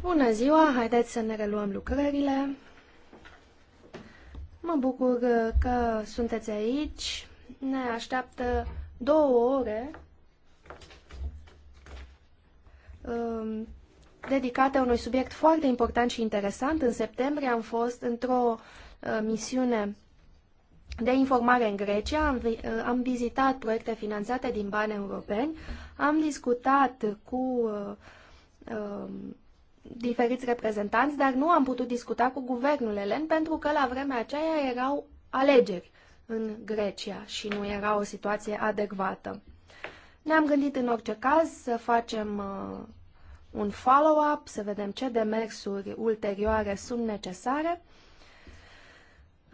Bună ziua, haideți să ne reluăm lucrările. Mă bucur că sunteți aici. Ne așteaptă două ore um, dedicate unui subiect foarte important și interesant. În septembrie am fost într-o uh, misiune de informare în Grecia, am, eh, am vizitat proiecte finanțate din bani europeni, am discutat cu uh, uh, diferiți reprezentanți, dar nu am putut discuta cu guvernul elen pentru că la vremea aceea erau alegeri în Grecia și nu era o situație adecvată. Ne-am gândit în orice caz să facem uh, un follow-up, să vedem ce demersuri ulterioare sunt necesare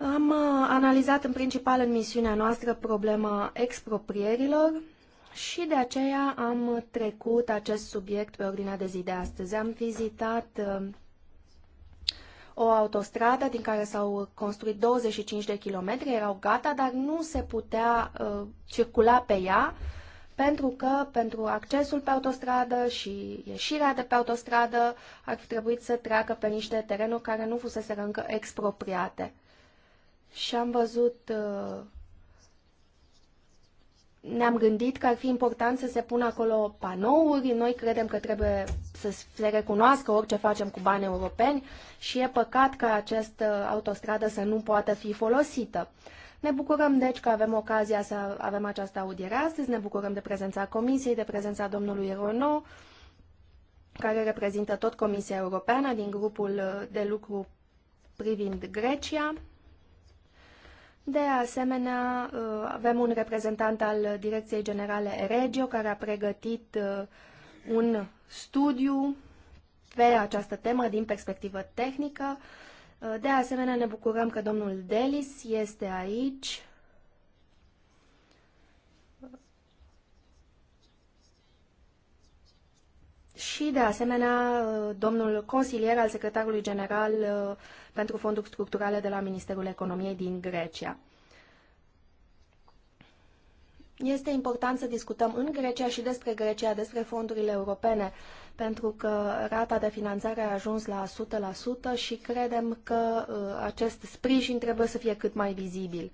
am uh, analizat în principal în misiunea noastră problema exproprierilor și de aceea am trecut acest subiect pe ordinea de zi de astăzi. Am vizitat uh, o autostradă din care s-au construit 25 de kilometri, erau gata, dar nu se putea uh, circula pe ea pentru că pentru accesul pe autostradă și ieșirea de pe autostradă ar fi trebuit să treacă pe niște terenuri care nu fusese încă expropriate și am văzut uh, ne-am gândit că ar fi important să se pună acolo panouri. Noi credem că trebuie să se recunoască orice facem cu bani europeni și e păcat că această autostradă să nu poată fi folosită. Ne bucurăm deci că avem ocazia să avem această audiere astăzi, ne bucurăm de prezența Comisiei, de prezența domnului Rono, care reprezintă tot Comisia Europeană din grupul de lucru privind Grecia. De asemenea, uh, avem un reprezentant al Direcției Generale Regio care a pregătit uh, un studiu pe această temă din perspectivă tehnică. Uh, de asemenea, ne bucurăm că domnul Delis este aici și, de asemenea, domnul consilier al secretarului general uh, pentru fonduri structurale de la Ministerul Economiei din Grecia. Este important să discutăm în Grecia și despre Grecia, despre fondurile europene, pentru că rata de finanțare a ajuns la 100% și credem că uh, acest sprijin trebuie să fie cât mai vizibil.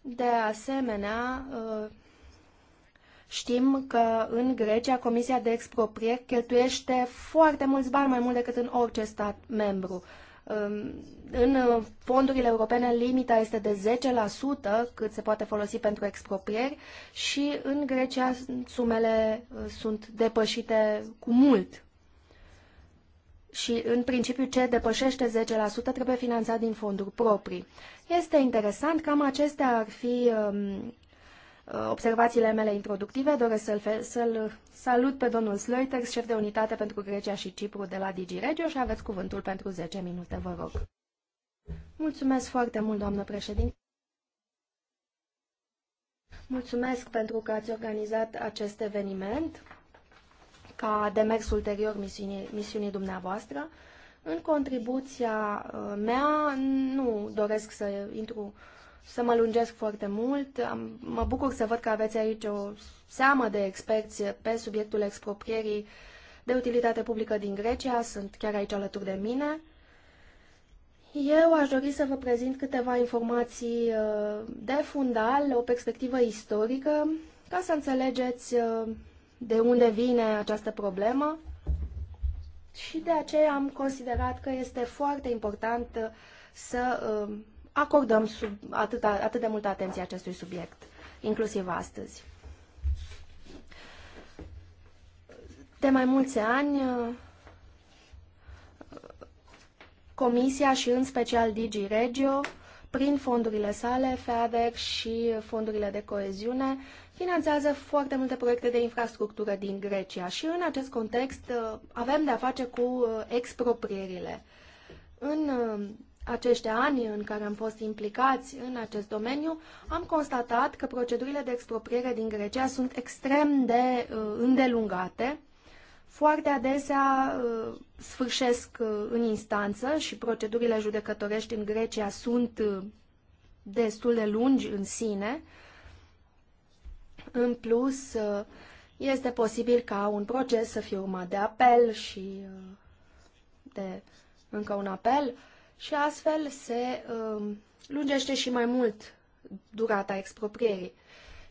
De asemenea, uh, Știm că în Grecia Comisia de Exproprieri cheltuiește foarte mulți bani, mai mult decât în orice stat membru. Um, în fondurile europene limita este de 10% cât se poate folosi pentru exproprieri și în Grecia sumele uh, sunt depășite cu mult. Și în principiu ce depășește 10% trebuie finanțat din fonduri proprii. Este interesant, cam acestea ar fi um, Uh, observațiile mele introductive. Doresc să-l, să, salut pe domnul Slöiters, șef de unitate pentru Grecia și Cipru de la DigiRegio și aveți cuvântul pentru 10 minute, vă rog. Mulțumesc foarte mult, doamnă președinte. Mulțumesc pentru că ați organizat acest eveniment ca demers ulterior misiunii, misiunii dumneavoastră. În contribuția uh, mea nu doresc să intru să mă lungesc foarte mult. Am, mă bucur să văd că aveți aici o seamă de experți pe subiectul exproprierii de utilitate publică din Grecia. Sunt chiar aici alături de mine. Eu aș dori să vă prezint câteva informații uh, de fundal, o perspectivă istorică, ca să înțelegeți uh, de unde vine această problemă și de aceea am considerat că este foarte important să uh, acordăm sub atâta, atât de multă atenție acestui subiect, inclusiv astăzi. De mai mulți ani, Comisia și în special Digi Regio, prin fondurile sale, FEADER și fondurile de coeziune, finanțează foarte multe proiecte de infrastructură din Grecia și în acest context avem de-a face cu uh, exproprierile. În uh, acești ani în care am fost implicați în acest domeniu, am constatat că procedurile de expropriere din Grecia sunt extrem de uh, îndelungate, foarte adesea uh, sfârșesc uh, în instanță și procedurile judecătorești în Grecia sunt uh, destul de lungi în sine. În plus, uh, este posibil ca un proces să fie urmat de apel și uh, de încă un apel. Uh, și astfel se um, lungește și mai mult durata exproprierii.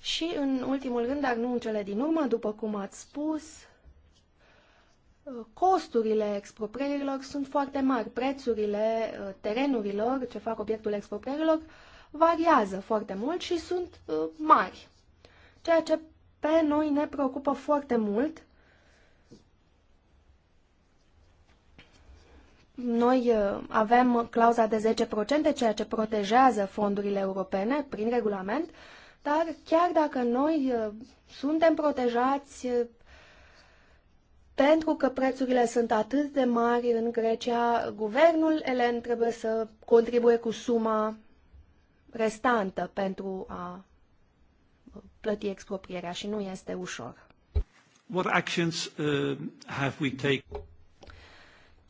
Și în ultimul rând, dar nu în cele din urmă, după cum ați spus, uh, costurile exproprierilor sunt foarte mari. Prețurile uh, terenurilor ce fac obiectul exproprierilor variază foarte mult și sunt uh, mari. Ceea ce pe noi ne preocupă foarte mult noi uh, avem clauza de 10%, ceea ce protejează fondurile europene prin regulament, dar chiar dacă noi uh, suntem protejați uh, pentru că prețurile sunt atât de mari în Grecia, guvernul elen trebuie să contribuie cu suma restantă pentru a plăti exproprierea și nu este ușor. What actions uh, have we taken?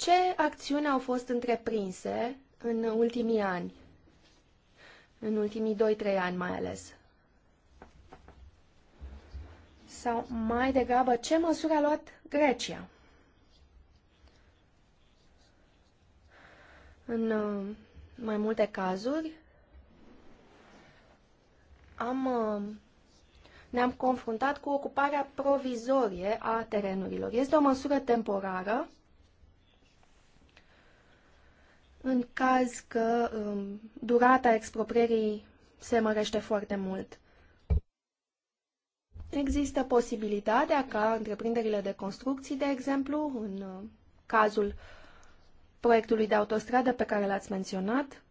Ce acțiuni au fost întreprinse în ultimii ani? În ultimii 2-3 ani mai ales. Sau mai degrabă, ce măsuri a luat Grecia? În uh, mai multe cazuri am, uh, ne-am confruntat cu ocuparea provizorie a terenurilor. Este o măsură temporară în caz că um, durata exproprierii se mărește foarte mult. Există posibilitatea ca întreprinderile de construcții, de exemplu, în uh, cazul proiectului de autostradă pe care l-ați menționat,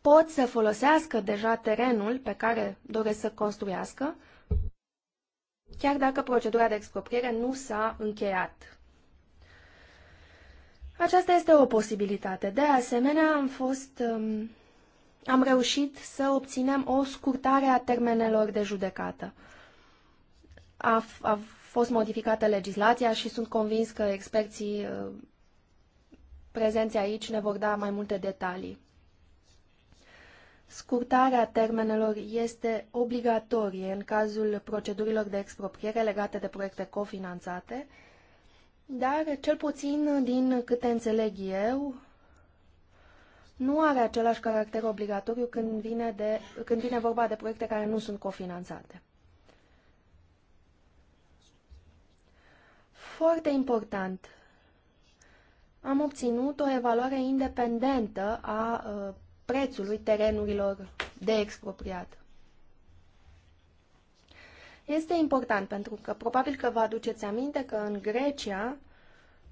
pot să folosească deja terenul pe care doresc să construiască, chiar dacă procedura de expropriere nu s-a încheiat. Aceasta este o posibilitate. De asemenea, am fost... Um, am reușit să obținem o scurtare a termenelor de judecată. A, a fost modificată legislația și sunt convins că experții uh, prezenți aici ne vor da mai multe detalii. Scurtarea termenelor este obligatorie în cazul procedurilor de expropriere legate de proiecte cofinanțate, uh, dar, cel puțin din câte înțeleg eu, nu are același caracter obligatoriu când vine, de, când vine vorba de proiecte care nu sunt cofinanțate. Foarte important, am obținut o evaluare independentă a uh, prețului terenurilor de expropriat este important pentru că probabil că vă aduceți aminte că în Grecia,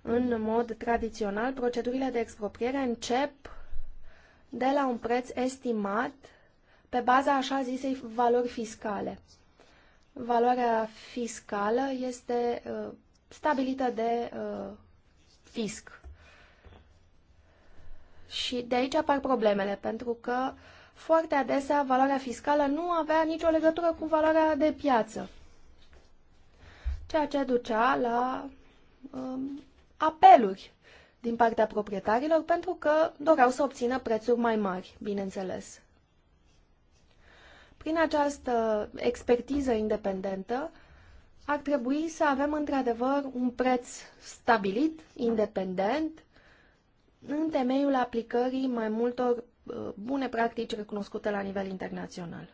în mod tradițional, procedurile de expropriere încep de la un preț estimat pe baza așa zisei valori fiscale. Valoarea fiscală este uh, stabilită de uh, fisc. Și de aici apar problemele, pentru că uh, foarte adesea valoarea fiscală nu avea nicio legătură cu valoarea de piață, ceea ce ducea la um, apeluri din partea proprietarilor pentru că doreau să obțină prețuri mai mari, bineînțeles. Prin această expertiză independentă, ar trebui să avem într-adevăr un preț stabilit, independent, în temeiul aplicării mai multor bune practici recunoscute la nivel internațional.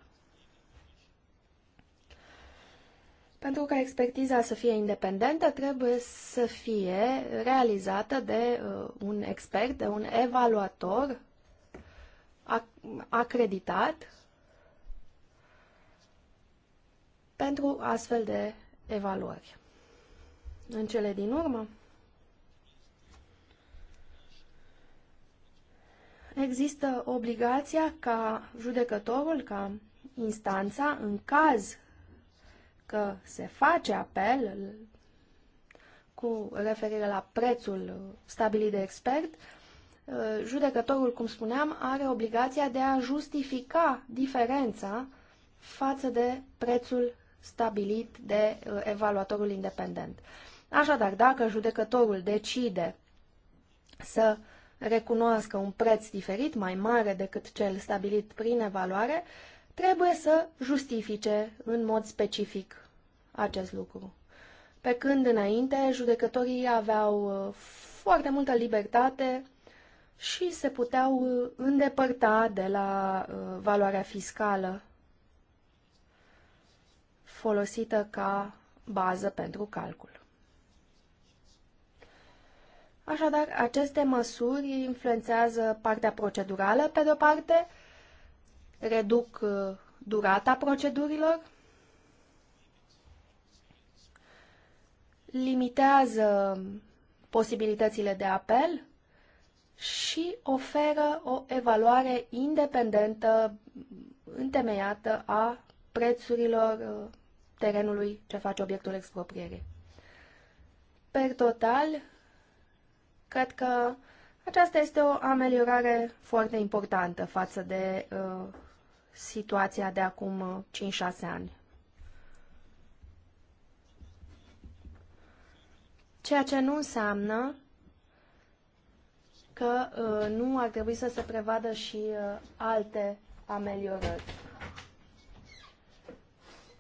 Pentru ca expertiza să fie independentă, trebuie să fie realizată de uh, un expert, de un evaluator acreditat pentru astfel de evaluări. În cele din urmă, există obligația ca judecătorul, ca instanța, în caz că se face apel cu referire la prețul stabilit de expert, judecătorul, cum spuneam, are obligația de a justifica diferența față de prețul stabilit de uh, evaluatorul independent. Așadar, dacă judecătorul decide să uh, recunoască un preț diferit, mai mare decât cel stabilit prin evaluare, trebuie să justifice în mod specific acest lucru. Pe când înainte, judecătorii aveau uh, foarte multă libertate și se puteau uh, îndepărta de la uh, valoarea fiscală folosită ca bază pentru calcul. Așadar, aceste măsuri influențează partea procedurală, pe de-o parte, reduc uh, durata procedurilor, limitează posibilitățile de apel și oferă o evaluare independentă, întemeiată a prețurilor uh, terenului ce face obiectul exproprierii. Per total, Cred că aceasta este o ameliorare foarte importantă față de uh, situația de acum 5-6 uh, ani. Ceea ce nu înseamnă că uh, nu ar trebui să se prevadă și uh, alte ameliorări.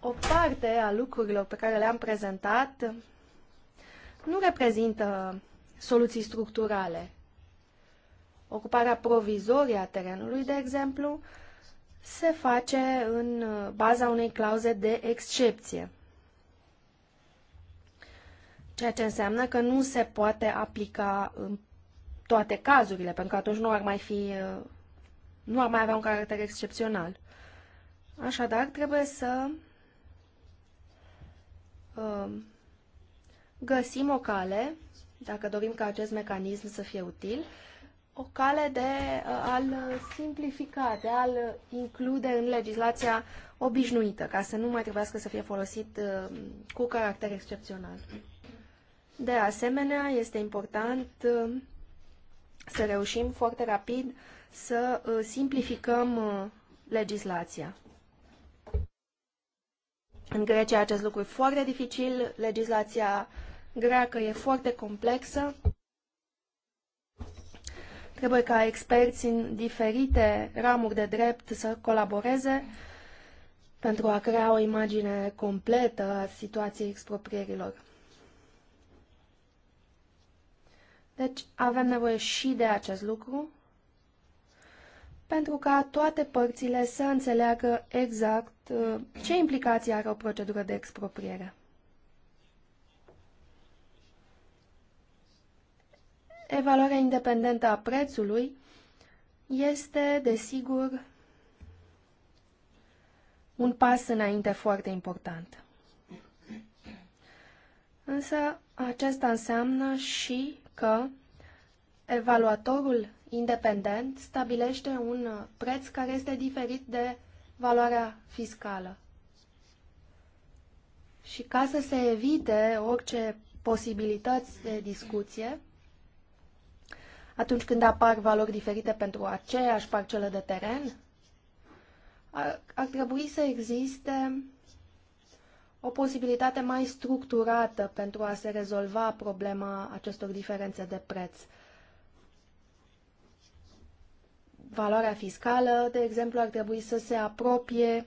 O parte a lucrurilor pe care le-am prezentat nu reprezintă soluții structurale. Ocuparea provizorie a terenului, de exemplu, se face în baza unei clauze de excepție, ceea ce înseamnă că nu se poate aplica în toate cazurile, pentru că atunci nu ar mai fi, nu ar mai avea un caracter excepțional. Așadar, trebuie să um, găsim o cale dacă dorim ca acest mecanism să fie util, o cale de uh, a-l simplifica, de a-l include în legislația obișnuită, ca să nu mai trebuiască să fie folosit uh, cu caracter excepțional. De asemenea, este important uh, să reușim foarte rapid să simplificăm legislația. În Grecia acest lucru e foarte dificil, legislația uh, greacă e foarte complexă. Trebuie ca experți în diferite ramuri de drept să colaboreze pentru a crea o imagine completă a situației exproprierilor. Deci avem nevoie și de acest lucru pentru ca toate părțile să înțeleagă exact uh, ce implicații are o procedură de expropriere. Evaluarea independentă a prețului este, desigur, un pas înainte foarte important. Însă acesta înseamnă și că evaluatorul independent stabilește un preț care este diferit de valoarea fiscală. Și ca să se evite orice posibilități de discuție, atunci când apar valori diferite pentru aceeași parcelă de teren? Ar, ar trebui să existe o posibilitate mai structurată pentru a se rezolva problema acestor diferențe de preț. Valoarea fiscală, de exemplu, ar trebui să se apropie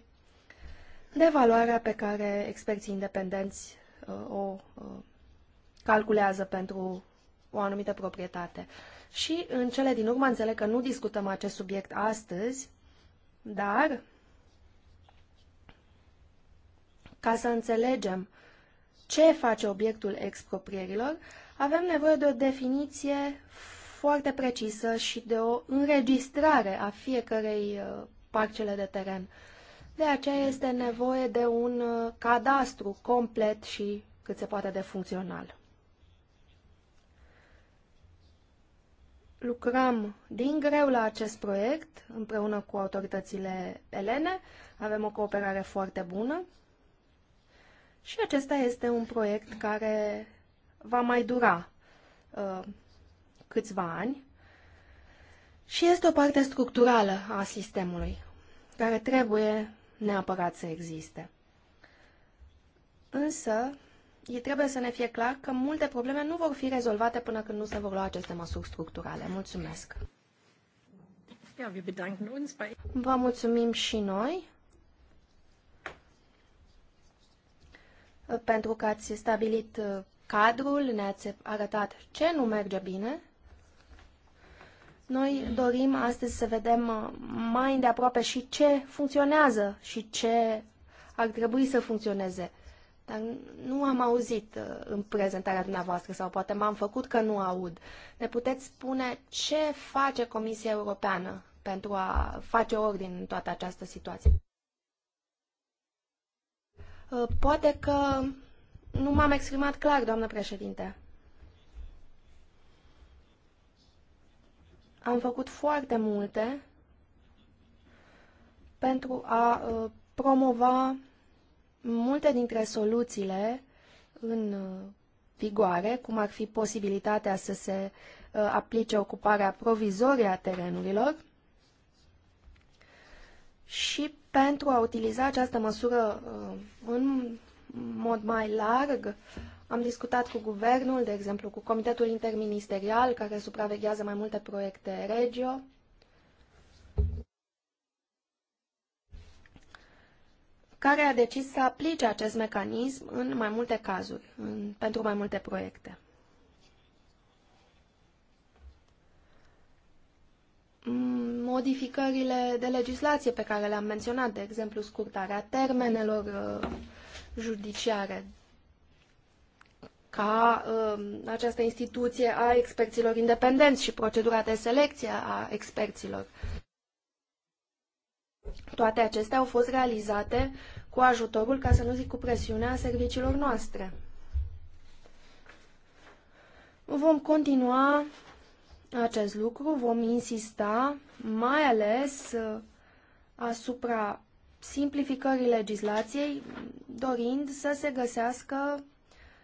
de valoarea pe care experții independenți uh, o uh, calculează pentru o anumită proprietate. Și în cele din urmă înțeleg că nu discutăm acest subiect astăzi, dar ca să înțelegem ce face obiectul exproprierilor, avem nevoie de o definiție foarte precisă și de o înregistrare a fiecărei uh, parcele de teren. De aceea este nevoie de un uh, cadastru complet și cât se poate de funcțional. lucrăm din greu la acest proiect împreună cu autoritățile elene. Avem o cooperare foarte bună și acesta este un proiect care va mai dura uh, câțiva ani și este o parte structurală a sistemului care trebuie neapărat să existe. Însă, trebuie să ne fie clar că multe probleme nu vor fi rezolvate până când nu se vor lua aceste măsuri structurale. Mulțumesc! Vă mulțumim și noi pentru că ați stabilit uh, cadrul, ne-ați arătat ce nu merge bine. Noi dorim astăzi să vedem uh, mai îndeaproape și ce funcționează și ce ar trebui să funcționeze. Dar nu am auzit uh, în prezentarea dumneavoastră sau poate m-am făcut că nu aud. Ne puteți spune ce face Comisia Europeană pentru a face ordine în toată această situație? Uh, poate că nu m-am exprimat clar, doamnă președinte. Am făcut foarte multe pentru a uh, promova multe dintre soluțiile în uh, vigoare, cum ar fi posibilitatea să se uh, aplice ocuparea provizorie a terenurilor, și pentru a utiliza această măsură uh, în mod mai larg, am discutat cu guvernul, de exemplu, cu Comitetul Interministerial, care supraveghează mai multe proiecte regio, care a decis să aplice acest mecanism în mai multe cazuri, în, pentru mai multe proiecte. Mm, modificările de legislație pe care le-am menționat, de exemplu scurtarea termenelor uh, judiciare, ca um, această instituție a experților independenți și procedura de selecție a experților. Toate acestea au fost realizate cu ajutorul, ca să nu zic cu presiunea, serviciilor noastre. Vom continua acest lucru, vom insista mai ales uh, asupra simplificării legislației, dorind să se găsească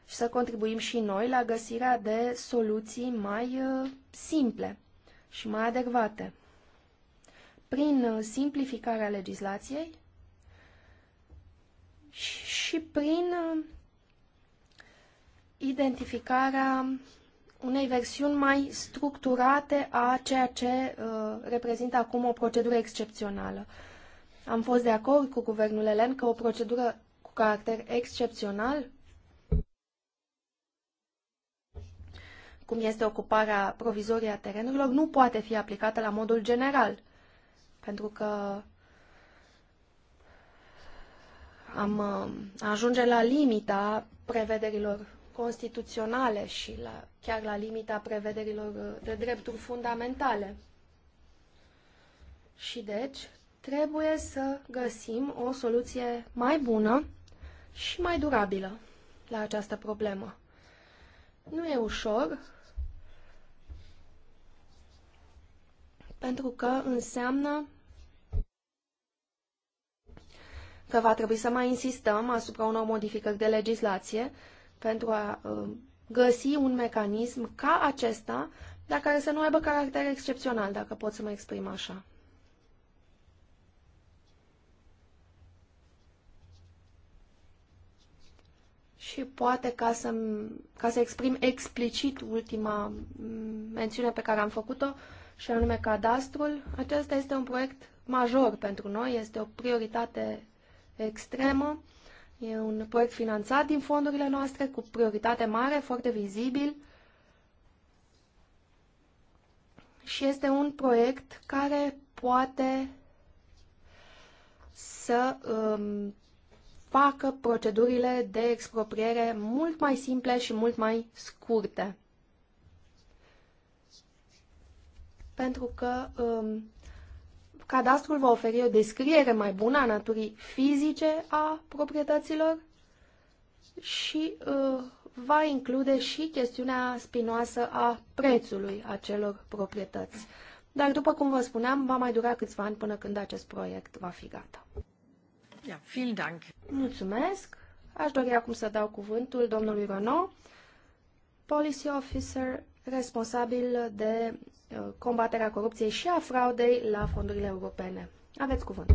și să contribuim și noi la găsirea de soluții mai uh, simple și mai adecvate prin uh, simplificarea legislației și prin uh, identificarea unei versiuni mai structurate a ceea ce uh, reprezintă acum o procedură excepțională. Am fost de acord cu guvernul elen că o procedură cu caracter excepțional, cum este ocuparea provizorie a terenurilor, nu poate fi aplicată la modul general pentru că am uh, ajunge la limita prevederilor constituționale și la, chiar la limita prevederilor uh, de drepturi fundamentale. Și deci trebuie să găsim o soluție mai bună și mai durabilă la această problemă. Nu e ușor, pentru că înseamnă că va trebui să mai insistăm asupra unor modificări de legislație pentru a ă, găsi un mecanism ca acesta, dar care să nu aibă caracter excepțional, dacă pot să mă exprim așa. Și poate ca să, ca să exprim explicit ultima mențiune pe care am făcut-o, și anume cadastrul, acesta este un proiect major pentru noi, este o prioritate extremă. E un proiect finanțat din fondurile noastre, cu prioritate mare, foarte vizibil și este un proiect care poate să um, facă procedurile de expropriere mult mai simple și mult mai scurte. Pentru că um, Cadastrul va oferi o descriere mai bună a naturii fizice a proprietăților și uh, va include și chestiunea spinoasă a prețului acelor proprietăți. Dar, după cum vă spuneam, va mai dura câțiva ani până când acest proiect va fi gata. Ja, vielen Dank. Mulțumesc. Aș dori acum să dau cuvântul domnului Renault, Policy Officer responsabil de Uh, combaterea corupției și a fraudei la fondurile europene. Aveți cuvânt.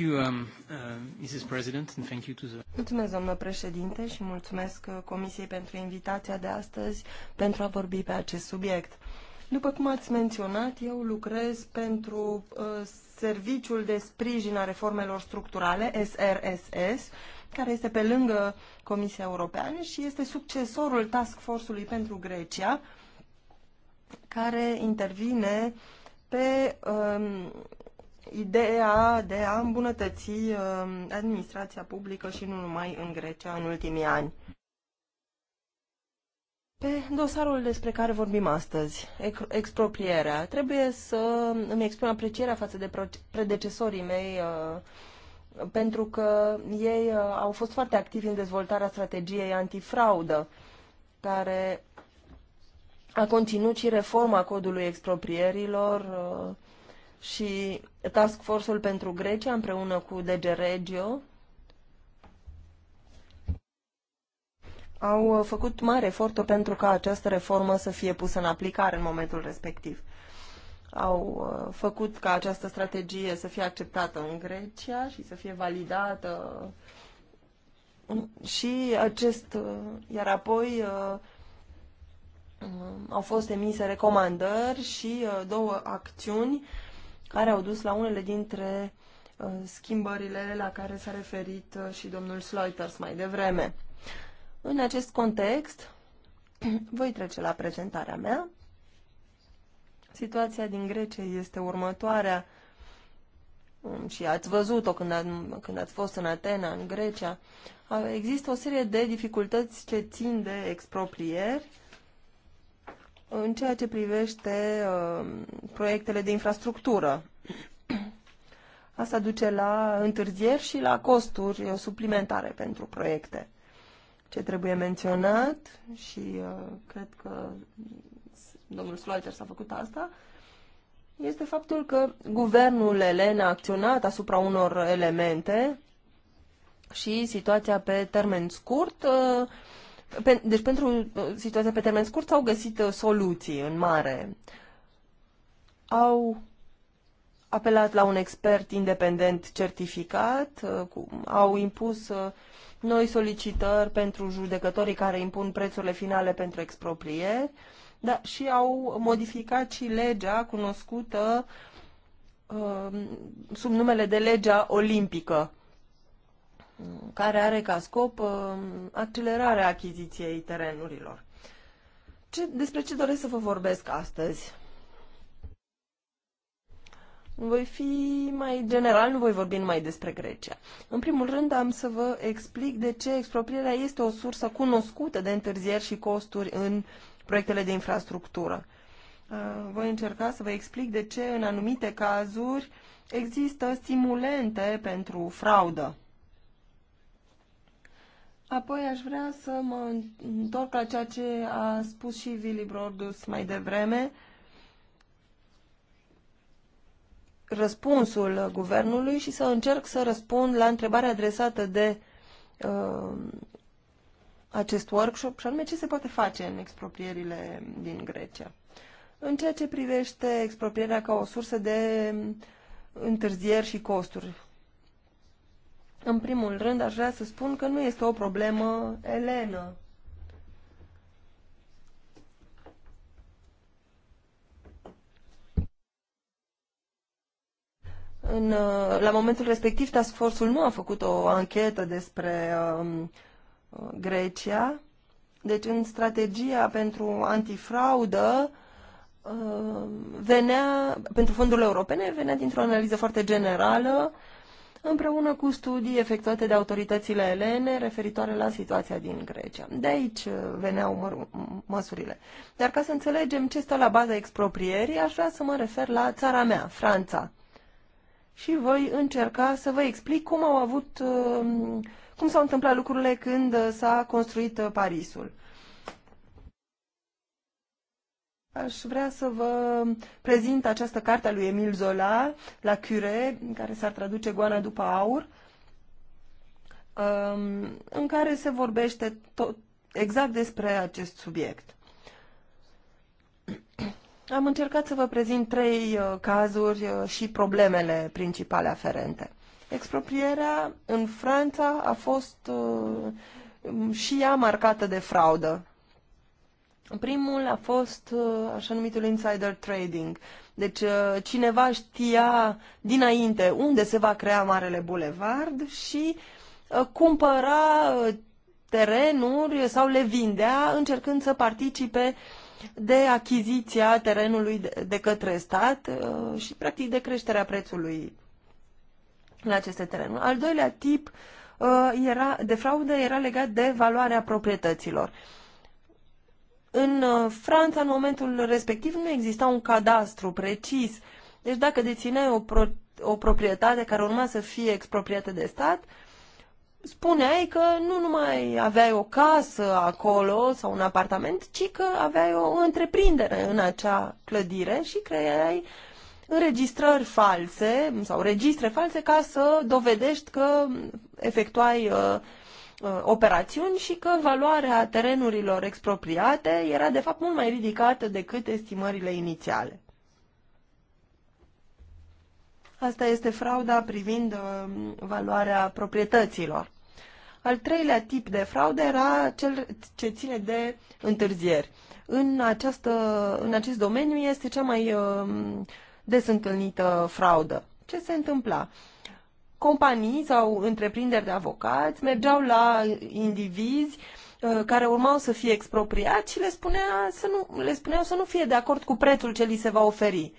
Um, uh, mulțumesc, doamnă președinte, și mulțumesc uh, Comisiei pentru invitația de astăzi pentru a vorbi pe acest subiect. După cum ați menționat, eu lucrez pentru uh, Serviciul de Sprijin a Reformelor Structurale, SRSS, care este pe lângă Comisia Europeană și este succesorul Task Force-ului pentru Grecia, care intervine pe um, ideea de a îmbunătăți um, administrația publică și nu numai în Grecia în ultimii ani. Pe dosarul despre care vorbim astăzi, exproprierea, trebuie să îmi exprim aprecierea față de predecesorii mei uh, pentru că ei uh, au fost foarte activi în dezvoltarea strategiei antifraudă, care a conținut și reforma codului exproprierilor uh, și Task Force-ul pentru Grecia împreună cu DG Regio au uh, făcut mari eforturi pentru ca această reformă să fie pusă în aplicare în momentul respectiv. Au uh, făcut ca această strategie să fie acceptată în Grecia și să fie validată și acest, uh, iar apoi um, au fost emise recomandări și două acțiuni care au dus la unele dintre schimbările la care s-a referit și domnul Sloiters mai devreme. În acest context, voi trece la prezentarea mea. Situația din Grecia este următoarea mm, și ați văzut-o când, când ați fost în Atena, în Grecia. Există o serie de dificultăți ce țin de exproprieri în ceea ce privește uh, proiectele de infrastructură. Asta duce la întârzieri și la costuri suplimentare pentru proiecte ce trebuie menționat și uh, cred că domnul Sloiter s-a făcut asta, este faptul că guvernul elen a acționat asupra unor elemente și situația pe termen scurt, uh, pe, deci pentru uh, situația pe termen scurt s-au găsit uh, soluții în mare. Au apelat la un expert independent certificat, cu, au impus uh, noi solicitări pentru judecătorii care impun prețurile finale pentru exproprieri, dar și au modificat și legea cunoscută um, sub numele de legea olimpică, care are ca scop uh, accelerarea achiziției terenurilor. Ce, despre ce doresc să vă vorbesc astăzi? Voi fi mai general, nu voi vorbi numai despre Grecia. În primul rând am să vă explic de ce exproprierea este o sursă cunoscută de întârzieri și costuri în proiectele de infrastructură. Uh, voi încerca să vă explic de ce în anumite cazuri există stimulente pentru fraudă. Apoi aș vrea să mă întorc la ceea ce a spus și Willy Brodus mai devreme, uh, răspunsul guvernului și să încerc să răspund la întrebarea adresată de uh, acest workshop, și anume ce se poate face în exproprierile din Grecia. În ceea ce privește exproprierea ca o sursă de întârzieri și costuri. În primul rând, aș vrea să spun că nu este o problemă elenă în, uh, la momentul respectiv, Task Force-ul nu a făcut o anchetă despre um, uh, Grecia. Deci, în strategia pentru antifraudă, uh, venea, pentru fondurile europene, venea dintr-o analiză foarte generală, împreună cu studii efectuate de autoritățile elene referitoare la situația din Grecia. De aici uh, veneau mă măsurile. Dar ca să înțelegem ce stă la baza exproprierii, aș vrea să mă refer la țara mea, Franța și voi încerca să vă explic cum au avut, uh, cum s-au întâmplat lucrurile când uh, s-a construit uh, Parisul. Aș vrea să vă prezint această carte a lui Emil Zola, La Cure, care s-ar traduce Goana după aur, um, în care se vorbește tot, exact despre acest subiect. Am încercat să vă prezint trei uh, cazuri uh, și problemele principale aferente. Exproprierea în Franța a fost uh, și ea marcată de fraudă. Primul a fost așa numitul insider trading. Deci cineva știa dinainte unde se va crea Marele Bulevard și cumpăra terenuri sau le vindea încercând să participe uh, de achiziția terenului de către stat uh, și, practic, de creșterea prețului la aceste terenuri. Al doilea tip uh, era, de fraudă era legat de valoarea proprietăților. În uh, Franța, în momentul respectiv, nu exista un cadastru precis. Deci dacă dețineai o, pro- o proprietate care urma să fie expropriată de stat, uh, spuneai că nu numai aveai o casă acolo sau un apartament, ci că aveai o întreprindere în acea clădire și creai înregistrări false sau registre false ca să dovedești că efectuai uh, uh operațiuni și că valoarea terenurilor expropriate era de fapt mult mai ridicată decât estimările inițiale. Asta este frauda privind uh, valoarea proprietăților. Al treilea tip de fraude era cel ce ține de întârzieri. În, această, în acest domeniu este cea mai uh, des întâlnită fraudă. Ce se întâmpla? Companii sau întreprinderi de avocați mergeau la indivizi uh, care urmau să fie expropriați și le, spunea să nu, le spuneau să nu fie de acord cu prețul ce li se va oferi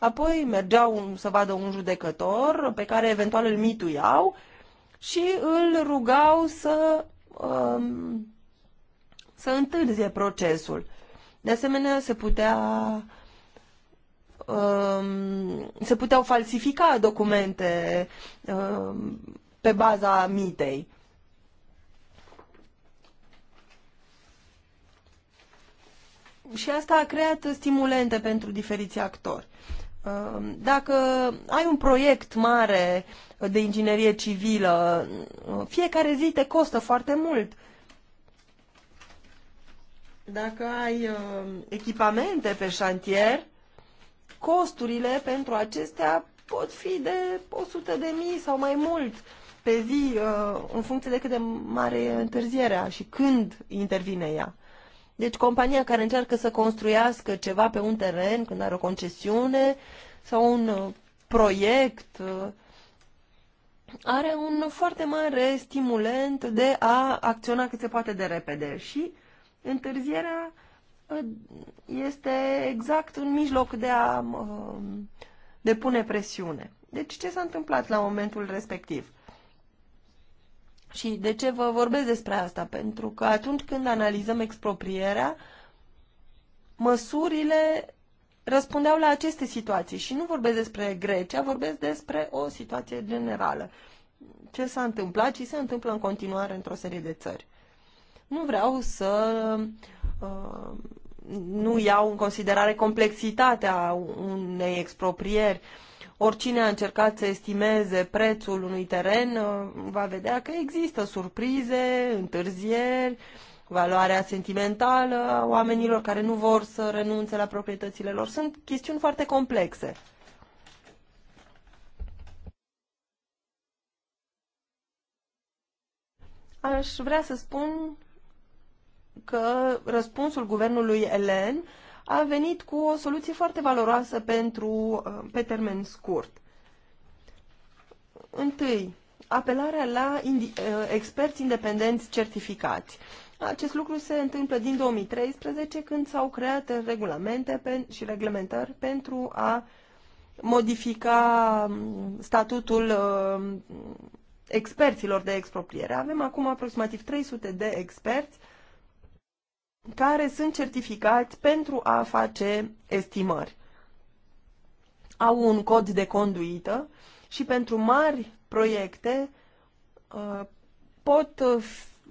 apoi mergeau să vadă un judecător pe care eventual îl mituiau și îl rugau să, um, să întârzie procesul. De asemenea, se putea um, se puteau falsifica documente um, pe baza mitei. Și asta a creat stimulente pentru diferiți actori. Um, dacă ai un proiect mare de inginerie civilă, uh, fiecare zi te costă foarte mult. Dacă ai um, echipamente pe șantier, costurile pentru acestea pot fi de 100 de mii sau mai mult pe zi, uh, în funcție de cât de mare e întârzierea și când intervine ea. Deci compania care încearcă să construiască ceva pe un teren când are o concesiune sau un uh, proiect uh, are un foarte mare stimulent de a acționa cât se poate de repede și întârzierea uh, este exact un mijloc de a depune presiune. Deci ce s-a întâmplat la momentul respectiv? Și de ce vă vorbesc despre asta? Pentru că atunci când analizăm exproprierea, măsurile răspundeau la aceste situații. Și nu vorbesc despre Grecia, vorbesc despre o situație generală. Ce s-a întâmplat și se întâmplă în continuare într-o serie de țări. Nu vreau să uh, nu iau în considerare complexitatea unei exproprieri. Uh, oricine a încercat să estimeze prețul unui teren uh, va vedea că există surprize, întârzieri, valoarea sentimentală a oamenilor care nu vor să renunțe la proprietățile lor. Sunt chestiuni foarte complexe. Aș vrea să spun că răspunsul guvernului Elen a venit cu o soluție foarte valoroasă pentru, uh, pe termen scurt. Întâi, apelarea la indi uh, experți independenți certificați. Acest lucru se întâmplă din 2013, când s-au creat regulamente și reglementări pentru a modifica um, statutul um, experților de expropriere. Avem acum aproximativ 300 de experți care sunt certificați pentru a face estimări. Au un cod de conduită și pentru mari proiecte uh, pot uh,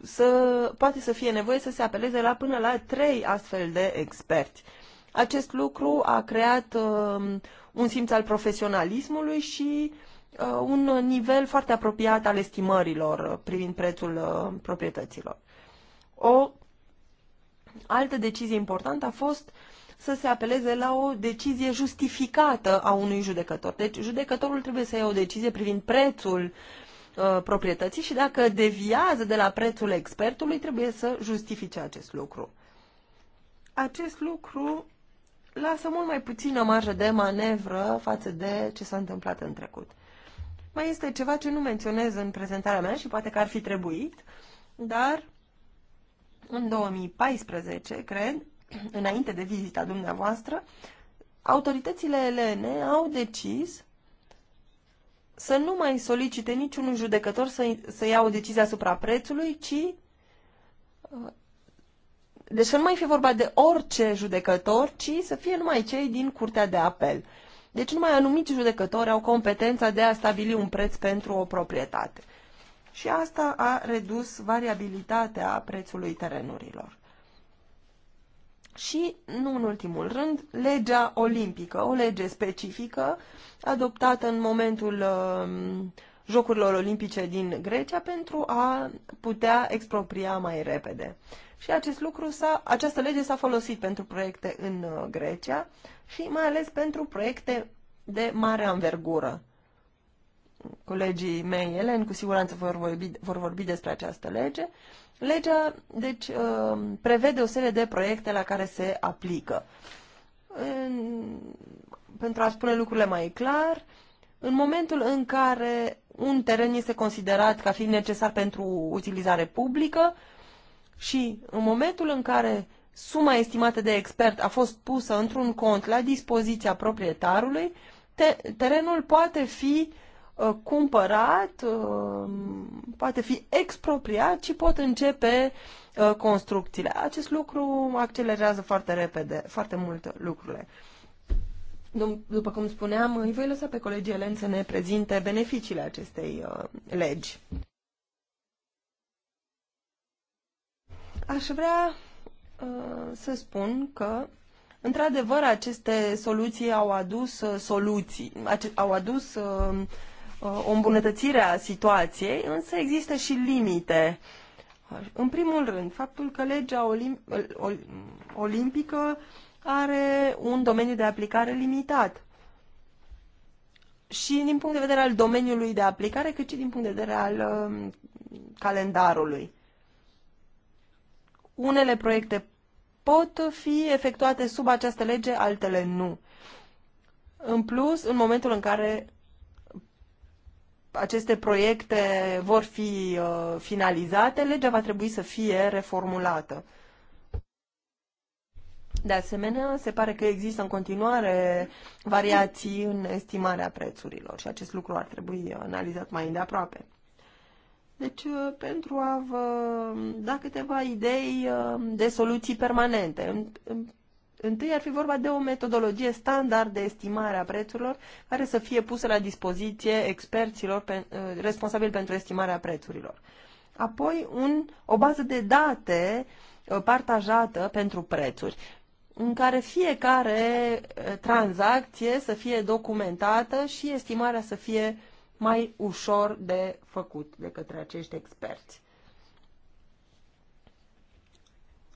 să, poate să fie nevoie să se apeleze la până la trei astfel de experți. Acest lucru a creat uh, un simț al profesionalismului și un nivel foarte apropiat al estimărilor privind prețul proprietăților. O Altă decizie importantă a fost să se apeleze la o decizie justificată a unui judecător. Deci judecătorul trebuie să ia o decizie privind prețul uh, proprietății și dacă deviază de la prețul expertului, trebuie să justifice acest lucru. Acest lucru lasă mult mai puțină marjă de manevră față de ce s-a întâmplat în trecut. Mai este ceva ce nu menționez în prezentarea mea și poate că ar fi trebuit, dar în 2014, cred, înainte de vizita dumneavoastră, autoritățile elene au decis să nu mai solicite niciun judecător să, să ia o decizie asupra prețului, ci uh, deci să nu mai fie vorba de orice judecător, ci să fie numai cei din curtea de apel. Deci numai anumiți judecători au competența de a stabili un preț pentru o proprietate și asta a redus variabilitatea prețului terenurilor. Și, nu în ultimul rând, legea olimpică, o lege specifică adoptată în momentul uh, Jocurilor Olimpice din Grecia pentru a putea expropria mai repede. Și acest lucru s-a, această lege s-a folosit pentru proiecte în uh, Grecia și mai ales pentru proiecte de mare anvergură colegii mei, Elen, cu siguranță vor vorbi, vor vorbi despre această lege. Legea, deci, uh, prevede o serie de proiecte la care se aplică. În, pentru a spune lucrurile mai clar, în momentul în care un teren este considerat ca fiind necesar pentru utilizare publică și în momentul în care suma estimată de expert a fost pusă într-un cont la dispoziția proprietarului, te- terenul poate fi uh, Uh, cumpărat, uh, poate fi expropriat și pot începe uh, construcțiile. Acest lucru accelerează foarte repede, foarte mult lucrurile. După cum spuneam, îi voi lăsa pe colegii Elen să ne prezinte beneficiile acestei legi. Aș vrea să spun că Într-adevăr, aceste soluții au adus soluții, au adus Uh, o îmbunătățire a situației, însă există și limite. În primul rând, faptul că legea olim olimpică are un domeniu de aplicare limitat. Și din punct de vedere al domeniului de aplicare, cât și din punct de vedere al um, calendarului. Unele proiecte pot fi efectuate sub această lege, altele nu. În plus, în momentul în care aceste proiecte vor fi uh, finalizate, legea va trebui să fie reformulată. De asemenea, se pare că există în continuare variații în estimarea prețurilor și acest lucru ar trebui analizat mai îndeaproape. Deci, uh, pentru a vă da câteva idei uh, de soluții permanente. În, în Întâi ar fi vorba de o metodologie standard de estimare a prețurilor care să fie pusă la dispoziție experților pe, uh, responsabili pentru estimarea prețurilor. Apoi un, o bază de date uh, partajată pentru prețuri, în care fiecare uh, tranzacție să fie documentată și estimarea să fie mai ușor de făcut de către acești experți.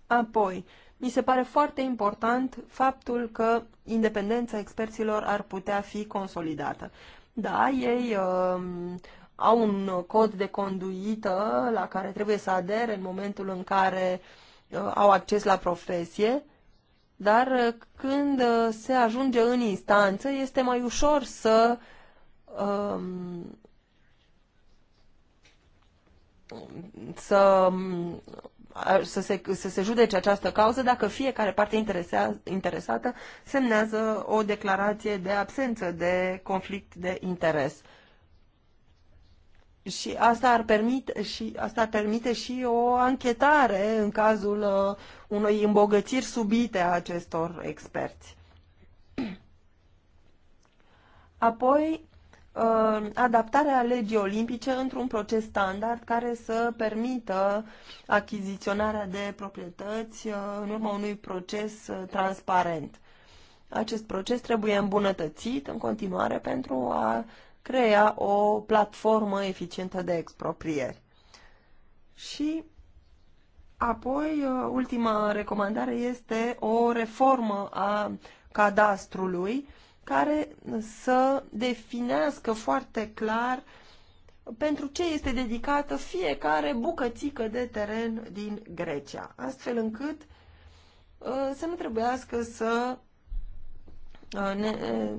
Apoi, mi se pare foarte important faptul că independența experților ar putea fi consolidată. Da, ei uh, au un cod de conduită la care trebuie să adere în momentul în care uh, au acces la profesie, dar uh, când uh, se ajunge în instanță este mai ușor să uh, să să se, să se judece această cauză dacă fiecare parte interesată semnează o declarație de absență de conflict de interes. Și asta ar permite și, asta ar permite și o anchetare în cazul uh, unei îmbogățiri subite a acestor experți. Apoi, Uh, adaptarea legii olimpice într-un proces standard care să permită achiziționarea de proprietăți uh, în urma unui proces uh, transparent. Acest proces trebuie îmbunătățit în continuare pentru a crea o platformă eficientă de exproprieri. Și apoi, ultima recomandare este o reformă a cadastrului care să definească foarte clar pentru ce este dedicată fiecare bucățică de teren din Grecia, astfel încât uh, să nu trebuiască să uh, ne, uh,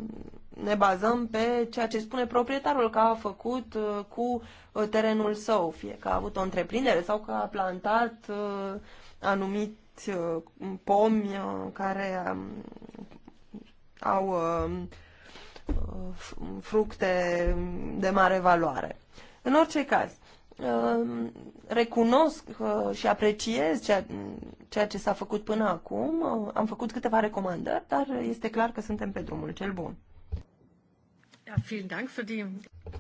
ne bazăm pe ceea ce spune proprietarul că a făcut cu terenul său, fie că a avut o întreprindere sau că a plantat anumit pomi care um, au uh, fructe de mare valoare. În orice caz, uh, recunosc uh, și apreciez ceea ce s-a făcut până acum. Am făcut câteva recomandări, dar este clar că suntem pe drumul cel bun.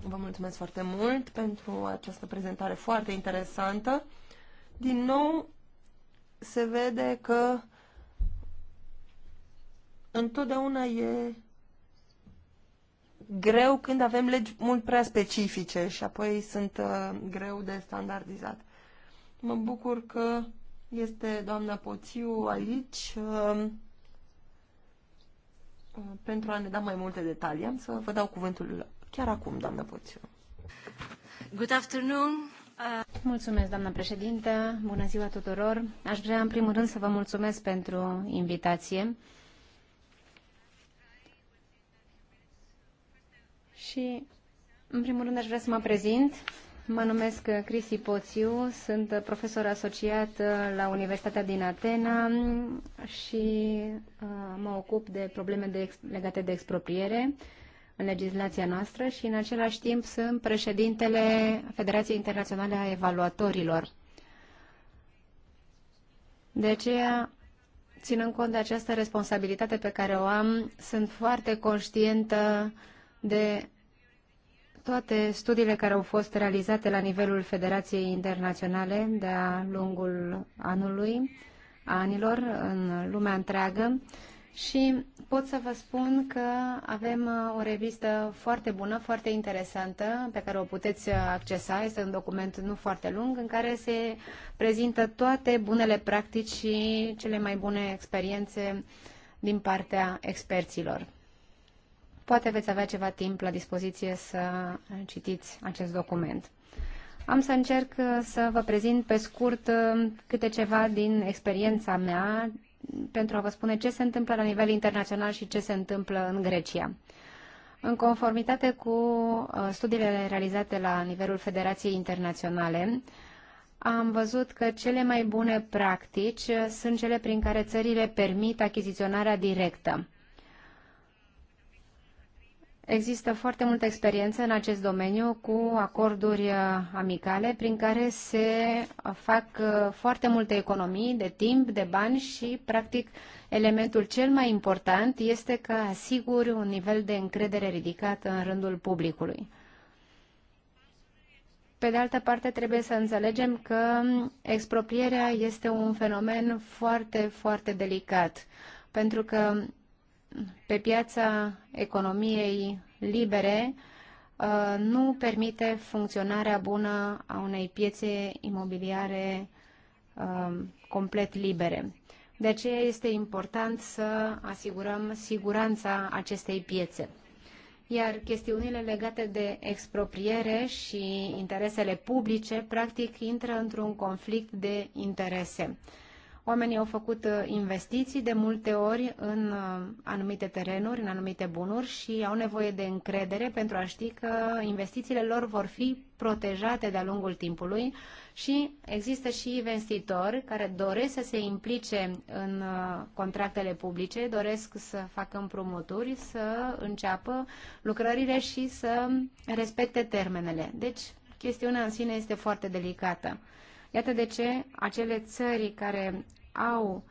Vă mulțumesc foarte mult pentru această prezentare foarte interesantă. Din nou, se vede că întotdeauna e greu când avem legi mult prea specifice și apoi sunt uh, greu de standardizat. Mă bucur că este doamna Poțiu aici um, uh, pentru a ne da mai multe detalii. Am să vă dau cuvântul chiar acum, doamna Poțiu. Good afternoon. Uh, mulțumesc, doamna președintă. Bună ziua tuturor. Aș vrea, în primul rând, să vă mulțumesc pentru invitație. Uh, Și, în primul rând, aș vrea să mă prezint. Mă numesc Cristi Poțiu, sunt profesor asociat la Universitatea din Atena și uh, mă ocup de probleme de, legate de expropriere în legislația noastră și în același timp sunt președintele Federației Internaționale a Evaluatorilor. De aceea, ținând cont de această responsabilitate pe care o am, sunt foarte conștientă de toate studiile care au fost realizate la nivelul Federației Internaționale de-a lungul anului, anilor, în lumea întreagă și pot să vă spun că avem o revistă foarte bună, foarte interesantă, pe care o puteți accesa. Este un document nu foarte lung, în care se prezintă toate bunele practici și cele mai bune experiențe din partea experților. Poate veți avea ceva timp la dispoziție să citiți acest document. Am să încerc uh, să vă prezint pe scurt uh, câte ceva din experiența mea pentru a vă spune ce se întâmplă la nivel internațional și ce se întâmplă în Grecia. În conformitate cu uh, studiile realizate la nivelul Federației Internaționale, am văzut că cele mai bune practici sunt cele prin care țările permit achiziționarea directă. Există foarte multă experiență în acest domeniu cu acorduri uh, amicale prin care se fac uh, foarte multe economii de timp, de bani și, practic, elementul cel mai important este că asiguri un nivel de încredere ridicat în rândul publicului. Pe de altă parte, trebuie să înțelegem că exproprierea este un fenomen foarte, foarte delicat, pentru că pe piața economiei libere uh, nu permite funcționarea bună a unei piețe imobiliare um, complet libere. De aceea este important să asigurăm siguranța acestei piețe. Iar chestiunile legate de expropriere și interesele publice, practic, intră într-un conflict de interese. Oamenii au făcut uh, investiții de multe ori în uh, anumite terenuri, în anumite bunuri și au nevoie de încredere pentru a ști că investițiile lor vor fi protejate de-a lungul timpului și există și investitori care doresc să se implice în uh, contractele publice, doresc să facă împrumuturi, să înceapă lucrările și să respecte termenele. Deci, chestiunea în sine este foarte delicată. Iată de ce acele țări care au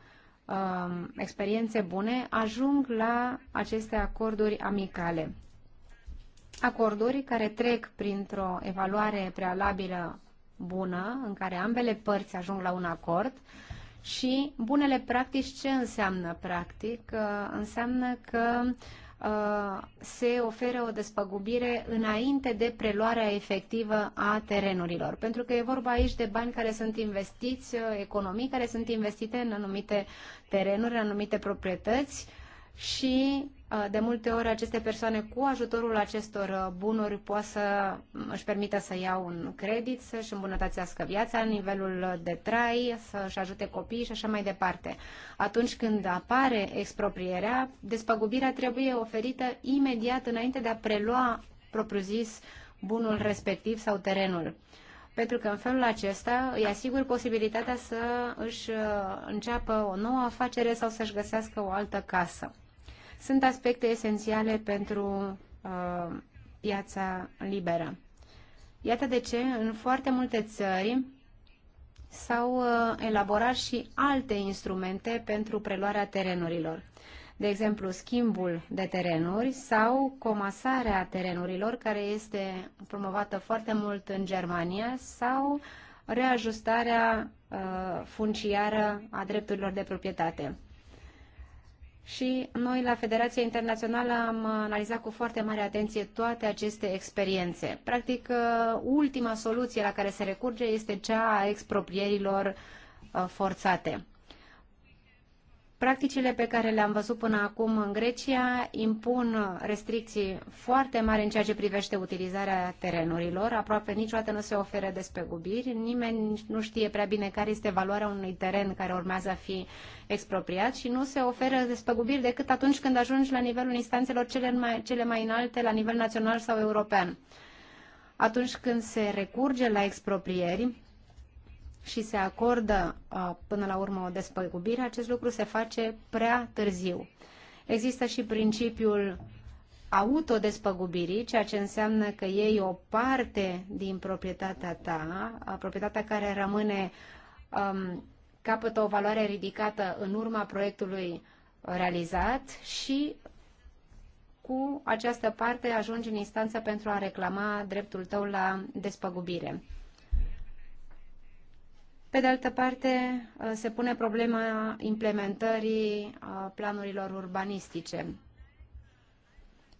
um, experiențe bune ajung la aceste acorduri amicale. Acorduri care trec printr-o evaluare prealabilă bună, în care ambele părți ajung la un acord, și bunele practici ce înseamnă practic? Uh, înseamnă că uh, Uh, se oferă o despăgubire înainte de preluarea efectivă a terenurilor. Pentru că e vorba aici de bani care sunt investiți, uh, economii care sunt investite în anumite terenuri, în anumite proprietăți și Uh, de multe ori aceste persoane cu ajutorul acestor uh, bunuri pot să mm, își permită să iau un credit, să-și îmbunătățească viața, nivelul de trai, să-și ajute copiii și așa mai departe. Atunci când apare exproprierea, despăgubirea trebuie oferită imediat înainte de a prelua propriu-zis bunul respectiv sau terenul pentru că în felul acesta îi asigur posibilitatea să își uh, înceapă o nouă afacere sau să-și găsească o altă casă sunt aspecte esențiale pentru uh, piața liberă. Iată de ce în foarte multe țări s-au uh, elaborat și alte instrumente pentru preluarea terenurilor. De exemplu, schimbul de terenuri sau comasarea terenurilor, care este promovată foarte mult în Germania, sau reajustarea uh, funciară a drepturilor de proprietate și noi la Federația Internațională am analizat cu foarte mare atenție toate aceste experiențe. Practic, uh, ultima soluție la care se recurge este cea a exproprierilor uh, forțate. Practicile pe care le-am văzut până acum în Grecia impun restricții foarte mari în ceea ce privește utilizarea terenurilor. Aproape niciodată nu se oferă despăgubiri. Nimeni nu știe prea bine care este valoarea unui teren care urmează a fi expropriat și nu se oferă despăgubiri decât atunci când ajungi la nivelul instanțelor cele mai, cele mai înalte, la nivel național sau european. Atunci când se recurge la exproprieri, și se acordă uh, până la urmă o despăgubire, acest lucru se face prea târziu. Există și principiul autodespăgubirii, ceea ce înseamnă că iei o parte din proprietatea ta, proprietatea care rămâne, um, capătă o valoare ridicată în urma proiectului realizat și cu această parte ajungi în instanță pentru a reclama dreptul tău la despăgubire. Pe de altă parte, uh, se pune problema implementării uh, planurilor urbanistice.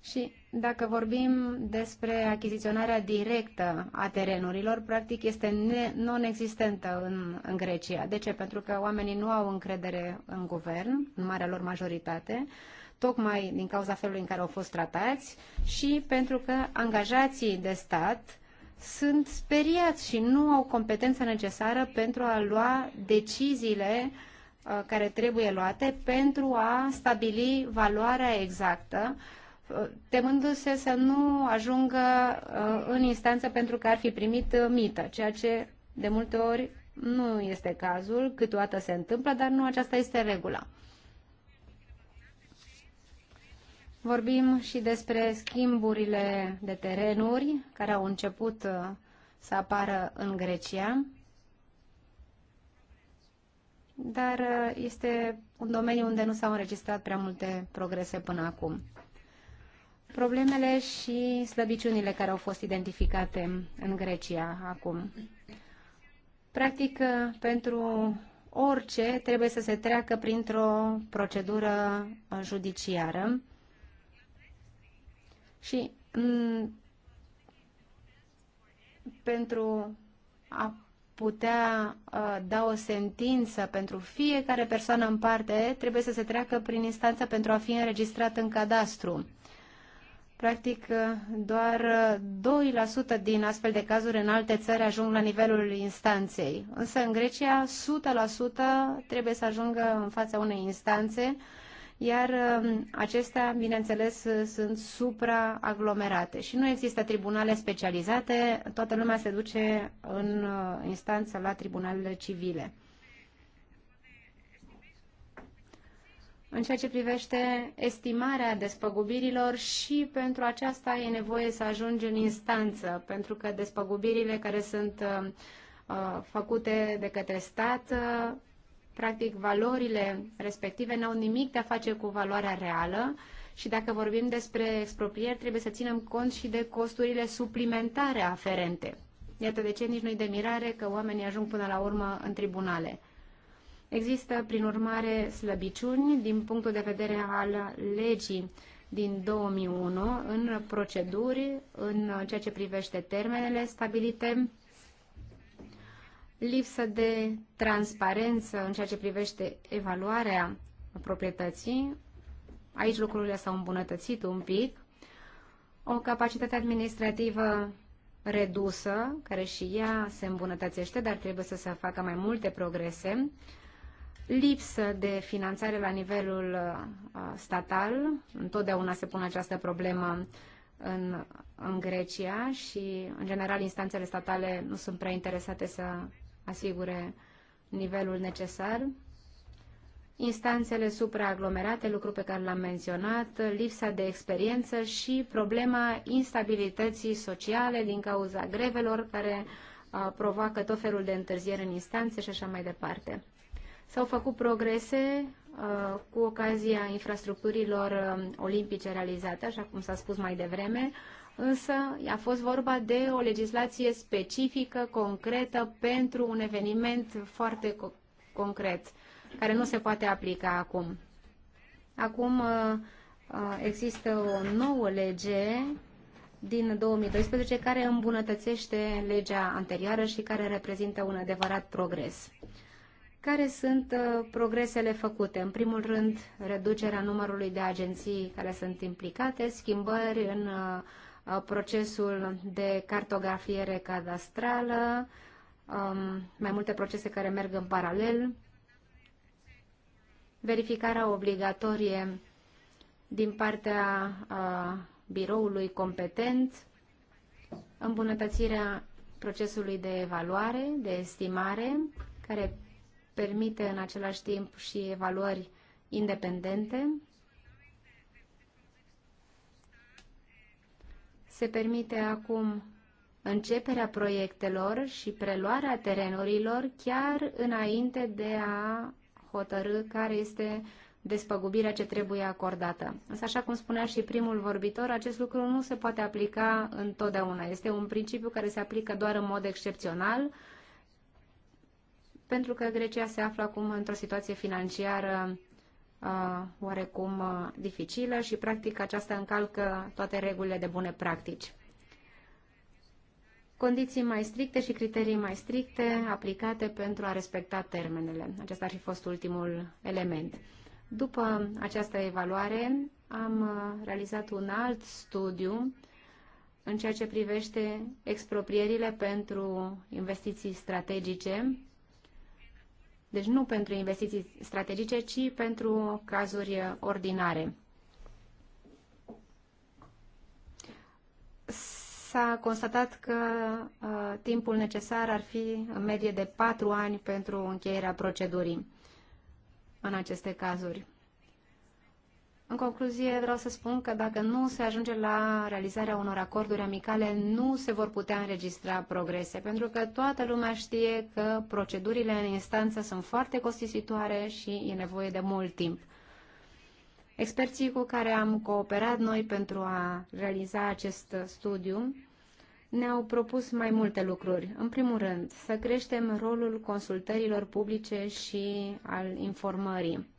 Și dacă vorbim despre achiziționarea directă a terenurilor, practic este non-existentă în, în Grecia. De ce? Pentru că oamenii nu au încredere în guvern, în marea lor majoritate, tocmai din cauza felului în care au fost tratați și pentru că angajații de stat sunt speriați și nu au competența necesară pentru a lua deciziile uh, care trebuie luate pentru a stabili valoarea exactă, uh, temându-se să nu ajungă uh, în instanță pentru că ar fi primit mită, ceea ce de multe ori nu este cazul, câteodată se întâmplă, dar nu aceasta este regula. Vorbim și despre schimburile de terenuri care au început uh, să apară în Grecia, dar uh, este un domeniu unde nu s-au înregistrat prea multe progrese până acum. Problemele și slăbiciunile care au fost identificate în Grecia acum. Practic, uh, pentru orice trebuie să se treacă printr-o procedură judiciară și mm, pentru a putea uh, da o sentință pentru fiecare persoană în parte, trebuie să se treacă prin instanță pentru a fi înregistrat în cadastru. Practic, uh, doar 2% uh, din astfel de cazuri în alte țări ajung la nivelul instanței. Însă, în Grecia, 100% trebuie să ajungă în fața unei instanțe uh, iar um, acestea, bineînțeles, uh, sunt supraaglomerate și nu există tribunale specializate, toată lumea se duce în uh, instanță la tribunalele civile. În ceea ce privește estimarea despăgubirilor și pentru aceasta e nevoie să ajungi în instanță, pentru că despăgubirile care sunt uh, uh făcute de către stat uh, Practic, valorile respective n-au nimic de a face cu valoarea reală și dacă vorbim despre exproprieri, trebuie să ținem cont și de costurile suplimentare aferente. Iată de ce nici nu-i de mirare că oamenii ajung până la urmă în tribunale. Există, prin urmare, slăbiciuni din punctul de vedere al legii din 2001 în proceduri, în ceea ce privește termenele stabilite lipsă de transparență în ceea ce privește evaluarea proprietății. Aici lucrurile s-au îmbunătățit un pic. O capacitate administrativă redusă, care și ea se îmbunătățește, dar trebuie să se facă mai multe progrese. Lipsă de finanțare la nivelul uh, statal. Întotdeauna se pune această problemă în, în Grecia și, în general, instanțele statale nu sunt prea interesate să asigure nivelul necesar. Instanțele supraaglomerate, lucru pe care l-am menționat, lipsa de experiență și problema instabilității sociale din cauza grevelor care uh, provoacă tot felul de întârzieri în instanțe și așa mai departe. S-au făcut progrese uh, cu ocazia infrastructurilor uh, olimpice realizate, așa cum s-a spus mai devreme, uh, însă a fost vorba de o legislație specifică, concretă, pentru un eveniment foarte co concret, care nu se poate aplica acum. Acum uh, uh, există o nouă lege din 2012 care îmbunătățește legea anterioară și care reprezintă un adevărat progres. Care sunt uh, progresele făcute? În primul rând, reducerea numărului de agenții care sunt implicate, schimbări în uh, Uh, procesul de cartografiere cadastrală, um, mai multe procese care merg în paralel, verificarea obligatorie din partea uh, biroului competent, îmbunătățirea procesului de evaluare, de estimare, care permite în același timp și evaluări independente se permite acum începerea proiectelor și preluarea terenurilor chiar înainte de a hotărâ care este despăgubirea ce trebuie acordată. Însă, așa cum spunea și primul vorbitor, acest lucru nu se poate aplica întotdeauna. Este un principiu care se aplică doar în mod excepțional, pentru că Grecia se află acum într-o situație financiară oarecum dificilă și practic aceasta încalcă toate regulile de bune practici. Condiții mai stricte și criterii mai stricte aplicate pentru a respecta termenele. Acesta ar fi fost ultimul element. După această evaluare am realizat un alt studiu în ceea ce privește exproprierile pentru investiții strategice deci nu pentru investiții strategice, ci pentru cazuri ordinare. S-a constatat că uh, timpul necesar ar fi în medie de 4 ani pentru încheierea procedurii în aceste cazuri. În concluzie, vreau să spun că dacă nu se ajunge la realizarea unor acorduri amicale, nu se vor putea înregistra progrese, pentru că toată lumea știe că procedurile în instanță sunt foarte costisitoare și e nevoie de mult timp. Experții cu care am cooperat noi pentru a realiza acest studiu ne-au propus mai multe lucruri. În primul rând, să creștem rolul consultărilor publice și al informării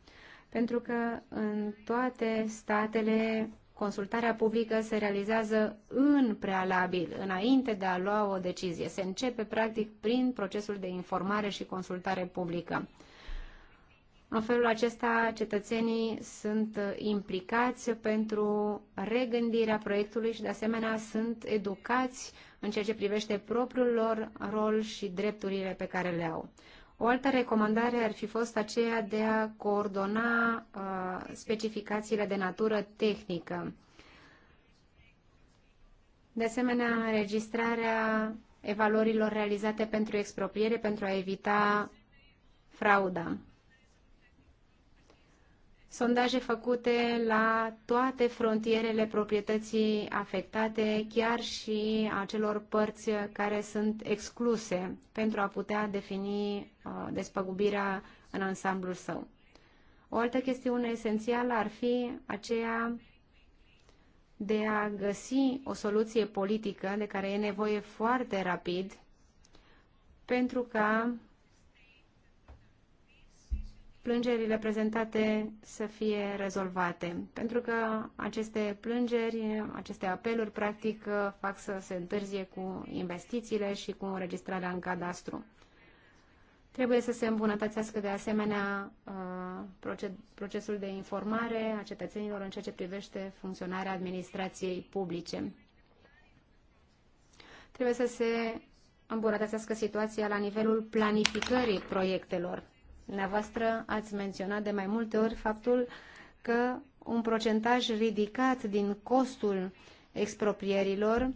pentru că în toate statele consultarea publică se realizează în prealabil, înainte de a lua o decizie. Se începe, practic, prin procesul de informare și consultare publică. În felul acesta, cetățenii sunt implicați pentru regândirea proiectului și, de asemenea, sunt educați în ceea ce privește propriul lor rol și drepturile pe care le au. O altă recomandare ar fi fost aceea de a coordona uh, specificațiile de natură tehnică. De asemenea, înregistrarea evaluărilor realizate pentru expropriere pentru a evita frauda sondaje făcute la toate frontierele proprietății afectate, chiar și a celor părți care sunt excluse, pentru a putea defini uh, despăgubirea în ansamblul său. O altă chestiune esențială ar fi aceea de a găsi o soluție politică de care e nevoie foarte rapid pentru ca plângerile prezentate să fie rezolvate. Pentru că aceste plângeri, aceste apeluri, practic, fac să se întârzie cu investițiile și cu înregistrarea în cadastru. Trebuie să se îmbunătățească de asemenea uh, procesul de informare a cetățenilor în ceea ce privește funcționarea administrației publice. Trebuie să se îmbunătățească situația la nivelul planificării proiectelor Dumneavoastră ați menționat de mai multe ori faptul că un procentaj ridicat din costul exproprierilor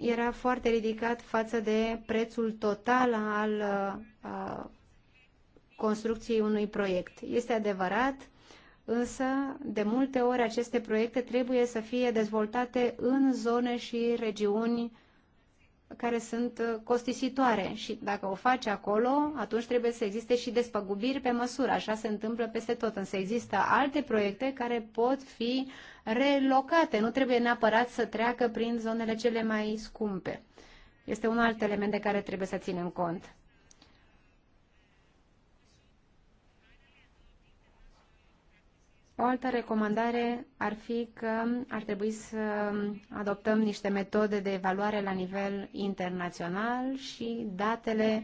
era foarte ridicat față de prețul total al uh, a, construcției unui proiect. Este adevărat, însă de multe ori aceste proiecte trebuie să fie dezvoltate în zone și regiuni care sunt uh, costisitoare și dacă o faci acolo, atunci trebuie să existe și despăgubiri pe măsură. Așa se întâmplă peste tot, însă există alte proiecte care pot fi relocate. Nu trebuie neapărat să treacă prin zonele cele mai scumpe. Este un alt element de care trebuie să ținem cont. O altă recomandare ar fi că ar trebui să adoptăm niște metode de evaluare la nivel internațional și datele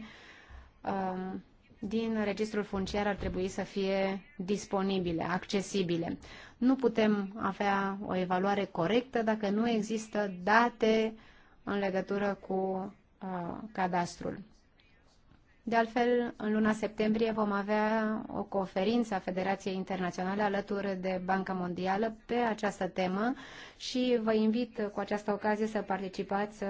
um, din registrul funciar ar trebui să fie disponibile, accesibile. Nu putem avea o evaluare corectă dacă nu există date în legătură cu uh, cadastrul. De altfel, în luna septembrie vom avea o conferință a Federației Internaționale alături de Banca Mondială pe această temă și vă invit cu această ocazie să participați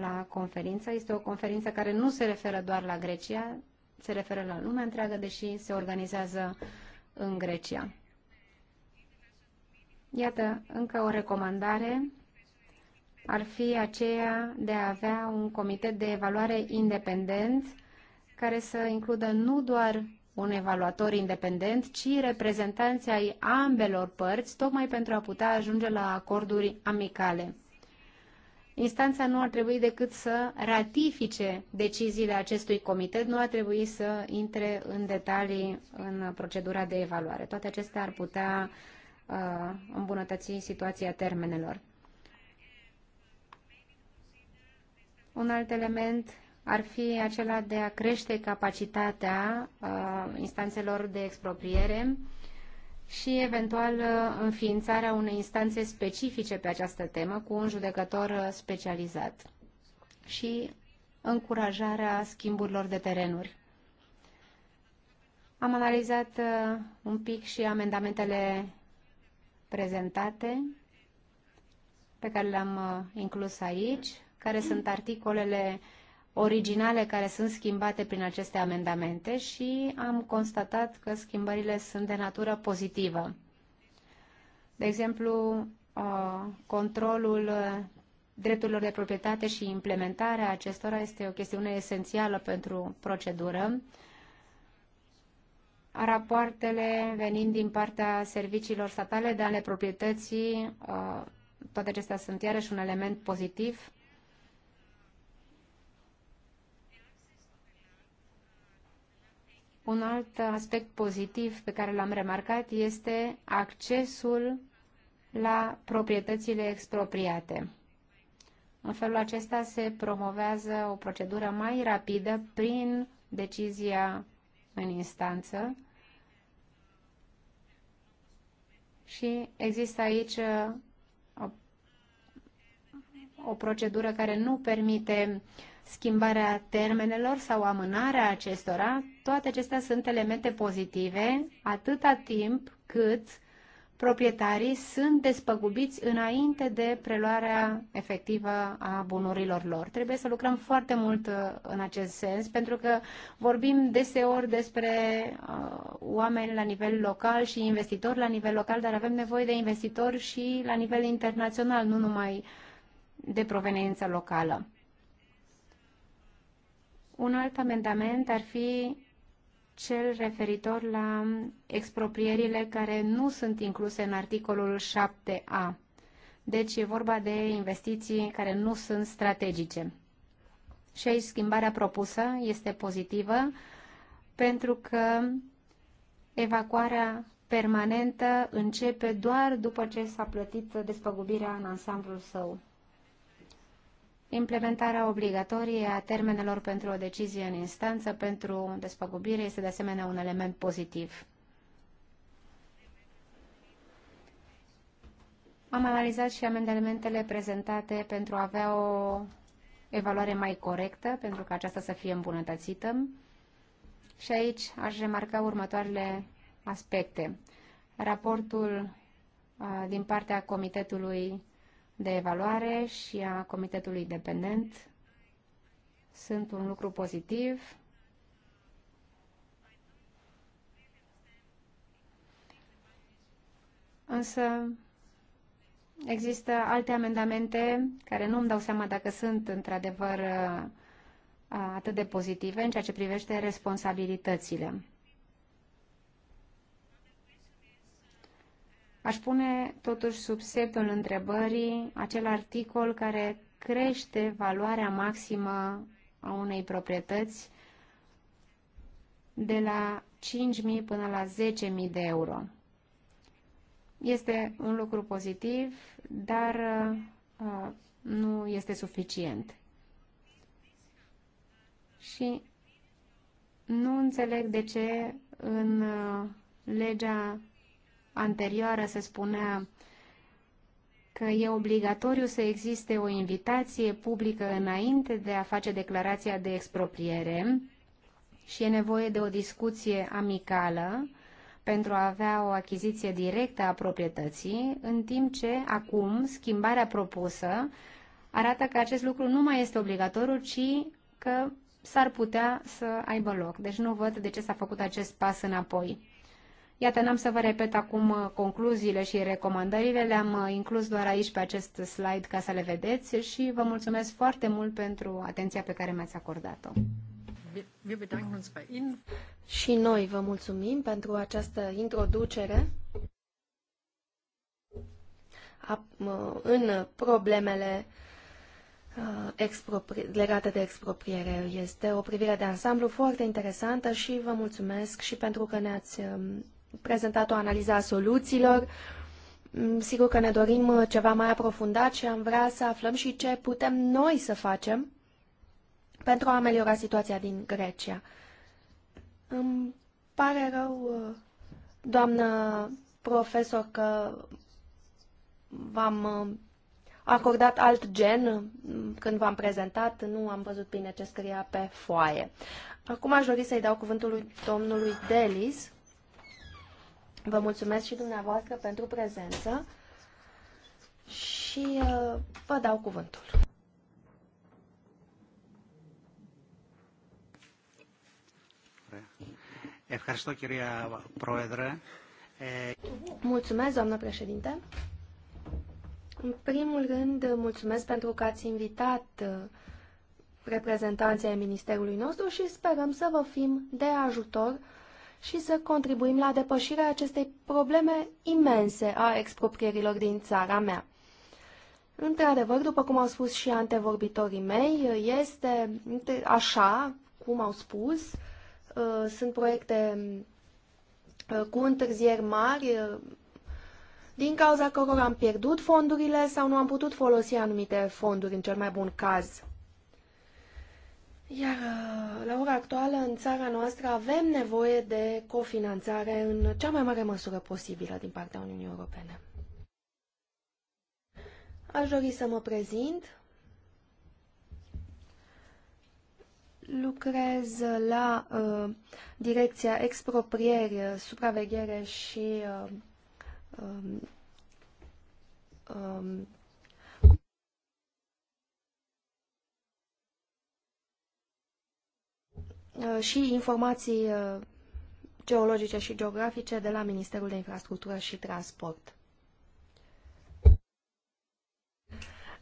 la conferință. Este o conferință care nu se referă doar la Grecia, se referă la lumea întreagă, deși se organizează în Grecia. Iată, încă o recomandare ar fi aceea de a avea un comitet de evaluare independent care să includă nu doar un evaluator independent, ci reprezentanții ai ambelor părți, tocmai pentru a putea ajunge la acorduri amicale. Instanța nu ar trebui decât să ratifice deciziile acestui comitet, nu ar trebui să intre în detalii în procedura de evaluare. Toate acestea ar putea uh, îmbunătăți situația termenelor. Un alt element ar fi acela de a crește capacitatea uh, instanțelor de expropriere și eventual uh, înființarea unei instanțe specifice pe această temă cu un judecător uh, specializat și încurajarea schimburilor de terenuri. Am analizat un pic și amendamentele prezentate pe care le-am inclus aici, care sunt articolele originale care sunt schimbate prin aceste amendamente și am constatat că schimbările sunt de natură pozitivă. De exemplu, uh, controlul drepturilor de proprietate și implementarea acestora este o chestiune esențială pentru procedură. Rapoartele venind din partea serviciilor statale de ale proprietății, uh, toate acestea sunt iarăși un element pozitiv Un alt aspect pozitiv pe care l-am remarcat este accesul la proprietățile expropriate. În felul acesta se promovează o procedură mai rapidă prin decizia în instanță și există aici uh, o, o procedură care nu permite uh, schimbarea termenelor sau amânarea acestora, toate acestea sunt elemente pozitive atâta timp cât proprietarii sunt despăgubiți înainte de preluarea efectivă a bunurilor lor. Trebuie să lucrăm foarte mult uh, în acest sens, pentru că vorbim deseori despre uh, oameni la nivel local și investitori la nivel local, dar avem nevoie de investitori și la nivel internațional, nu numai de proveniență locală. Un alt amendament ar fi cel referitor la exproprierile care nu sunt incluse în articolul 7a. Deci e vorba de investiții care nu sunt strategice. Și aici schimbarea propusă este pozitivă pentru că evacuarea permanentă începe doar după ce s-a plătit despăgubirea în ansamblul său. Implementarea obligatorie a termenelor pentru o decizie în instanță pentru despăgubire este de asemenea un element pozitiv. Am analizat și amendamentele prezentate pentru a avea o evaluare mai corectă, pentru ca aceasta să fie îmbunătățită. Și aici aș remarca următoarele aspecte. Raportul din partea Comitetului de evaluare și a comitetului dependent sunt un lucru pozitiv. Însă există alte amendamente care nu îmi dau seama dacă sunt într-adevăr uh, atât de pozitive în ceea ce privește responsabilitățile. Aș pune totuși sub setul întrebării acel articol care crește valoarea maximă a unei proprietăți de la 5.000 până la 10.000 de euro. Este un lucru pozitiv, dar uh, nu este suficient. Și nu înțeleg de ce în uh, legea anterioară se spunea că e obligatoriu să existe o invitație publică înainte de a face declarația de expropriere și e nevoie de o discuție amicală pentru a avea o achiziție directă a proprietății, în timp ce acum schimbarea propusă arată că acest lucru nu mai este obligatoriu, ci că s-ar putea să aibă loc. Deci nu văd de ce s-a făcut acest pas înapoi. Iată, n-am să vă repet acum uh, concluziile și recomandările, le-am uh, inclus doar aici pe acest slide ca să le vedeți și vă mulțumesc foarte mult pentru atenția pe care mi-ați acordat-o. Și noi vă mulțumim pentru această introducere în problemele uh, legate de expropriere. Este o privire de ansamblu foarte interesantă și vă mulțumesc și pentru că ne-ați um, prezentat o analiză a soluțiilor. Mm, sigur că ne dorim uh, ceva mai aprofundat și am vrea să aflăm și ce putem noi să facem pentru a ameliora situația din Grecia. Îmi pare rău, uh, doamnă profesor, că v-am uh, acordat alt gen când v-am prezentat, nu am văzut bine ce scria pe foaie. Acum aș dori să-i dau cuvântul lui domnului Delis Vă mulțumesc și dumneavoastră pentru prezență și uh, vă dau cuvântul. Mulțumesc, doamnă președinte. În primul rând, mulțumesc pentru că ați invitat uh, reprezentanții ai Ministerului nostru și sperăm să vă fim de ajutor și să contribuim la depășirea acestei probleme imense a exproprierilor din țara mea. Într-adevăr, după cum au spus și antevorbitorii mei, este așa cum au spus, uh, sunt proiecte uh, cu întârzieri mari, uh, din cauza cărora am pierdut fondurile sau nu am putut folosi anumite fonduri în cel mai bun caz. Iar uh, la ora actuală, în țara noastră, avem nevoie de cofinanțare în cea mai mare măsură posibilă din partea Uniunii Europene. Aș dori să mă prezint. Lucrez la uh, Direcția Expropriere, Supraveghere și uh, um, um, Uh, și informații uh, geologice și geografice de la Ministerul de Infrastructură și Transport.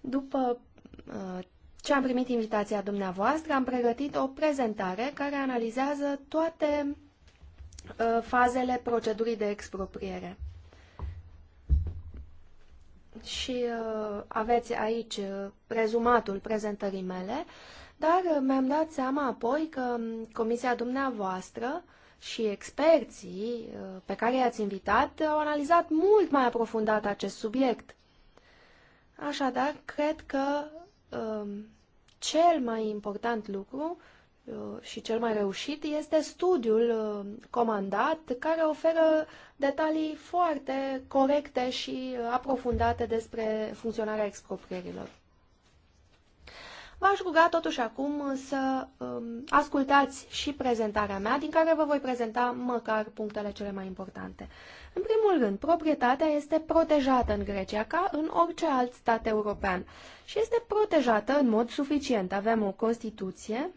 După uh, ce am primit invitația dumneavoastră, am pregătit o prezentare care analizează toate fazele procedurii de expropriere. Și aveți aici rezumatul prezentării mele dar uh, mi-am dat seama apoi că um, comisia dumneavoastră și experții uh, pe care i-ați invitat uh, au analizat mult mai aprofundat acest subiect. Așadar, cred că um, cel mai important lucru și cel mai reușit este studiul comandat care oferă detalii foarte corecte și aprofundate despre funcționarea exproprierilor. V-aș ruga totuși acum să um, ascultați și prezentarea mea, din care vă voi prezenta măcar punctele cele mai importante. În primul rând, proprietatea este protejată în Grecia ca în orice alt stat european și este protejată în mod suficient. Avem o Constituție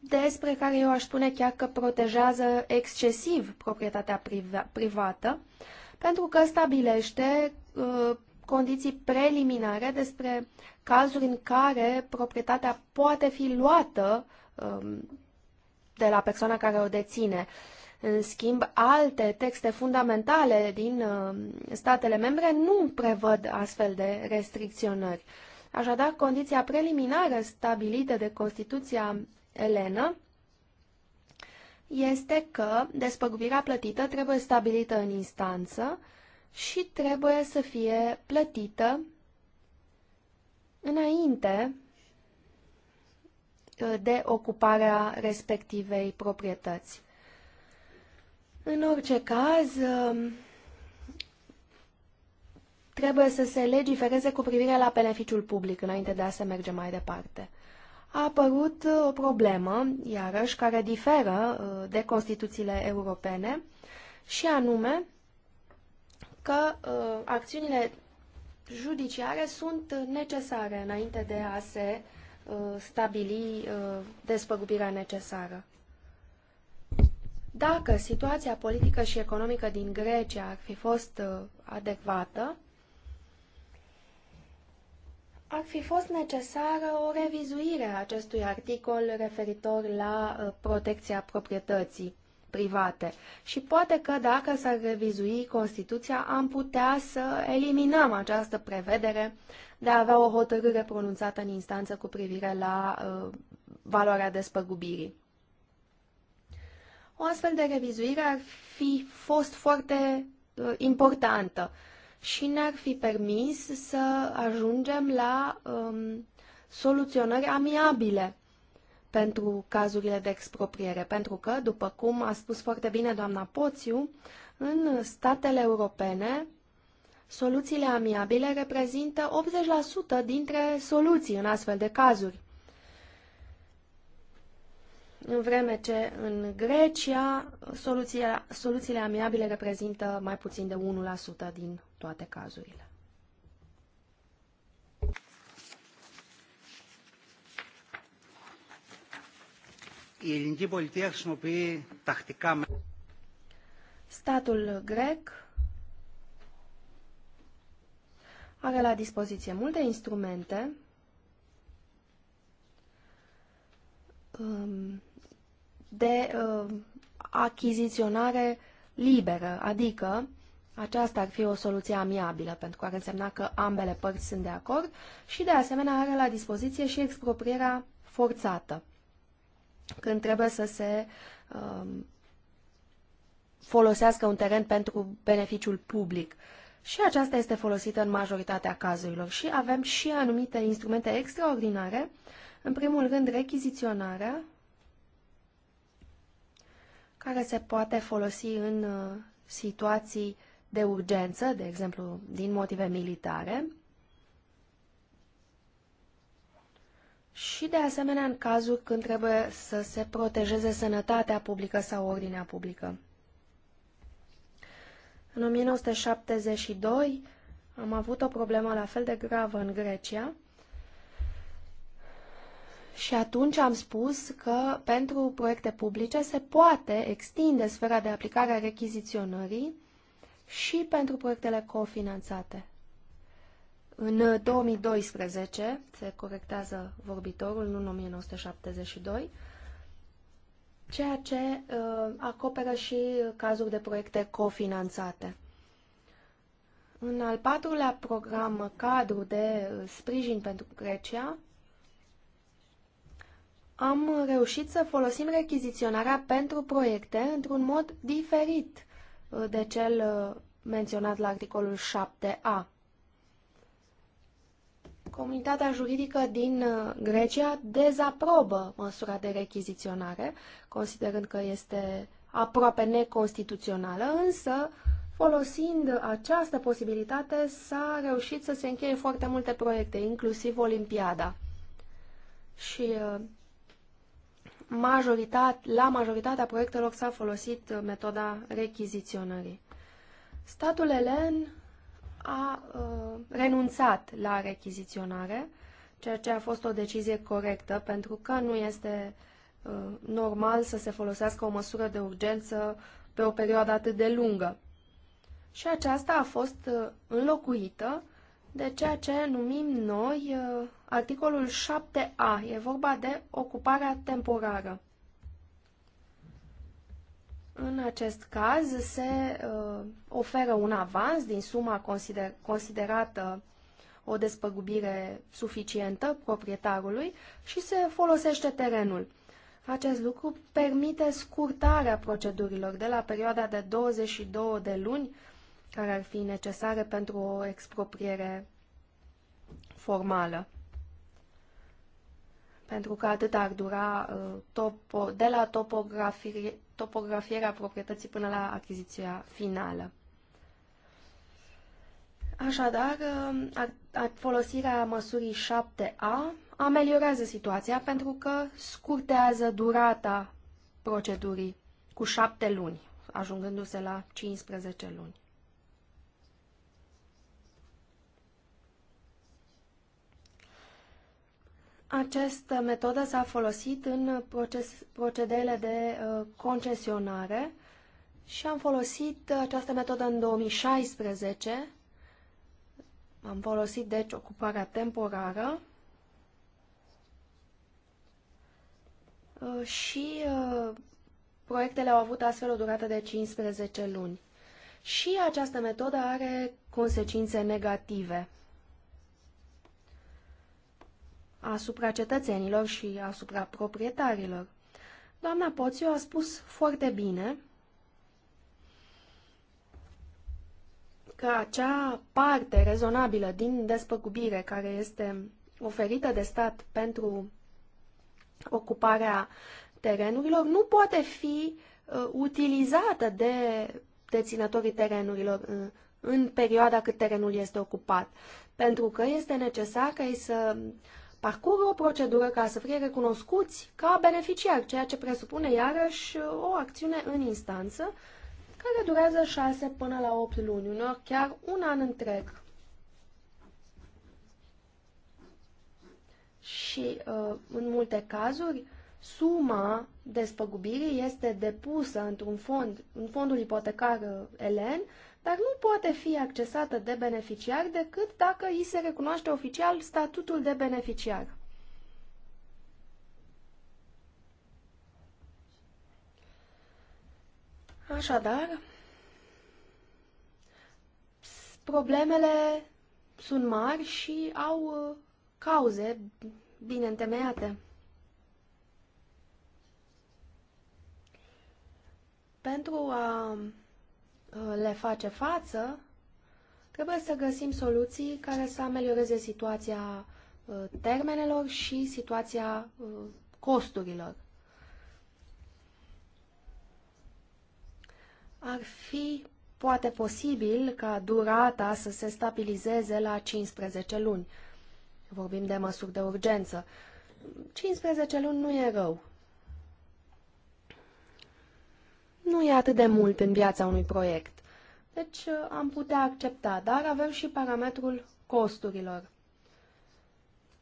despre care eu aș spune chiar că protejează excesiv proprietatea privată, pentru că stabilește uh, condiții preliminare despre cazuri în care proprietatea poate fi luată um, de la persoana care o deține. În schimb, alte texte fundamentale din um, statele membre nu prevăd astfel de restricționări. Așadar, condiția preliminară stabilită de Constituția Elenă este că despăgubirea plătită trebuie stabilită în instanță și trebuie să fie plătită înainte uh, de ocuparea respectivei proprietăți. În orice caz, uh, trebuie să se legifereze cu privire la beneficiul public înainte de a se merge mai departe. A apărut uh, o problemă, iarăși, care diferă de Constituțiile europene, și anume că uh, acțiunile judiciare sunt necesare înainte de a se uh, stabili uh, despăgubirea necesară. Dacă situația politică și economică din Grecia ar fi fost uh, adecvată, ar fi fost necesară o revizuire a acestui articol referitor la uh, protecția proprietății private. Și poate că dacă s-ar revizui Constituția, am putea să eliminăm această prevedere de a avea o hotărâre pronunțată în instanță cu privire la uh, valoarea despăgubirii. O astfel de revizuire ar fi fost foarte uh, importantă și ne-ar fi permis să ajungem la um, soluționări amiabile pentru cazurile de expropriere, pentru că, după cum a spus foarte bine doamna Poțiu, în statele europene, soluțiile amiabile reprezintă 80% dintre soluții în astfel de cazuri. În vreme ce în Grecia soluțiile, soluțiile amiabile reprezintă mai puțin de 1% din toate cazurile. Statul grec are la dispoziție multe instrumente ehm, de ehm, achiziționare liberă, adică aceasta ar fi o soluție amiabilă, pentru că ar însemna că ambele părți sunt de acord și, de asemenea, are la dispoziție și exproprierea forțată când trebuie să se um, folosească un teren pentru beneficiul public. Și aceasta este folosită în majoritatea cazurilor. Și avem și anumite instrumente extraordinare, în primul rând rechiziționarea, care se poate folosi în uh, situații de urgență, de exemplu din motive militare, și, de asemenea, în cazul când trebuie să se protejeze sănătatea publică sau ordinea publică. În 1972 am avut o problemă la fel de gravă în Grecia și atunci am spus că pentru proiecte publice se poate extinde sfera de aplicare a rechiziționării și pentru proiectele cofinanțate. În 2012, uh, se corectează vorbitorul, nu în 1972, ceea ce uh, acoperă și cazuri de proiecte cofinanțate. În al patrulea program cadru de uh, sprijin pentru Grecia, am reușit să folosim rechiziționarea pentru proiecte într-un mod diferit uh, de cel menționat la articolul 7a. Comunitatea juridică din uh, Grecia dezaprobă măsura de rechiziționare, considerând că este aproape neconstituțională, însă folosind această posibilitate s-a reușit să se încheie foarte multe proiecte, inclusiv Olimpiada. Și uh, majoritate, la majoritatea proiectelor s-a folosit metoda rechiziționării. Statul elen a uh, renunțat la rechiziționare, ceea ce a fost o decizie corectă, pentru că nu este uh, normal să se folosească o măsură de urgență pe o perioadă atât de lungă. Și aceasta a fost uh, înlocuită de ceea ce numim noi articolul 7a. E vorba de ocuparea temporară. În acest caz se uh, oferă un avans din suma consider considerată o despăgubire suficientă proprietarului și se folosește terenul. Acest lucru permite scurtarea procedurilor de la perioada de 22 de luni care ar fi necesare pentru o expropriere formală. Pentru că atât ar dura uh, de la topografie, topografierea proprietății până la achiziția finală. Așadar, folosirea măsurii 7A ameliorează situația pentru că scurtează durata procedurii cu 7 luni, ajungându-se la 15 luni. Această metodă s-a folosit în proces, procedele de uh, concesionare și am folosit această metodă în 2016. Am folosit, deci, ocuparea temporară uh, și uh, proiectele au avut astfel o durată de 15 luni. Și această metodă are consecințe negative asupra cetățenilor și asupra proprietarilor. Doamna Poțiu a spus foarte bine că acea parte rezonabilă din despăgubire care este oferită de stat pentru ocuparea terenurilor nu poate fi uh, utilizată de deținătorii terenurilor în, uh, în perioada cât terenul este ocupat, pentru că este necesar ca ei să uh, parcurgă o procedură ca să fie recunoscuți ca beneficiar, ceea ce presupune iarăși o acțiune în instanță care durează 6 până la 8 luni, uneori chiar un an întreg. Și uh, în multe cazuri, suma despăgubirii este depusă într-un fond, în fondul ipotecar uh, elen, dar nu poate fi accesată de beneficiar decât dacă îi se recunoaște oficial statutul de beneficiar. Așadar, problemele sunt mari și au uh, cauze bine întemeiate. Pentru a Uh, le face față, trebuie să găsim soluții care să amelioreze situația uh, termenelor și situația uh, costurilor. Ar fi poate posibil ca durata să se stabilizeze la 15 luni. Vorbim de măsuri de urgență. 15 luni nu e rău. nu e atât de mult în viața unui proiect. Deci uh, am putea accepta, dar avem și parametrul costurilor,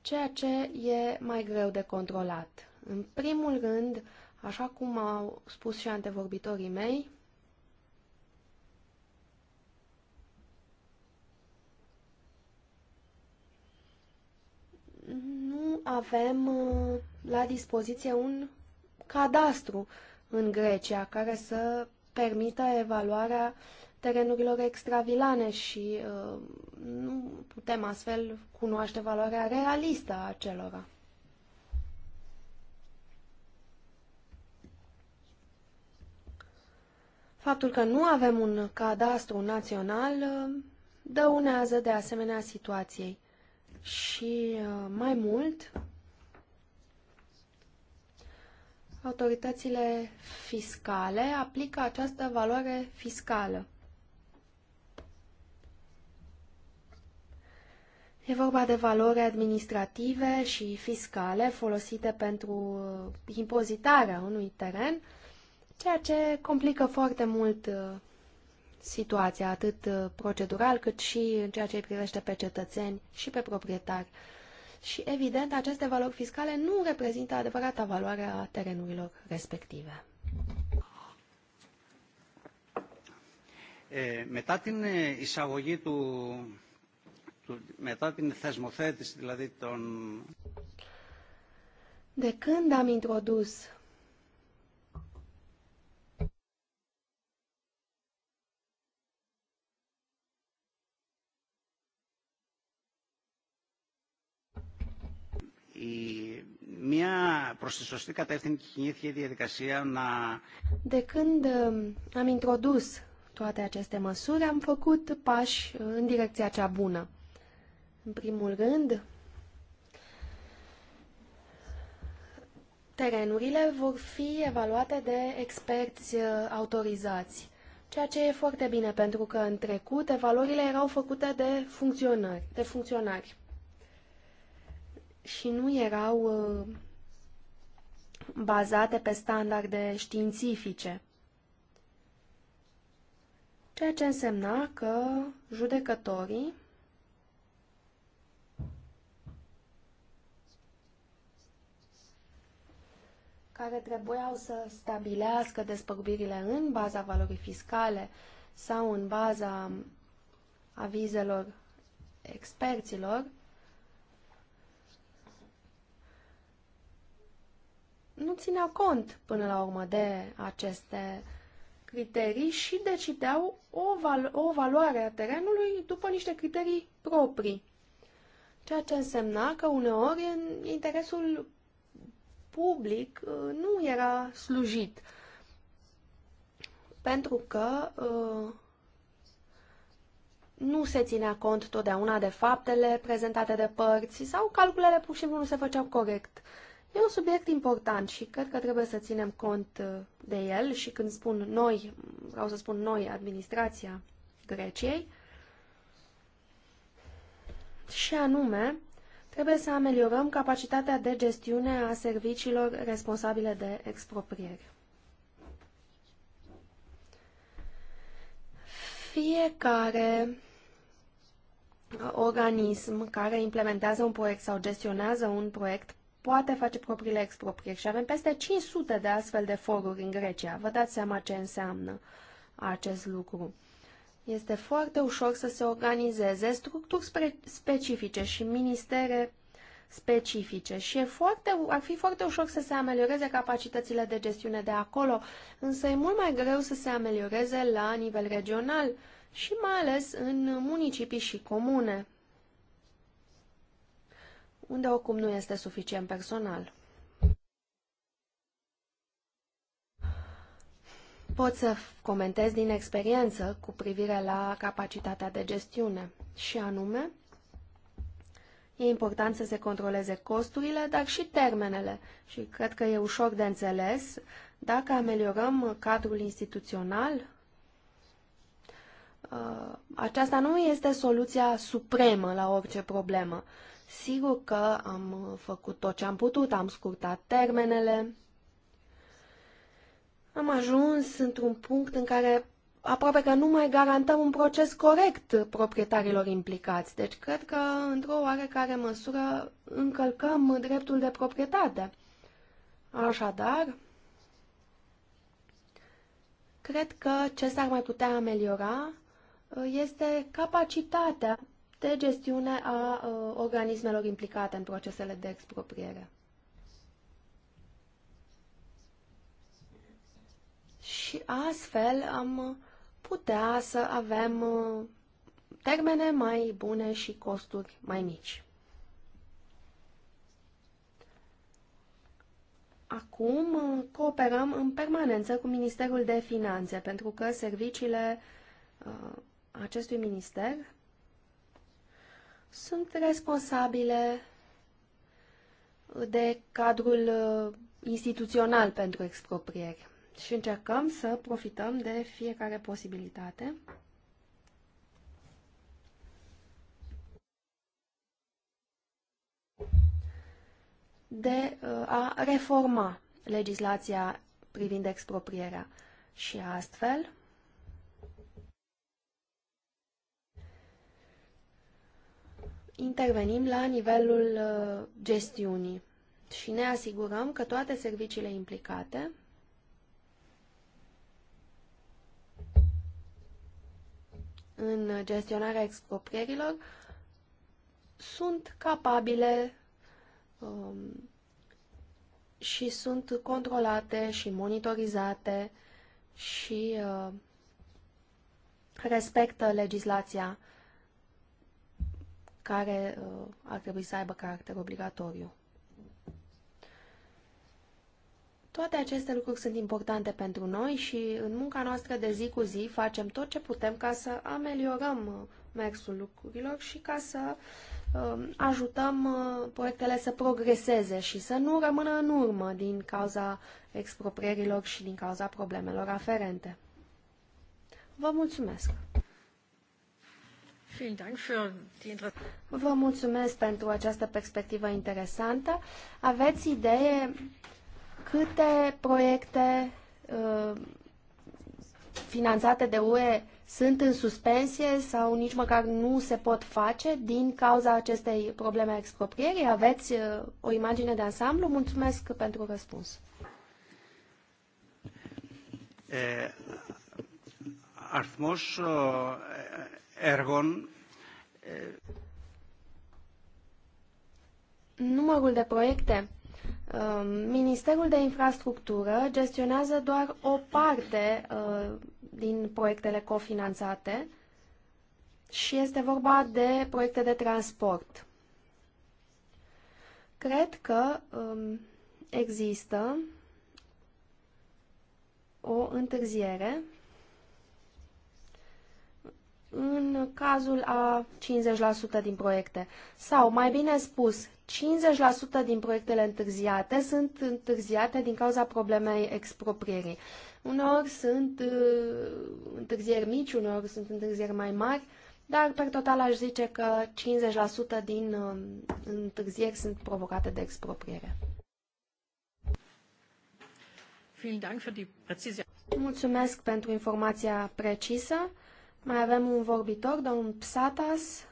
ceea ce e mai greu de controlat. În primul rând, așa cum au spus și antevorbitorii mei, nu avem uh, la dispoziție un cadastru în Grecia, care să permită evaluarea terenurilor extravilane și uh, nu putem astfel cunoaște valoarea realistă a celora. Faptul că nu avem un cadastru național uh, dăunează de asemenea situației. Și uh, mai mult, autoritățile fiscale aplică această valoare fiscală. E vorba de valori administrative și fiscale folosite pentru impozitarea unui teren, ceea ce complică foarte mult uh, situația, atât uh, procedural cât și în ceea ce îi privește pe cetățeni și pe proprietari și, evident, aceste valori fiscale nu reprezintă adevărata valoare a terenurilor respective. μετά την εισαγωγή του, του, μετά την θεσμοθέτηση δηλαδή των... De când am introdus η, μια προς τη σωστή κατεύθυνση κινήθηκε η διαδικασία να... De când um, am introdus toate aceste măsuri, am făcut pași uh, în direcția cea bună. În primul rând, terenurile vor fi evaluate de experți uh, autorizați, ceea ce e foarte bine, pentru că în trecut evaluările erau făcute de funcționari. De funcționari și nu erau uh, bazate pe standarde științifice. Ceea ce însemna că judecătorii care trebuiau să stabilească despăgubirile în baza valorii fiscale sau în baza avizelor experților, nu ținea cont până la urmă de aceste criterii și decideau o, valo- o valoare a terenului după niște criterii proprii. Ceea ce însemna că uneori interesul public uh, nu era slujit. Pentru că uh, nu se ținea cont totdeauna de faptele prezentate de părți sau calculele pur și simplu nu se făceau corect. Uh, E un subiect important și cred că trebuie să ținem cont uh, de el și când spun noi, vreau să spun noi, administrația Greciei, și anume, trebuie să ameliorăm capacitatea de gestiune a serviciilor responsabile de expropriere. Fiecare organism care implementează un proiect sau gestionează un proiect poate face propriile exproprieri și avem peste 500 de astfel de foruri în Grecia. Vă dați seama ce înseamnă acest lucru. Este foarte ușor să se organizeze structuri specifice și ministere specifice și e foarte, ar fi foarte ușor să se amelioreze capacitățile de gestiune de acolo, însă e mult mai greu să se amelioreze la nivel regional și mai ales în municipii și comune unde oricum nu este suficient personal. Pot să comentez din experiență cu privire la capacitatea de gestiune și anume, e important să se controleze costurile, dar și termenele și cred că e ușor de înțeles dacă ameliorăm cadrul instituțional, ă, aceasta nu este soluția supremă la orice problemă. Sigur că am făcut tot ce am putut, am scurtat termenele. Am ajuns într-un punct în care aproape că nu mai garantăm un proces corect proprietarilor implicați. Deci cred că, într-o oarecare măsură, încălcăm dreptul de proprietate. Așadar, cred că ce s-ar mai putea ameliora este capacitatea de gestiune a uh, organismelor implicate în procesele de expropriere. Și astfel am putea să avem uh, termene mai bune și costuri mai mici. Acum uh, cooperăm în permanență cu Ministerul de Finanțe, pentru că serviciile uh, acestui minister sunt responsabile de cadrul uh, instituțional pentru expropriere și încercăm să profităm de fiecare posibilitate. de uh, a reforma legislația privind exproprierea și astfel intervenim la nivelul uh, gestiunii și ne asigurăm că toate serviciile implicate în gestionarea exproprierilor sunt capabile um, și sunt controlate și monitorizate și uh, respectă legislația care uh, ar trebui să aibă caracter obligatoriu. Toate aceste lucruri sunt importante pentru noi și în munca noastră de zi cu zi facem tot ce putem ca să ameliorăm uh, mersul lucrurilor și ca să um, ajutăm uh, proiectele să progreseze și să nu rămână în urmă din cauza exproprierilor și din cauza problemelor aferente. Vă mulțumesc! Vă mulțumesc pentru această perspectivă interesantă. Aveți idee câte proiecte uh, finanțate de UE sunt în suspensie sau nici măcar nu se pot face din cauza acestei probleme a exproprierii? Aveți uh, o imagine de ansamblu? Mulțumesc pentru răspuns. E, eh, ar uh, Eh, numărul de proiecte. Eh, Ministerul de Infrastructură gestionează doar o parte eh, din proiectele cofinanțate și este vorba de proiecte de transport. Cred că există o întârziere în cazul a 50% din proiecte. Sau, mai bine spus, 50% din proiectele întârziate sunt întârziate din cauza problemei exproprierii. Uneori sunt uh, întârzieri mici, uneori sunt întârzieri mai mari, dar pe total aș zice că 50% din uh, întârzieri sunt provocate de expropriere. Mulțumesc pentru informația precisă. Mai avem un vorbitor, domnul Psatas,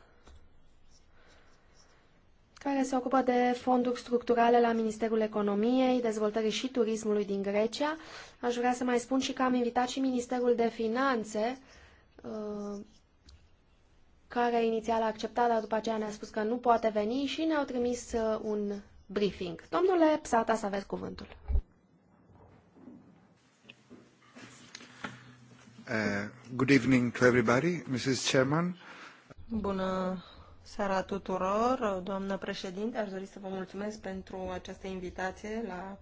care se ocupă de fonduri structurale la Ministerul Economiei, Dezvoltării și Turismului din Grecia. Aș vrea să mai spun și că am invitat și Ministerul de Finanțe, uh, care inițial a acceptat, dar după aceea ne-a spus că nu poate veni și ne-au trimis uh, un briefing. Domnule Psatas, aveți cuvântul. Uh, good evening to everybody, Mrs. Chairman. Bună seara tuturor, doamnă președinte. Aș dori să vă mulțumesc pentru această invitație la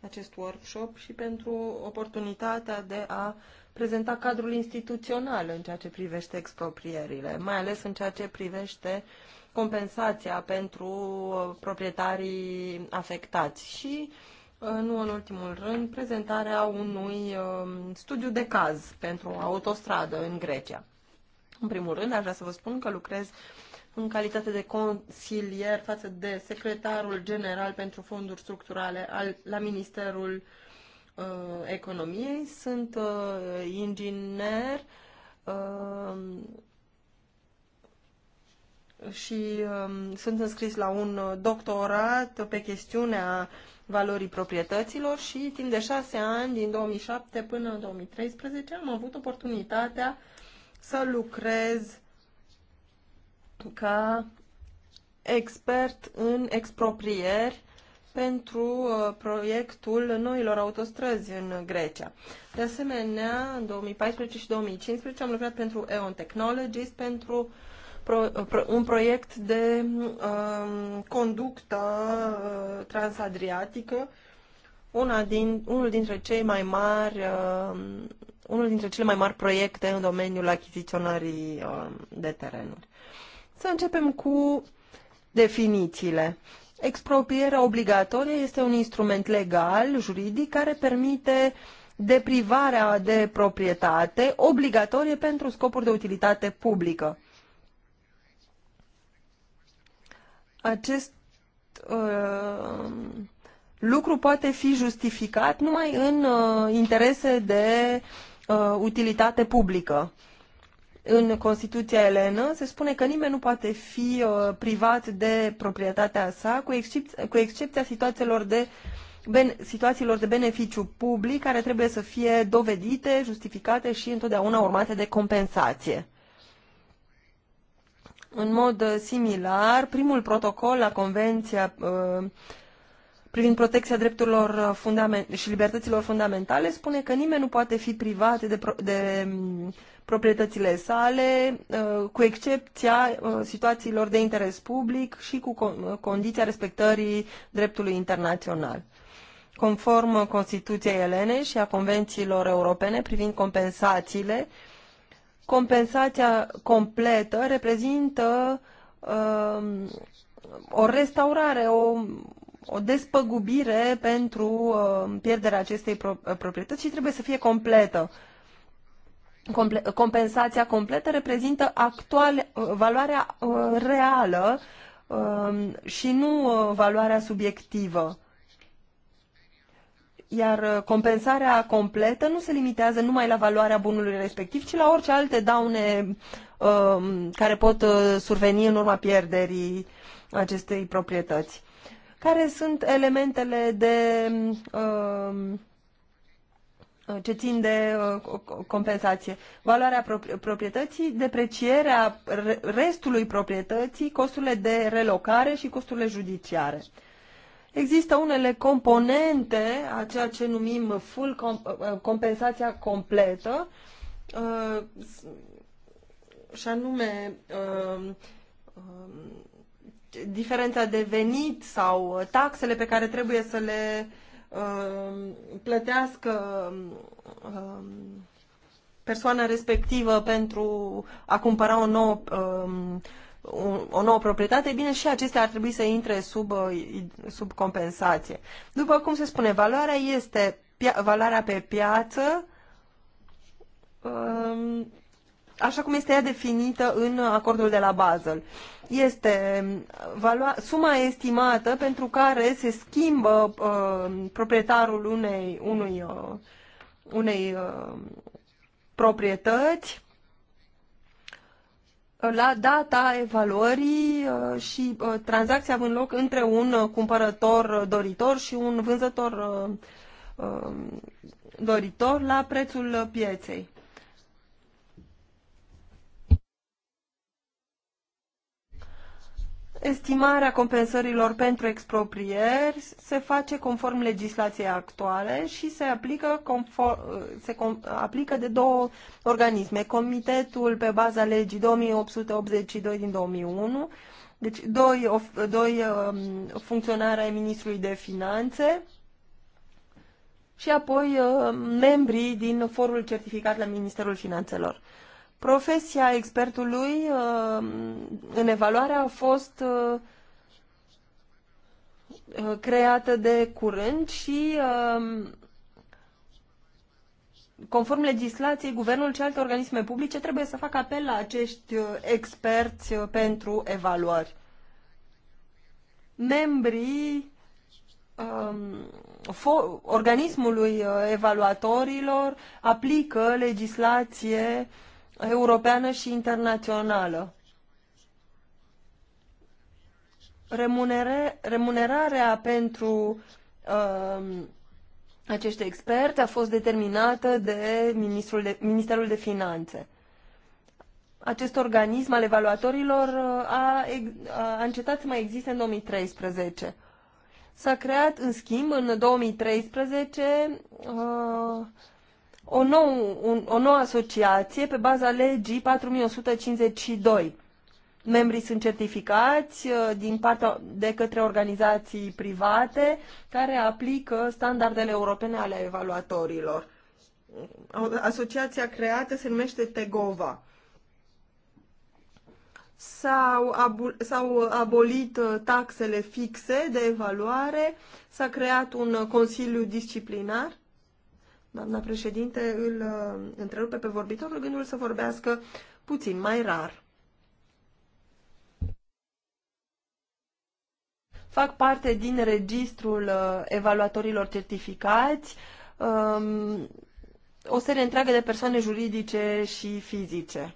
acest workshop și pentru oportunitatea de a prezenta cadrul instituțional în ceea ce privește exproprierile, mai ales în ceea ce privește compensația pentru proprietarii afectați și uh, Uh, nu în ultimul rând, prezentarea unui uh, studiu de caz pentru o autostradă în Grecia. În primul rând, aș vrea să vă spun că lucrez în calitate de consilier față de secretarul general pentru fonduri structurale al, la Ministerul uh, Economiei. Sunt uh, inginer uh, și uh, sunt înscris la un doctorat pe chestiunea uh, valorii proprietăților și timp de șase ani, din 2007 până în 2013, am avut oportunitatea să lucrez ca expert în exproprieri pentru uh, proiectul noilor autostrăzi în Grecia. De asemenea, în 2014 și 2015 am lucrat pentru EON Technologies pentru uh, pro, pro, un proiect de um, conductă uh, transadriatică, una din, unul dintre cei mai mari, um, unul dintre cele mai mari proiecte în domeniul achiziționării um, de terenuri. Să începem cu definițiile. Expropierea obligatorie este un instrument legal, juridic, care permite deprivarea de proprietate obligatorie pentru scopuri de utilitate publică. acest uh, lucru poate fi justificat numai în uh, interese de uh, utilitate publică. În Constituția Elenă se spune că nimeni nu poate fi uh, privat de proprietatea sa, cu, excep- cu excepția situațiilor de, ben- situațiilor de beneficiu public, care trebuie să fie dovedite, justificate și întotdeauna urmate de compensație. În mod uh, similar, primul protocol la Convenția uh, privind protecția drepturilor uh, și libertăților fundamentale spune că nimeni nu poate fi privat de, pro- de mm, proprietățile sale, cu excepția situațiilor de interes public și cu condiția respectării dreptului internațional. Conform Constituției Elene și a convențiilor europene privind compensațiile, uh, compensația completă reprezintă uh, o restaurare, o, o despăgubire pentru uh, pierderea acestei pro, proprietăți și trebuie să fie completă. Comple compensația completă reprezintă actual, uh, valoarea uh, reală uh, și nu uh, valoarea subiectivă iar uh, compensarea completă nu se limitează numai la valoarea bunului respectiv, ci la orice alte daune um, care pot uh, surveni în urma pierderii acestei proprietăți. Care sunt elementele de um, ce țin de uh, compensație. Valoarea proprietății, deprecierea restului proprietății, costurile de relocare și costurile judiciare. Există unele componente a ceea ce numim full comp- compensația completă uh, și anume uh, uh, diferența de venit sau taxele pe care trebuie să le plătească persoana respectivă pentru a cumpăra o nouă o nouă proprietate, bine, și acestea ar trebui să intre sub, uh, sub compensație. După cum se spune, valoarea este valoarea pe piață, um, așa cum este ea definită în acordul de la Basel. Este valoa, suma estimată pentru care se schimbă uh, proprietarul unei, unui, uh, unei uh, proprietăți la data evaluării uh, și uh, tranzacția având loc între un uh, cumpărător doritor și un vânzător doritor la prețul pieței. estimarea compensărilor pentru exproprieri se face conform legislației actuale și se aplică, conform, se com, aplică de două organisme. Comitetul pe baza legii 2882 din 2001, deci doi, of, doi um, funcționari ai Ministrului de Finanțe și apoi um, membrii din forul certificat la Ministerul Finanțelor. Profesia expertului uh, în evaluare a fost uh, uh, creată de curând și conform legislației, guvernul și alte organisme publice trebuie să facă apel la acești experți pentru evaluări. Membrii um, organismului evaluatorilor aplică legislație uh, europeană și internațională. Remunere, remunerarea pentru uh, acești experți a fost determinată de, ministrul de Ministerul de Finanțe. Acest organism al evaluatorilor uh, a, a încetat să mai existe în 2013. S-a creat, în schimb, în 2013 uh, o, nou, un, o nouă asociație pe baza legii 4152. Membrii sunt certificați uh, din partea, de către organizații private care aplică standardele europene ale evaluatorilor. Asociația creată se numește Tegova. S-au, abolit uh, taxele fixe de evaluare, s-a creat un uh, consiliu disciplinar Doamna președinte îl uh, întrerupe pe vorbitor rugându-l să vorbească puțin mai rar. Fac parte din registrul uh, evaluatorilor certificați um, o serie întreagă de persoane juridice și fizice.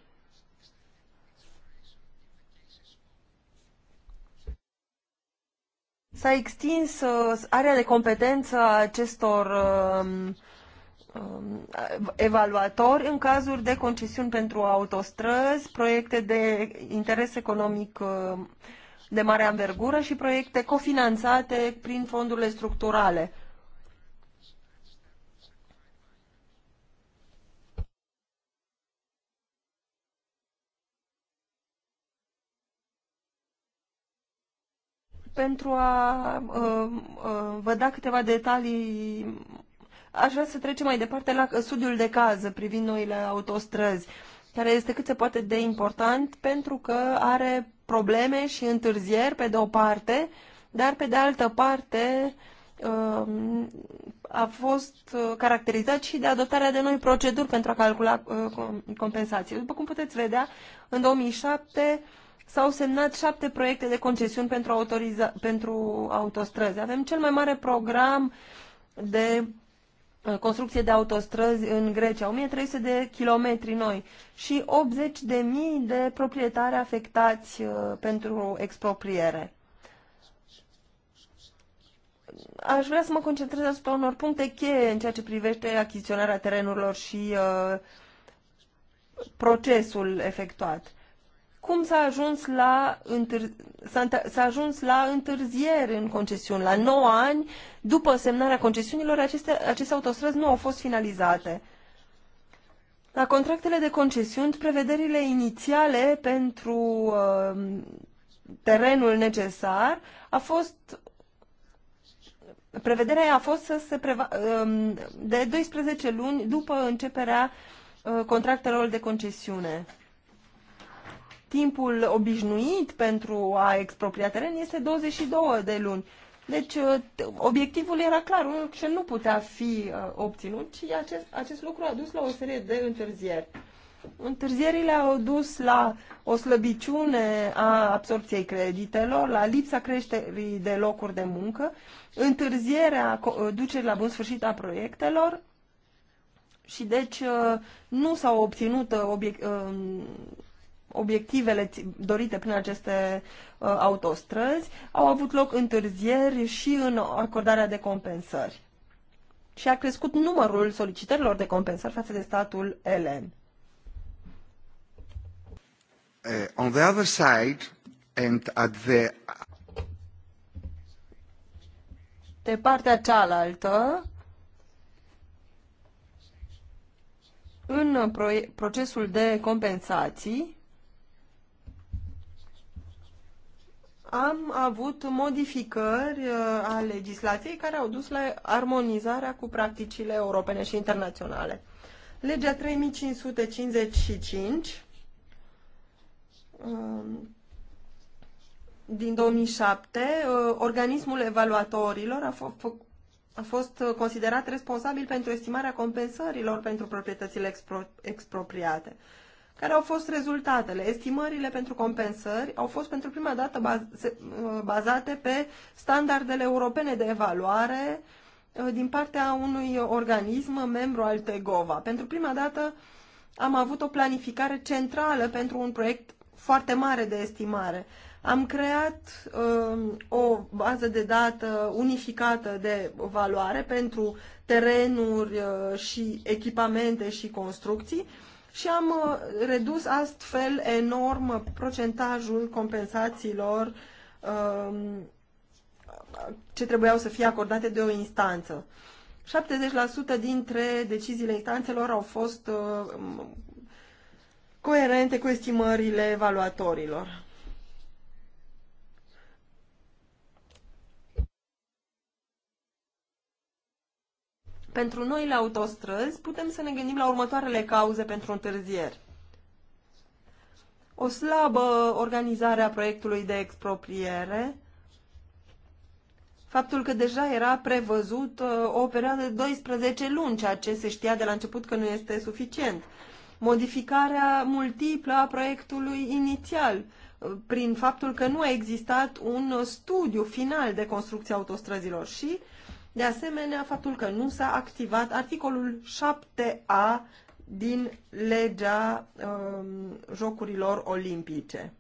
S-a extins uh, area de competență a acestor uh, Um, evaluatori în cazuri de concesiuni pentru autostrăzi, proiecte de interes economic uh, de mare anvergură și proiecte cofinanțate prin fondurile structurale. pentru a uh, uh, vă da câteva detalii Aș vrea să trecem mai departe la studiul de caz privind noile autostrăzi, care este cât se poate de important pentru că are probleme și întârzieri pe de o parte, dar pe de altă parte um, a fost uh, caracterizat și de adoptarea de noi proceduri pentru a calcula uh, compensații. După cum puteți vedea, în 2007 s-au semnat șapte proiecte de concesiuni pentru, autoriza- pentru autostrăzi. Avem cel mai mare program de Uh, construcție de autostrăzi în Grecia, 1300 de kilometri noi și 80 de mii de proprietari afectați uh, pentru expropriere. Aș vrea să mă concentrez asupra unor puncte cheie în ceea ce privește achiziționarea terenurilor și uh, procesul efectuat cum s-a ajuns la, întâr- s-a, ajuns la întârziere în concesiuni. La 9 ani, după semnarea concesiunilor, aceste, aceste autostrăzi nu au fost finalizate. La contractele de concesiuni, prevederile inițiale pentru uh, terenul necesar a fost prevederea a fost să se preva, uh, de 12 luni după începerea uh, contractelor de concesiune timpul obișnuit pentru a expropria teren este 22 de luni. Deci uh, obiectivul era clar, unul ce nu putea fi uh, obținut și acest, acest lucru a dus la o serie de întârzieri. Întârzierile au dus la o slăbiciune a absorpției creditelor, la lipsa creșterii de locuri de muncă, întârzierea uh, ducerii la bun sfârșit a proiectelor și deci nu s-au obținut obiect, obiectivele dorite prin aceste uh, autostrăzi, au avut loc întârzieri și în acordarea de compensări. Și a crescut numărul solicitărilor de compensări față de statul elen. Uh, on the other side, and at the... De partea cealaltă, în procesul de compensații, am avut modificări uh, a legislației care au dus la armonizarea cu practicile europene și internaționale. Legea 3555 um, din 2007, uh, organismul evaluatorilor a, a fost considerat responsabil pentru estimarea compensărilor pentru proprietățile expro expropriate. Care au fost rezultatele? Estimările pentru compensări au fost pentru prima dată uh, bazate pe standardele europene de evaluare uh, din partea unui organism membru al TEGOVA. Pentru prima dată am avut o planificare centrală pentru un proiect foarte mare de estimare. Am creat um, o bază de dată unificată de valoare pentru terenuri uh, și echipamente și construcții și am uh, redus astfel enorm procentajul compensațiilor um, ce trebuiau să fie acordate de o instanță. 70% dintre deciziile instanțelor au fost uh, coerente cu estimările evaluatorilor. Pentru noi la autostrăzi putem să ne gândim la următoarele cauze pentru întârzieri. O slabă organizare a proiectului de expropriere, faptul că deja era prevăzut uh, o perioadă de 12 luni, ceea ce se știa de la început că nu este suficient. Modificarea multiplă a proiectului inițial, uh, prin faptul că nu a existat un studiu final de construcție autostrăzilor și de asemenea, faptul că nu s-a activat articolul 7A din legea um, jocurilor olimpice.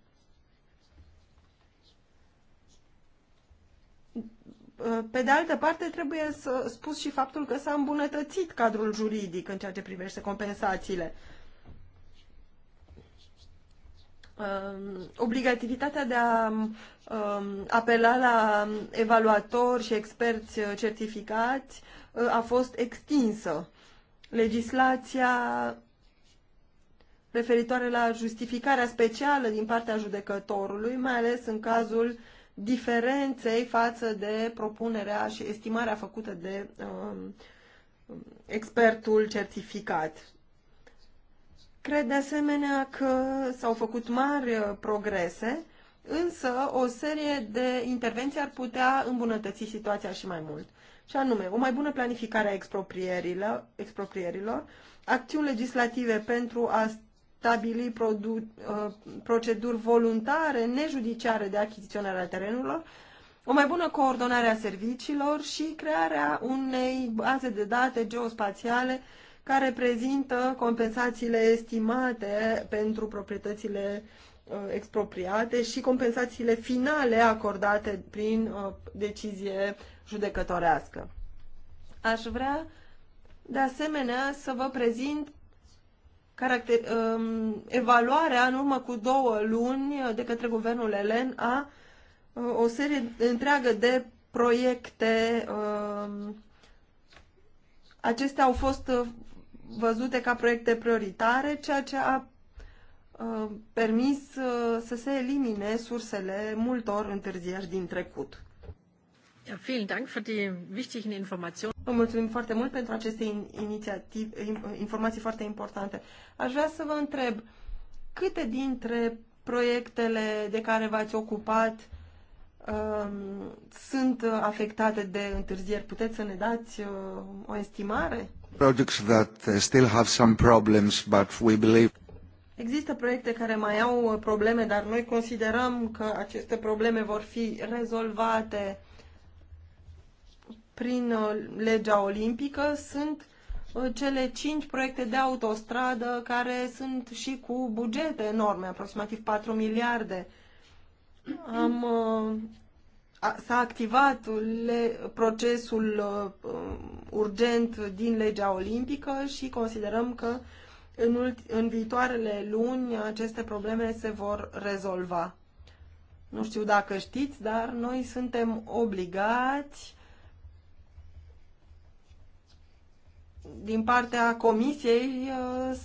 Pe de altă parte, trebuie să spus și faptul că s-a îmbunătățit cadrul juridic în ceea ce privește compensațiile. Um, obligativitatea de a um, apela la evaluatori și experți uh, certificați uh, a fost extinsă. Legislația referitoare la justificarea specială din partea judecătorului, mai ales în cazul diferenței față de propunerea și estimarea făcută de um, expertul certificat. Cred de asemenea că s-au făcut mari uh, progrese, însă o serie de intervenții ar putea îmbunătăți situația și mai mult. Și anume, o mai bună planificare a exproprierilor, exproprierilor acțiuni legislative pentru a stabili produ- uh, proceduri voluntare, nejudiciare de achiziționare a terenurilor, o mai bună coordonare a serviciilor și crearea unei baze de date geospațiale uh, care prezintă compensațiile estimate pentru proprietățile uh, expropriate și compensațiile finale acordate prin uh, decizie judecătorească. Aș vrea de asemenea să vă prezint caracter, um, evaluarea în urmă cu două luni de către guvernul Elen a uh, o serie întreagă de proiecte. Um, acestea au fost văzute ca proiecte prioritare, ceea ce a uh, permis uh, să se elimine sursele multor întârzieri din trecut. Vă mulțumim foarte mult pentru aceste inițiative, informații foarte importante. Aș vrea să vă întreb, câte dintre proiectele de care v-ați ocupat um, sunt afectate de întârzieri? Puteți să ne dați uh, o estimare? Projects that uh, still have some problems, but we believe Există proiecte care mai au uh, probleme, dar noi considerăm că aceste probleme vor fi rezolvate prin uh, legea olimpică. Sunt cele cinci proiecte de autostradă care sunt și cu bugete enorme, aproximativ 4 miliarde. Am s-a activat le, procesul uh, um, urgent din legea olimpică și considerăm că în, ulti, în viitoarele luni aceste probleme se vor rezolva. Nu știu dacă știți, dar noi suntem obligați din partea comisiei uh,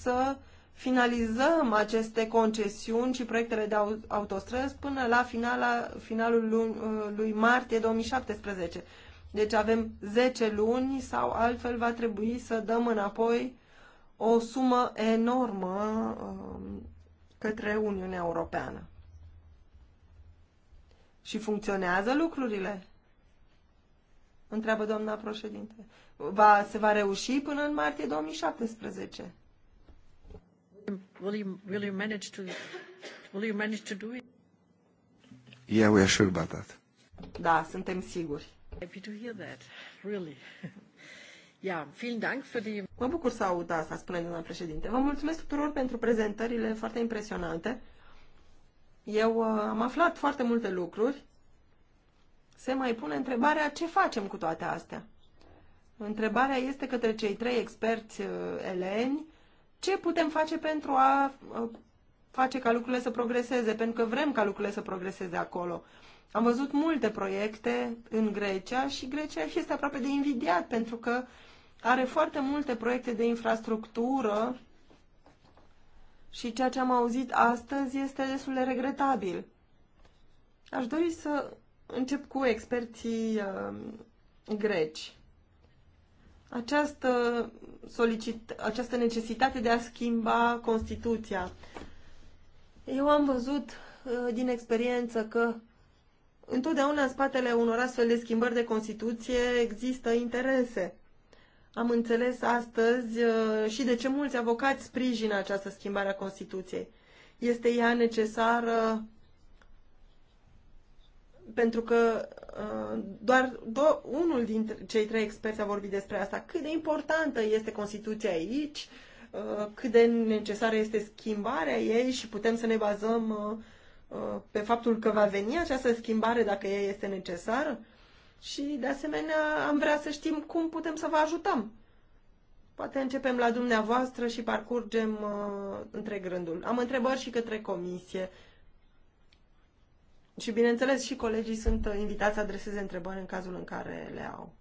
să finalizăm aceste concesiuni și proiectele de autostrăzi până la finala, finalul lui, uh, lui martie 2017. Deci avem 10 luni sau altfel va trebui să dăm înapoi o sumă enormă um, către Uniunea Europeană. Și funcționează lucrurile? Întreabă doamna președinte. Va, se va reuși până în martie 2017? Will you, will you manage to, will you manage to do it? Yeah, we are sure about that. Da, suntem siguri. Happy to hear that, really. Yeah, vielen Dank für die... Mă bucur să aud asta, spune doamna președinte. Vă mulțumesc tuturor pentru prezentările foarte impresionante. Eu uh, am aflat foarte multe lucruri. Se mai pune întrebarea ce facem cu toate astea. Întrebarea este către cei trei experți uh, eleni ce putem face pentru a face ca lucrurile să progreseze, pentru că vrem ca lucrurile să progreseze acolo. Am văzut multe proiecte în Grecia și Grecia este aproape de invidiat pentru că are foarte multe proiecte de infrastructură și ceea ce am auzit astăzi este destul de regretabil. Aș dori să încep cu experții uh, greci această, solicit, această necesitate de a schimba Constituția. Eu am văzut uh, din experiență că întotdeauna în spatele unor astfel de schimbări de Constituție există interese. Am înțeles astăzi uh, și de ce mulți avocați sprijină această schimbare a Constituției. Este ea necesară pentru că Uh, doar do- unul dintre cei trei experți a vorbit despre asta. Cât de importantă este Constituția aici, uh, cât de necesară este schimbarea ei și putem să ne bazăm uh, pe faptul că va veni această schimbare dacă ea este necesară. Și, de asemenea, am vrea să știm cum putem să vă ajutăm. Poate începem la dumneavoastră și parcurgem uh, întreg rândul. Am întrebări și către comisie. Și bineînțeles și colegii sunt uh, invitați să adreseze întrebări în cazul în care le au.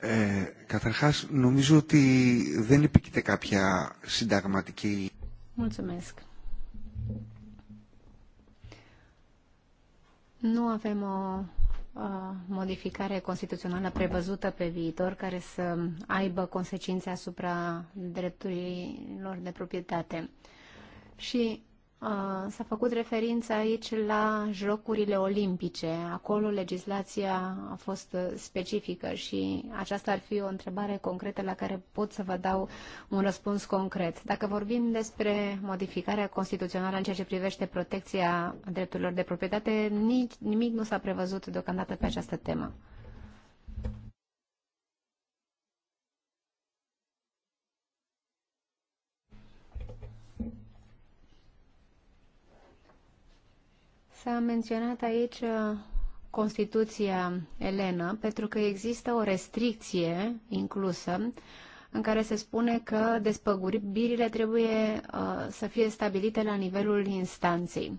Ε, eh, καταρχάς, νομίζω ότι δεν επικείται κάποια συνταγματική... Mulțumesc. Nu avem o modificare constituțională prevăzută pe viitor care să aibă consecințe asupra drepturilor de proprietate. Și S-a făcut referință aici la Jocurile Olimpice. Acolo legislația a fost specifică și aceasta ar fi o întrebare concretă la care pot să vă dau un răspuns concret. Dacă vorbim despre modificarea constituțională în ceea ce privește protecția drepturilor de proprietate, nimic nu s-a prevăzut deocamdată pe această temă. S-a menționat aici uh, Constituția Elenă, pentru că există o restricție inclusă în care se spune că despăgubirile trebuie uh, să fie stabilite la nivelul instanței.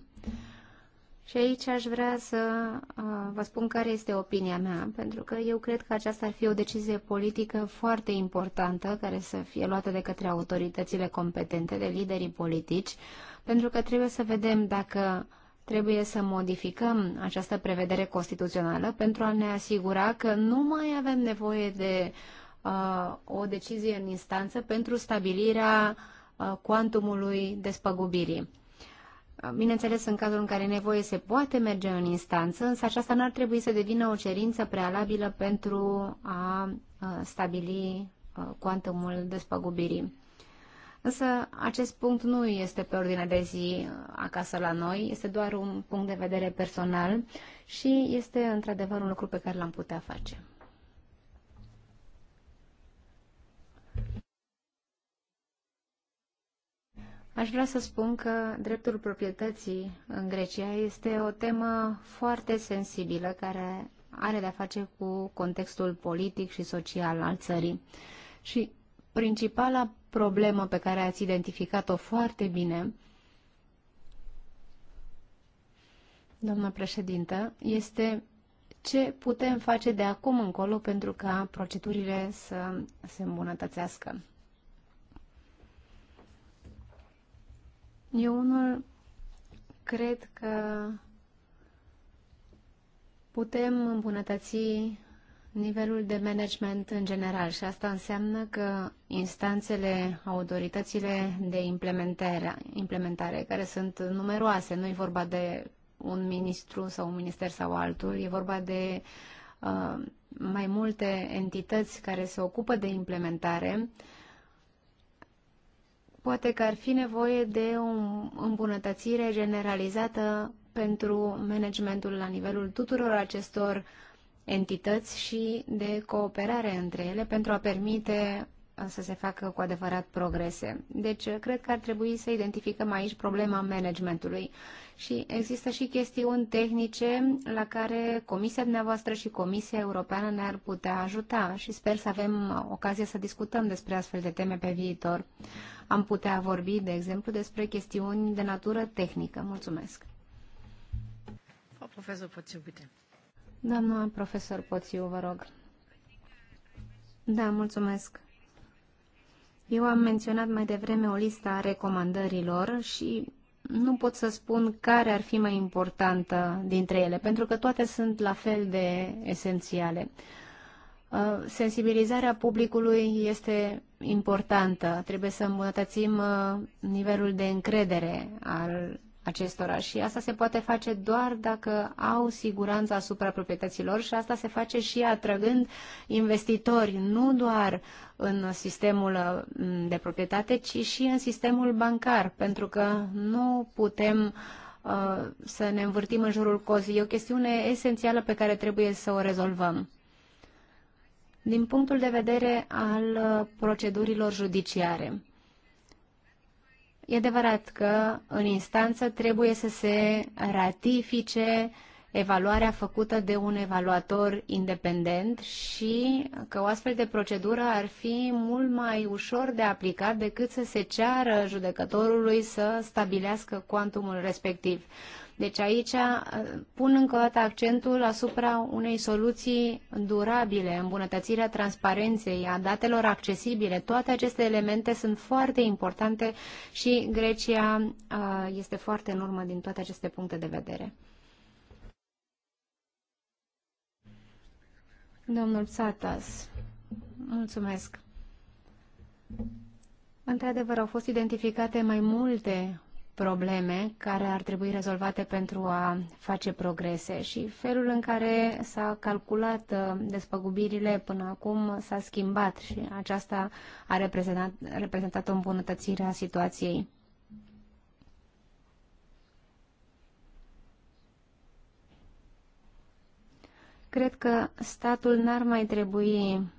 Și aici aș vrea să uh, vă spun care este opinia mea, pentru că eu cred că aceasta ar fi o decizie politică foarte importantă care să fie luată de către autoritățile competente, de liderii politici, pentru că trebuie să vedem dacă Trebuie să modificăm această prevedere constituțională pentru a ne asigura că nu mai avem nevoie de uh, o decizie în instanță pentru stabilirea uh, cuantumului despăgubirii. Uh, bineînțeles, în cazul în care nevoie se poate merge în instanță, însă aceasta n-ar trebui să devină o cerință prealabilă pentru a uh, stabili uh, cuantumul despăgubirii. Însă acest punct nu este pe ordinea de zi acasă la noi, este doar un punct de vedere personal și este într-adevăr un lucru pe care l-am putea face. Aș vrea să spun că dreptul proprietății în Grecia este o temă foarte sensibilă care are de-a face cu contextul politic și social al țării. Și principala problemă pe care ați identificat-o foarte bine, doamnă președintă, este ce putem face de acum încolo pentru ca procedurile să se îmbunătățească. Eu unul cred că putem îmbunătăți nivelul de management în general și asta înseamnă că instanțele, autoritățile de implementare, implementare care sunt numeroase, nu e vorba de un ministru sau un minister sau altul, e vorba de uh, mai multe entități care se ocupă de implementare, poate că ar fi nevoie de o îmbunătățire generalizată pentru managementul la nivelul tuturor acestor uh, entități și de cooperare între ele pentru a permite uh, să se facă cu adevărat progrese. Deci, uh, cred că ar trebui să identificăm aici problema managementului. Și există și chestiuni tehnice la care Comisia dumneavoastră și Comisia Europeană ne-ar putea ajuta și sper să avem uh, ocazia să discutăm despre astfel de teme pe viitor. Am putea vorbi, de exemplu, despre chestiuni de natură tehnică. Mulțumesc. Profesor Professor Doamna profesor Poțiu, vă rog. Da, mulțumesc. Eu am menționat mai devreme o listă a recomandărilor și nu pot să spun care ar fi mai importantă dintre ele, pentru că toate sunt la fel de esențiale. Uh, sensibilizarea publicului este importantă. Trebuie să îmbunătățim uh, nivelul de încredere al acestora și asta se poate face doar dacă au siguranța asupra proprietăților și asta se face și atrăgând investitori, nu doar în sistemul mm, de proprietate, ci și în sistemul bancar, pentru că nu putem uh, să ne învârtim în jurul cozii. E o chestiune esențială pe care trebuie să o rezolvăm. Din punctul de vedere al uh, procedurilor judiciare, E adevărat că în instanță trebuie să se ratifice evaluarea făcută de un evaluator independent și că o astfel de procedură ar fi mult mai ușor de aplicat decât să se ceară judecătorului să stabilească cuantumul respectiv. Deci aici uh, pun încă o dată accentul asupra unei soluții durabile, îmbunătățirea transparenței, a datelor accesibile. Toate aceste elemente sunt foarte importante și Grecia uh, este foarte în urmă din toate aceste puncte de vedere. Domnul Tsatas, mulțumesc. Într-adevăr, au fost identificate mai multe probleme care ar trebui rezolvate pentru a face progrese și felul în care s-a calculat uh, despăgubirile până acum s-a schimbat și aceasta a reprezentat, reprezentat o îmbunătățire a situației. Cred că statul n-ar mai trebui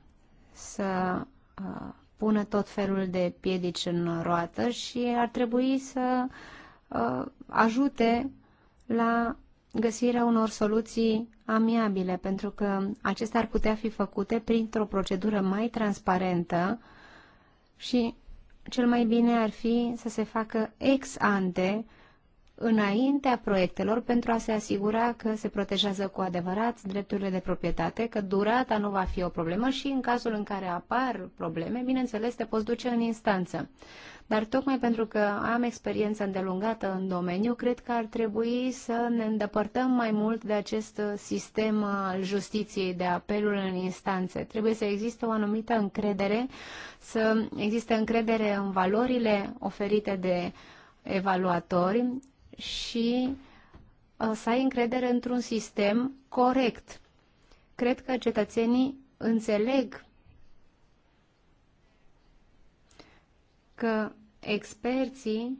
să uh, pună tot felul de piedici în roată și ar trebui să uh, ajute la găsirea unor soluții amiabile, pentru că acestea ar putea fi făcute printr-o procedură mai transparentă și cel mai bine ar fi să se facă ex ante înaintea proiectelor pentru a se asigura că se protejează cu adevărat drepturile de proprietate, că durata nu va fi o problemă și în cazul în care apar probleme, bineînțeles, te poți duce în instanță. Dar tocmai pentru că am experiență îndelungată în domeniu, cred că ar trebui să ne îndepărtăm mai mult de acest sistem al justiției, de apelul în instanțe. Trebuie să existe o anumită încredere, să existe încredere în valorile oferite de evaluatori și uh, să ai încredere într-un sistem corect. Cred că cetățenii înțeleg că experții,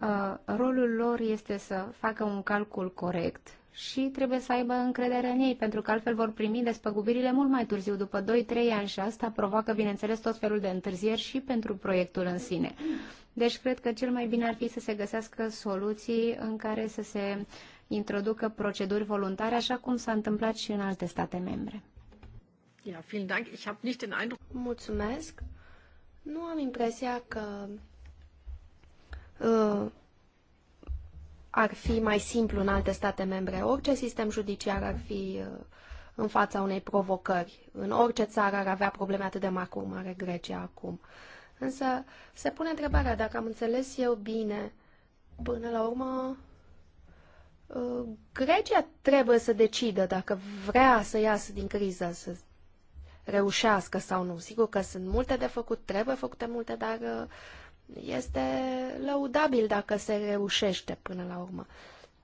uh, rolul lor este să facă un calcul corect și trebuie să aibă încredere în ei, pentru că altfel vor primi despăgubirile mult mai târziu, după 2-3 ani și asta provoacă, bineînțeles, tot felul de întârzieri și pentru proiectul în sine. Deci cred că cel mai bine ar fi să se găsească soluții în care să se introducă proceduri voluntare, așa cum s-a întâmplat și în alte state membre. Ja, vielen Dank. Ich habe nicht den Eindruck. Mulțumesc. Nu am impresia că uh, ar fi mai simplu în alte state membre. Orice sistem judiciar ar fi uh, în fața unei provocări. În orice țară ar avea probleme atât de mari cum are Grecia acum. Uh, Însă se pune întrebarea dacă am înțeles eu bine. Până la urmă, uh, Grecia trebuie să decidă dacă vrea să iasă din criză, să reușească sau nu. Sigur că sunt multe de făcut, trebuie făcute multe, dar uh, este lăudabil dacă se reușește până la urmă.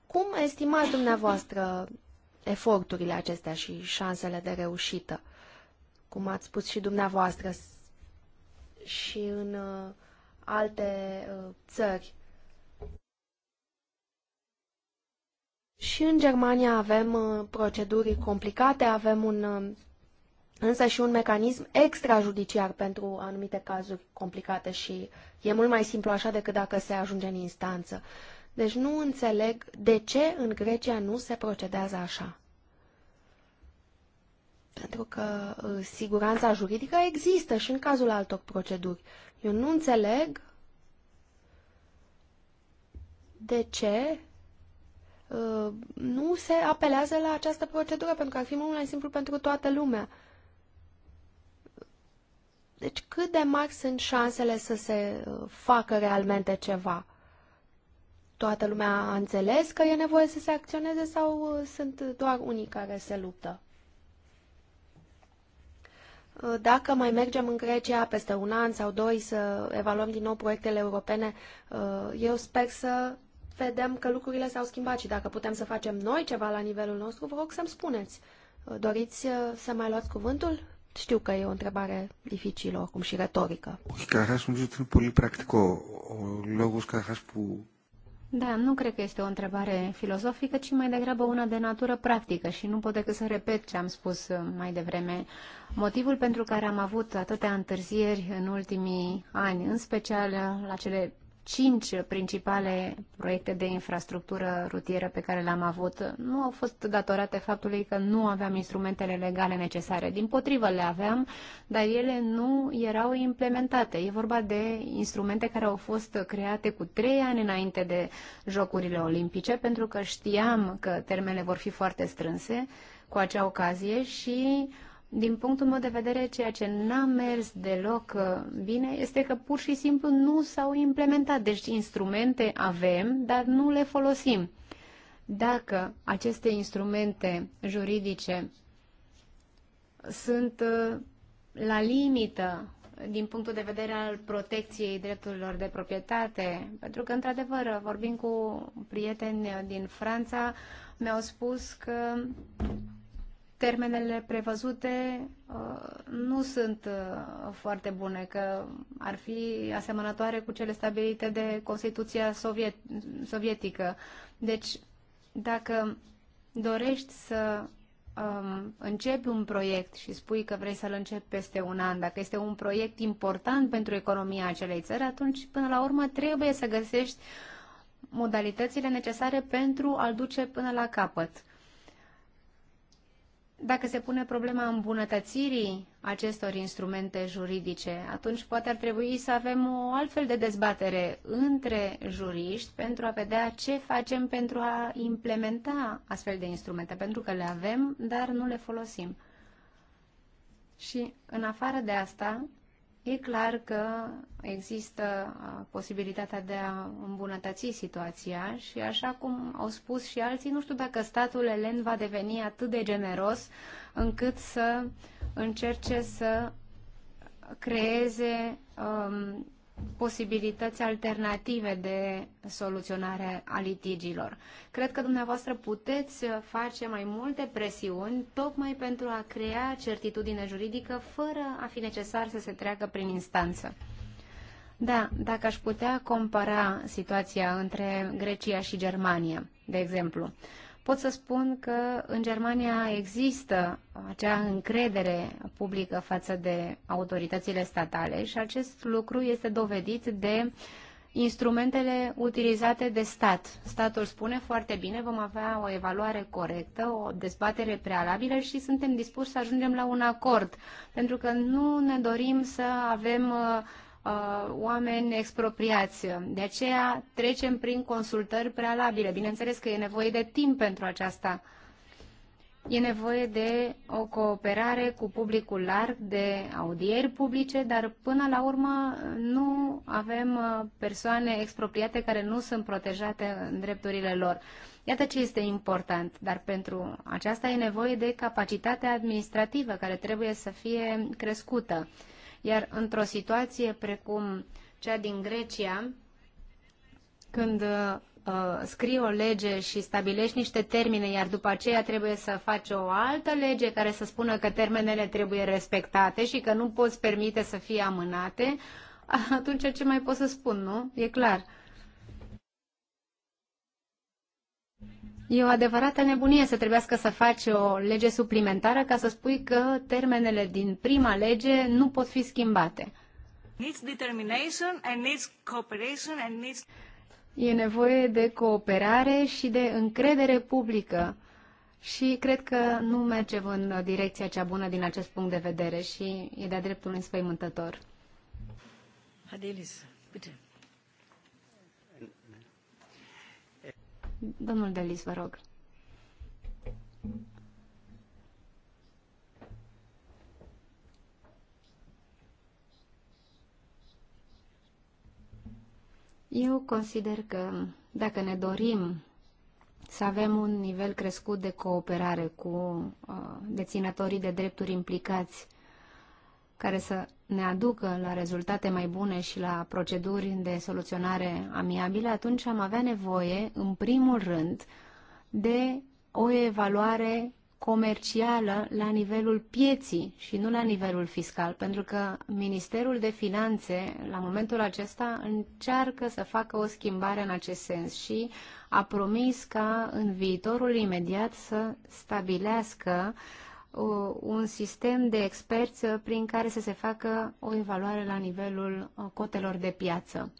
Cum estimați dumneavoastră eforturile acestea și șansele de reușită? Cum ați spus și dumneavoastră, și în uh, alte uh, țări. Și în Germania avem uh, proceduri complicate, avem un, însă și un mecanism extrajudiciar pentru anumite cazuri complicate și e mult mai simplu așa decât dacă se ajunge în instanță. Deci nu înțeleg de ce în Grecia nu se procedează așa. Pentru că uh, siguranța juridică există și în cazul altor proceduri. Eu nu înțeleg de ce uh, nu se apelează la această procedură, pentru că ar fi mult mai simplu pentru toată lumea. Deci cât de mari sunt șansele să se uh, facă realmente ceva? Toată lumea a înțeles că e nevoie să se acționeze sau sunt doar unii care se luptă? Dacă mai mergem în Grecia peste un an sau doi să evaluăm din nou proiectele europene, uh, eu sper să vedem că lucrurile s-au schimbat și dacă putem să facem noi ceva la nivelul nostru, vă rog să-mi spuneți. Uh, doriți uh, să mai luați cuvântul? Știu că e o întrebare dificilă, oricum și retorică. Καταρχάς νομίζω ότι είναι πολύ πρακτικό. logos λόγος καταρχάς που da, nu cred că este o întrebare filozofică, ci mai degrabă una de natură practică și nu pot decât să repet ce am spus uh, mai devreme. Motivul pentru care am avut atâtea întârzieri în ultimii ani, în special uh, la cele cinci principale proiecte de infrastructură rutieră pe care le-am avut nu au fost datorate faptului că nu aveam instrumentele legale necesare. Din potrivă le aveam, dar ele nu erau implementate. E vorba de instrumente care au fost create cu trei ani înainte de Jocurile Olimpice, pentru că știam că termenele vor fi foarte strânse cu acea ocazie și uh, din punctul meu de vedere, ceea ce n-a mers deloc uh, bine este că pur și simplu nu s-au implementat. Deci instrumente avem, dar nu le folosim. Dacă aceste instrumente juridice sunt uh, la limită din punctul de vedere al protecției drepturilor de proprietate, pentru că, într-adevăr, vorbim cu prieteni din Franța, mi-au spus că termenele prevăzute uh, nu sunt uh, foarte bune, că ar fi asemănătoare cu cele stabilite de Constituția soviet sovietică. Deci, dacă dorești să um, începi un proiect și spui că vrei să-l începi peste un an, dacă este un proiect important pentru economia acelei țări, atunci, până la urmă, trebuie să găsești modalitățile necesare pentru a-l duce până la capăt. Dacă se pune problema îmbunătățirii acestor instrumente juridice, atunci poate ar trebui să avem o altfel de dezbatere între juriști pentru a vedea ce facem pentru a implementa astfel de instrumente, pentru că le avem, dar nu le folosim. Și în afară de asta, E clar că există posibilitatea de a îmbunătăți situația și așa cum au spus și alții, nu știu dacă statul elen va deveni atât de generos încât să încerce să creeze um, posibilități alternative de soluționare a litigiilor. Cred că dumneavoastră puteți face mai multe presiuni tocmai pentru a crea certitudine juridică fără a fi necesar să se treacă prin instanță. Da, dacă aș putea compara situația între Grecia și Germania, de exemplu, pot să spun că în Germania există acea încredere publică față de autoritățile statale și acest lucru este dovedit de instrumentele utilizate de stat. Statul spune foarte bine, vom avea o evaluare corectă, o dezbatere prealabilă și suntem dispuși să ajungem la un acord, pentru că nu ne dorim să avem uh, uh, oameni expropriați. De aceea trecem prin consultări prealabile. Bineînțeles că e nevoie de timp pentru aceasta. E nevoie de o cooperare cu publicul larg, de audieri publice, dar până la urmă nu avem uh, persoane expropriate care nu sunt protejate în drepturile lor. Iată ce este important, dar pentru aceasta e nevoie de capacitatea administrativă care trebuie să fie crescută. Iar într-o situație precum cea din Grecia, când uh, uh, scrii o lege și stabilești niște termene, iar după aceea trebuie să faci o altă lege care să spună că termenele trebuie respectate și că nu poți permite să fie amânate, atunci ce mai pot să spun, nu? E clar. E o adevărată nebunie să trebuiască să faci o lege suplimentară ca să spui că termenele din prima lege nu pot fi schimbate. E nevoie de cooperare și de încredere publică. Și cred că nu mergem în direcția cea bună din acest punct de vedere și e de-a dreptul înspăimântător. Adelis, bine. Domnul Delis, vă rog. Eu consider că dacă ne dorim să avem un nivel crescut de cooperare cu uh, deținătorii de drepturi implicați care să ne aducă la rezultate mai bune și la proceduri de soluționare amiabile, atunci am avea nevoie, în primul rând, de o evaluare comercială la nivelul pieții și nu la nivelul fiscal, pentru că Ministerul de Finanțe, la momentul acesta, încearcă să facă o schimbare în acest sens și a promis ca în viitorul imediat să stabilească Uh, un sistem de experți uh, prin care să se facă o evaluare la nivelul uh, cotelor de piață.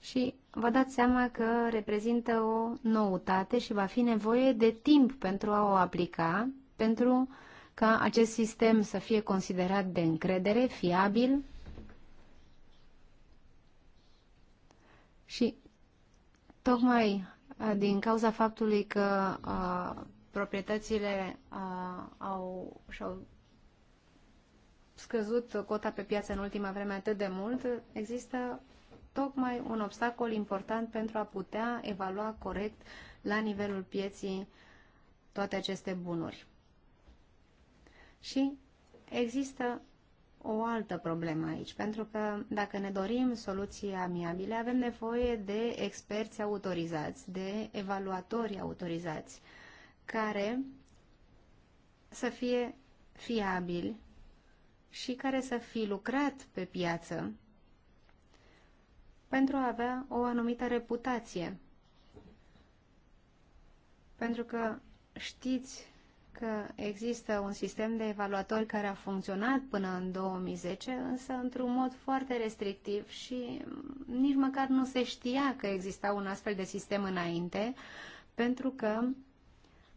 Și vă dați seama că reprezintă o noutate și va fi nevoie de timp pentru a o aplica, pentru ca acest sistem să fie considerat de încredere, fiabil și tocmai din cauza faptului că proprietățile uh, au, și-au scăzut cota pe piață în ultima vreme atât de mult, există tocmai un obstacol important pentru a putea evalua corect la nivelul pieții toate aceste bunuri. Și există o altă problemă aici, pentru că dacă ne dorim soluții amiabile, avem nevoie de experți autorizați, de evaluatori autorizați. Uh, care să fie fiabil și care să fi lucrat pe piață pentru a avea o anumită reputație. Pentru că știți că există un sistem de evaluatori care a funcționat până în 2010, însă într-un mod foarte restrictiv și nici măcar nu se știa că exista un astfel de sistem înainte, pentru că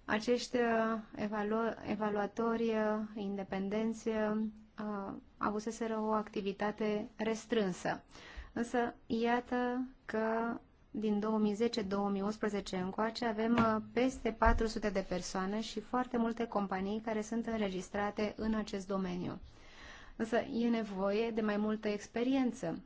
acești uh, evalu- evaluatori uh, independenți uh, avuseseră o activitate restrânsă. Însă, iată că din 2010-2011 încoace avem peste 400 de persoane și foarte multe companii care sunt înregistrate în acest domeniu. Însă e nevoie de mai multă experiență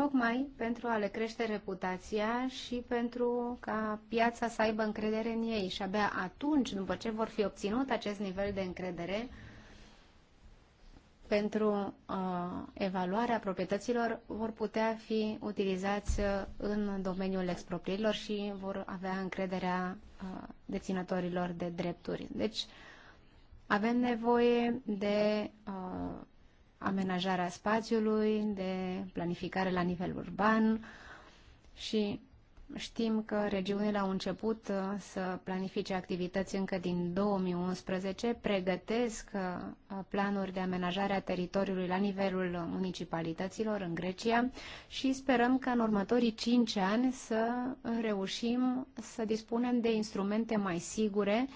tocmai pentru a le crește reputația și pentru ca piața să aibă încredere în ei. Și abia atunci, după ce vor fi obținut acest nivel de încredere, pentru uh, evaluarea proprietăților vor putea fi utilizați uh, în domeniul exproprierilor și vor avea încrederea uh, deținătorilor de drepturi. Deci avem nevoie de uh, amenajarea spațiului, de planificare la nivel urban și știm că regiunile au început uh, să planifice activități încă din 2011, pregătesc uh, planuri de amenajare a teritoriului la nivelul municipalităților în Grecia și sperăm că în următorii 5 ani să reușim să dispunem de instrumente mai sigure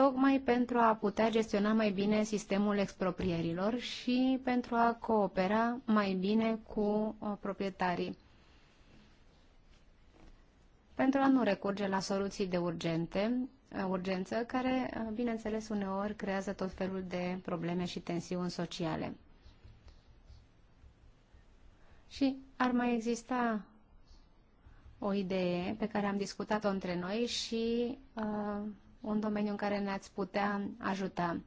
tocmai pentru a putea gestiona mai bine sistemul exproprierilor și pentru a coopera mai bine cu uh, proprietarii. Pentru a nu recurge la soluții de urgente, uh, urgență, care, uh, bineînțeles, uneori creează tot felul de probleme și tensiuni sociale. Și ar mai exista o idee pe care am discutat-o între noi și uh, un domeniu în care ne-ați putea ajuta.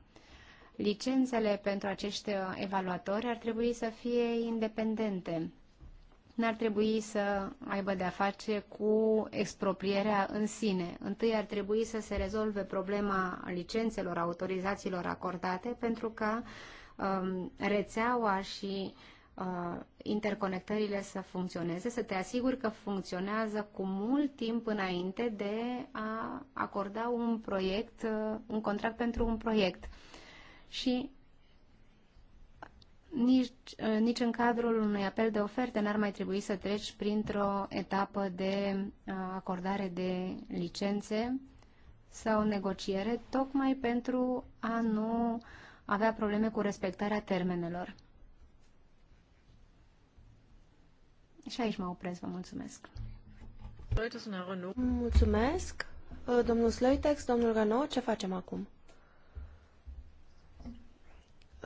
Licențele pentru acești uh, evaluatori ar trebui să fie independente. N-ar trebui să aibă de-a face cu exproprierea în sine. Întâi ar trebui să se rezolve problema licențelor, autorizațiilor acordate, pentru că um, rețeaua și uh, Uh, interconectările să funcționeze, să te asiguri că funcționează cu mult timp înainte de a acorda un proiect, uh, un contract pentru un proiect. Și nici, uh, nici în cadrul unui apel de oferte n-ar mai trebui să treci printr-o etapă de acordare de licențe sau negociere, tocmai pentru a nu avea probleme cu respectarea termenelor. Și aici mă opresc, vă mulțumesc. Mulțumesc. Uh, domnul Sloitex, domnul Renault, ce facem acum?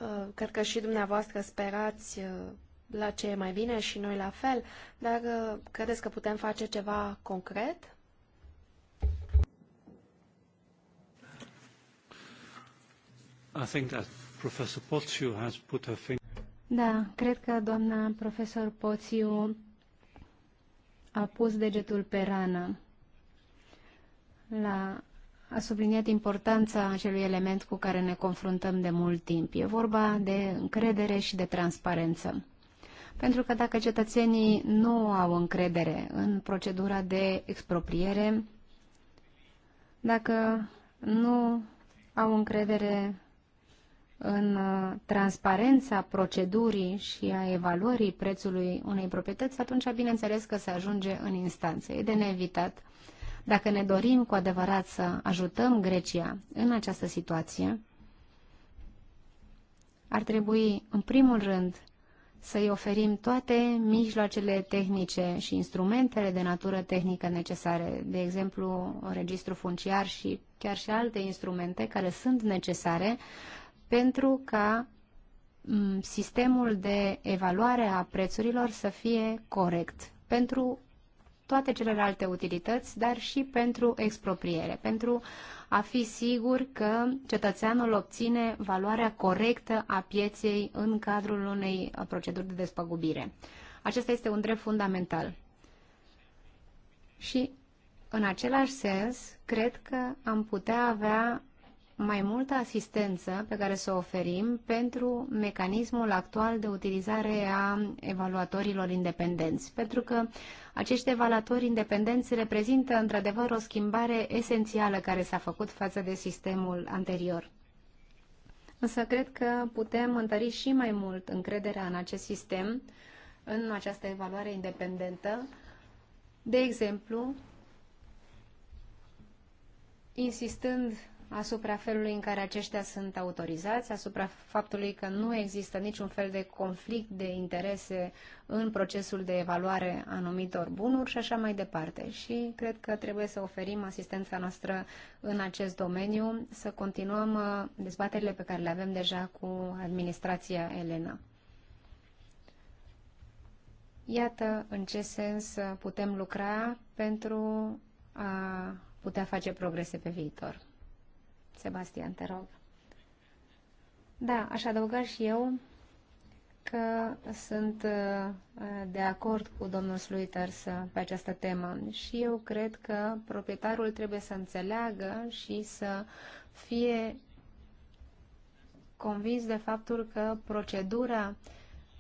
Uh, cred că și dumneavoastră sperați uh, la ce e mai bine și noi la fel, dar credeți că putem face ceva concret? I think that Professor Potiu has put her finger... Da, cred că doamna profesor Poțiu a pus degetul pe rană. La, a subliniat importanța acelui element cu care ne confruntăm de mult timp. E vorba de încredere și de transparență. Pentru că dacă cetățenii nu au încredere în procedura de expropriere, dacă nu au încredere în uh, transparența procedurii și a evaluării prețului unei proprietăți, atunci bineînțeles că se ajunge în instanță. E de neevitat. Dacă ne dorim cu adevărat să ajutăm Grecia în această situație, ar trebui, în primul rând, să-i oferim toate mijloacele tehnice și instrumentele de natură tehnică necesare, de exemplu, registru funciar și chiar și alte instrumente care sunt necesare pentru ca sistemul de evaluare a prețurilor să fie corect pentru toate celelalte utilități, dar și pentru expropriere, pentru a fi sigur că cetățeanul obține valoarea corectă a pieței în cadrul unei proceduri de despăgubire. Acesta este un drept fundamental. Și, în același sens, cred că am putea avea mai multă asistență pe care să o oferim pentru mecanismul actual de utilizare a evaluatorilor independenți. Pentru că acești evaluatori independenți reprezintă într-adevăr o schimbare esențială care s-a făcut față de sistemul anterior. Însă cred că putem întări și mai mult încrederea în acest sistem, în această evaluare independentă, de exemplu, insistând asupra felului în care aceștia sunt autorizați, asupra faptului că nu există niciun fel de conflict de interese în procesul de evaluare a anumitor bunuri și așa mai departe. Și cred că trebuie să oferim asistența noastră în acest domeniu, să continuăm uh, dezbaterile pe care le avem deja cu administrația Elena. Iată în ce sens putem lucra pentru a putea face progrese pe viitor. Sebastian, te rog. Da, aș adăuga și eu că sunt uh, de acord cu domnul Sluiters uh, pe această temă și eu cred că proprietarul trebuie să înțeleagă și să fie convins de faptul că procedura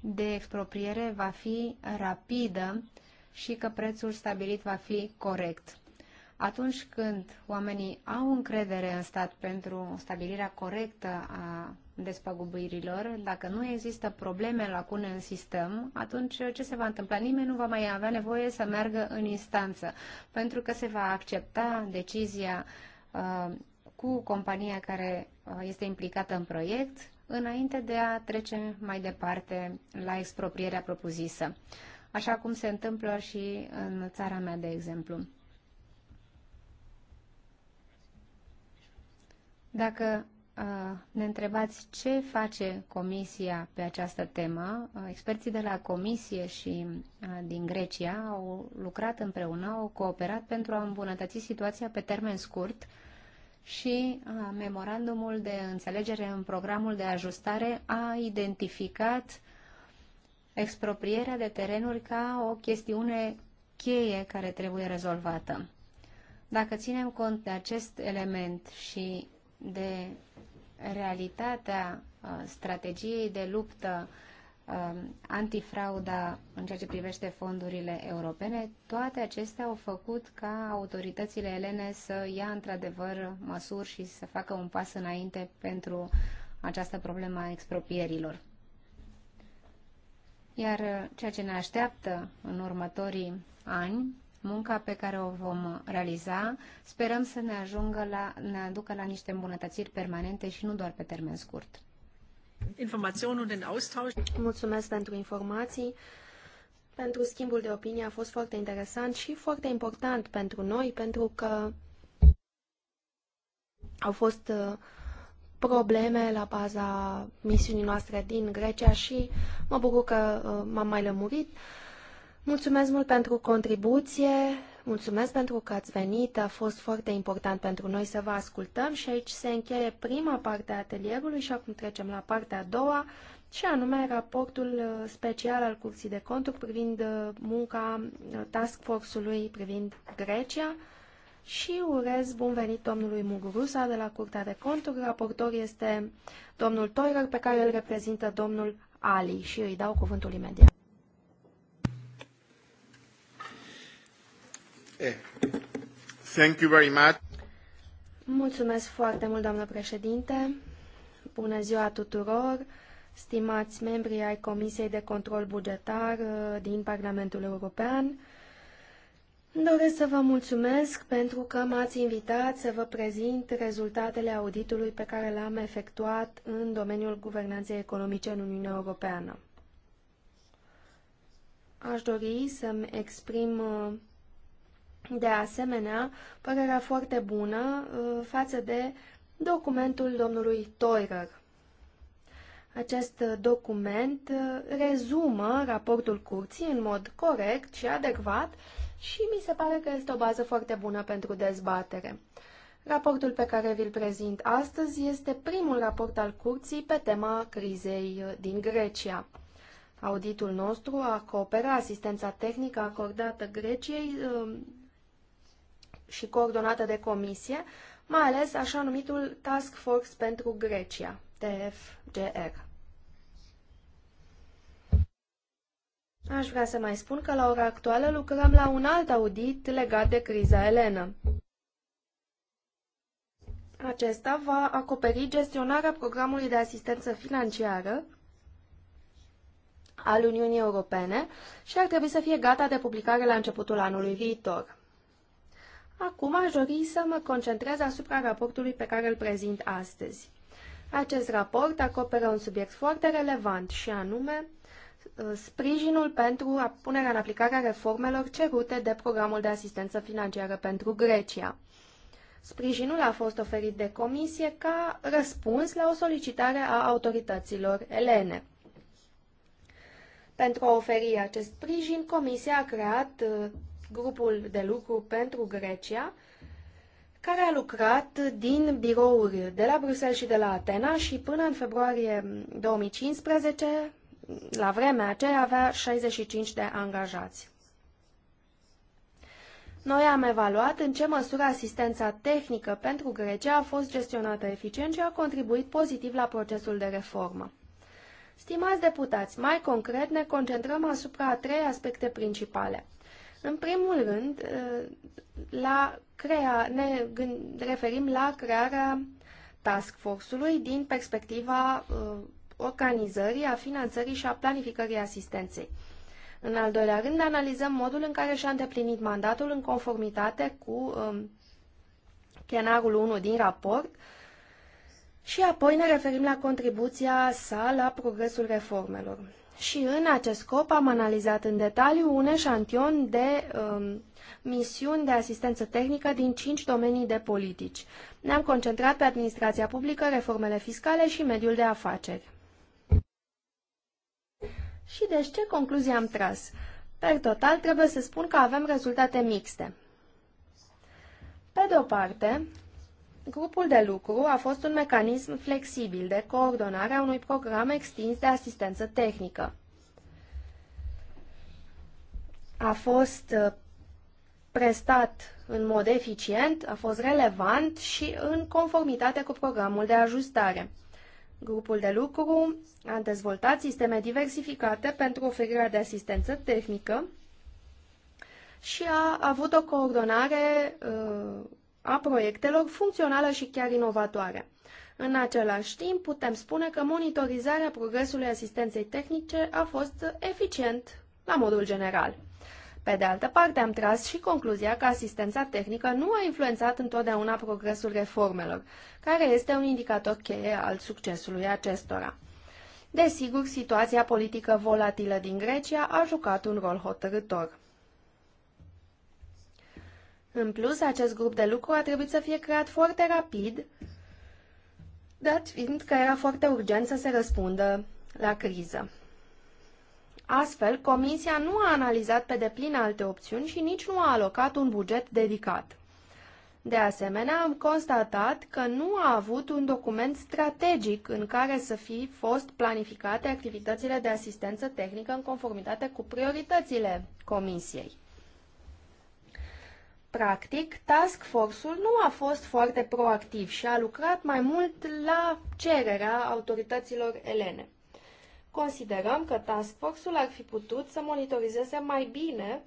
de expropriere va fi rapidă și că prețul stabilit va fi corect atunci când oamenii au încredere în stat pentru stabilirea corectă a despăgubirilor, dacă nu există probleme, lacune în sistem, atunci ce se va întâmpla? Nimeni nu va mai avea nevoie să meargă în instanță, pentru că se va accepta decizia uh, cu compania care uh, este implicată în proiect, înainte de a trece mai departe la exproprierea propusă, așa cum se întâmplă și în țara mea, de exemplu. Dacă uh, ne întrebați ce face Comisia pe această temă. Uh, experții de la Comisie și uh, din Grecia au lucrat împreună, au cooperat pentru a îmbunătăți situația pe termen scurt și memorandumul de înțelegere în programul de ajustare a identificat exproprierea de terenuri ca o chestiune cheie care trebuie rezolvată. Dacă ținem cont de acest element și de realitatea uh, strategiei de luptă um, antifrauda în ceea ce privește fondurile europene, toate acestea au făcut ca autoritățile elene să ia într-adevăr măsuri și să facă un pas înainte pentru această problemă a expropierilor. Iar uh, ceea ce ne așteaptă în următorii ani munca pe care o vom realiza, sperăm să ne ajungă la, ne aducă la niște îmbunătățiri permanente și nu doar pe termen scurt. Mulțumesc pentru informații. Pentru schimbul de opinie a fost foarte interesant și foarte important pentru noi, pentru că au fost uh, probleme la baza misiunii noastre din Grecia și mă bucur că uh, m-am mai lămurit. Mulțumesc mult pentru contribuție, mulțumesc pentru că ați venit, a fost foarte important pentru noi să vă ascultăm și aici se încheie prima parte a atelierului și acum trecem la partea a doua și anume raportul uh, special al Curții de Conturi privind uh, munca uh, task force-ului privind Grecia și urez bun venit domnului Mugurusa de la Curtea de Conturi. Raportor este domnul Toirer, pe care îl reprezintă domnul Ali și îi dau cuvântul imediat. Eh, thank you very much. Mulțumesc foarte mult, doamnă președinte. Bună ziua tuturor, stimați membri ai Comisiei de Control Bugetar eh, din Parlamentul European. Doresc să vă mulțumesc pentru că m-ați invitat să vă prezint rezultatele auditului pe care l-am efectuat în domeniul guvernanței economice în Uniunea Europeană. Aș dori să-mi exprim eh, de asemenea părerea foarte bună uh, față de documentul domnului Teurer. Acest document uh, rezumă raportul curții în mod corect și adecvat și mi se pare că este o bază foarte bună pentru dezbatere. Raportul pe care vi-l prezint astăzi este primul raport al curții pe tema crizei uh, din Grecia. Auditul nostru acoperă asistența tehnică acordată Greciei și coordonată de comisie, mai ales așa numitul Task Force pentru Grecia, TFGR. Aș vrea să mai spun că la ora actuală lucrăm la un alt audit legat de criza elenă. Acesta va acoperi gestionarea programului de asistență financiară al Uniunii Europene și ar trebui să fie gata de publicare la începutul anului viitor. Acum aș dori să mă concentrez asupra raportului pe care îl prezint astăzi. Acest raport acoperă un subiect foarte relevant și anume uh, sprijinul pentru punerea în aplicare a reformelor cerute de programul de asistență financiară pentru Grecia. Sprijinul a fost oferit de comisie ca răspuns la o solicitare a autorităților elene. Pentru a oferi acest sprijin, comisia a creat uh, grupul de lucru pentru Grecia, care a lucrat din birouri de la Bruxelles și de la Atena și până în februarie 2015, la vremea aceea, avea 65 de angajați. Noi am evaluat în ce măsură asistența tehnică pentru Grecia a fost gestionată eficient și a contribuit pozitiv la procesul de reformă. Stimați deputați, mai concret ne concentrăm asupra a trei aspecte principale – în primul rând, ă, la crea, ne gând, referim la crearea task force-ului din perspectiva ă, organizării, a finanțării și a planificării asistenței. În al doilea rând, analizăm modul în care și-a îndeplinit mandatul în conformitate cu um, ă, chenarul 1 din raport și apoi ne referim la contribuția sa la progresul reformelor. Și în acest scop am analizat în detaliu un eșantion de um, misiuni de asistență tehnică din cinci domenii de politici. Ne-am concentrat pe administrația publică, reformele fiscale și mediul de afaceri. Și deci ce concluzie am tras? Per total, trebuie să spun că avem rezultate mixte. Pe de o parte, Grupul de lucru a fost un mecanism flexibil de coordonare a unui program extins de asistență tehnică. A fost uh, prestat în mod eficient, a fost relevant și în conformitate cu programul de ajustare. Grupul de lucru a dezvoltat sisteme diversificate pentru oferirea de asistență tehnică și a avut o coordonare uh, a proiectelor funcțională și chiar inovatoare. În același timp, putem spune că monitorizarea progresului asistenței tehnice a fost eficient la modul general. Pe de altă parte, am tras și concluzia că asistența tehnică nu a influențat întotdeauna progresul reformelor, care este un indicator cheie al succesului acestora. Desigur, situația politică volatilă din Grecia a jucat un rol hotărător. În plus, acest grup de lucru a trebuit să fie creat foarte rapid, dat fiind că era foarte urgent să se răspundă la criză. Astfel, Comisia nu a analizat pe deplin alte opțiuni și nici nu a alocat un buget dedicat. De asemenea, am constatat că nu a avut un document strategic în care să fi fost planificate activitățile de asistență tehnică în conformitate cu prioritățile Comisiei. Practic, task force-ul nu a fost foarte proactiv și a lucrat mai mult la cererea autorităților elene. Considerăm că task force-ul ar fi putut să monitorizeze mai bine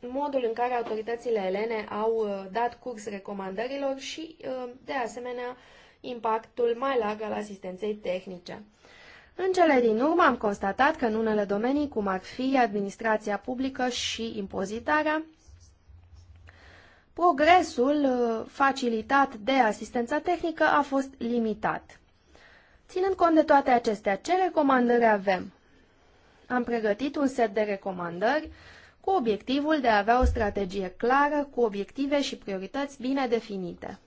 modul în care autoritățile elene au uh, dat curs recomandărilor și, uh, de asemenea, impactul mai larg al asistenței tehnice. În cele din urmă am constatat că în unele domenii, cum ar fi administrația publică și impozitarea, progresul uh, facilitat de asistența tehnică a fost limitat. Ținând cont de toate acestea, ce recomandări avem? Am pregătit un set de recomandări cu obiectivul de a avea o strategie clară, cu obiective și priorități bine definite.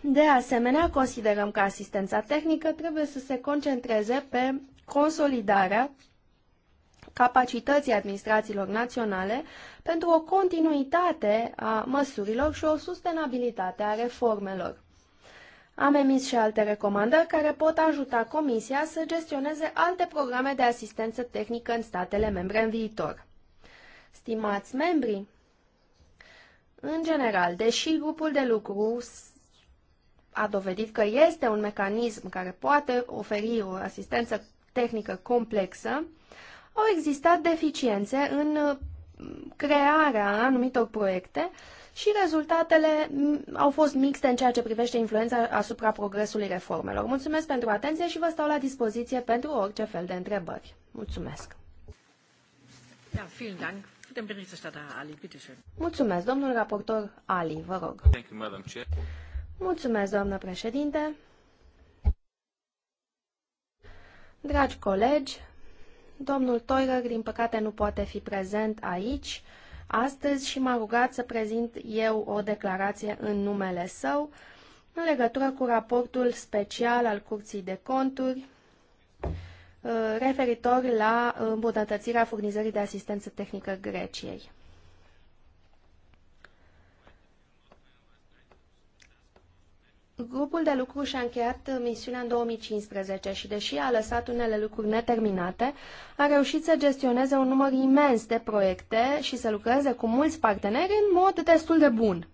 De asemenea, considerăm că asistența tehnică trebuie să se concentreze pe consolidarea capacității administrațiilor naționale pentru o continuitate a măsurilor și o sustenabilitate a reformelor. Am emis și alte recomandări care pot ajuta Comisia să gestioneze alte programe de asistență tehnică în statele membre în viitor. Stimați membri, în general, deși grupul de lucru a dovedit că este un mecanism care poate oferi o asistență tehnică complexă, au existat deficiențe în uh, crearea anumitor proiecte și rezultatele mm, au fost mixte în ceea ce privește influența asupra progresului reformelor. Mulțumesc pentru atenție și vă stau la dispoziție pentru orice fel de întrebări. Mulțumesc! Da, vielen Dank. Mulțumesc, domnul raportor Ali, vă rog. Mulțumesc, doamnă președinte. Dragi colegi, Domnul Toirer, din păcate, nu poate fi prezent aici astăzi și m-a rugat să prezint eu o declarație în numele său în legătură cu raportul special al Curții de Conturi uh, referitor la îmbunătățirea furnizării de asistență tehnică Greciei. Grupul de lucru și-a încheiat misiunea în 2015 și, deși a lăsat unele lucruri neterminate, a reușit să gestioneze un număr imens de proiecte și să lucreze cu mulți parteneri în mod destul de bun.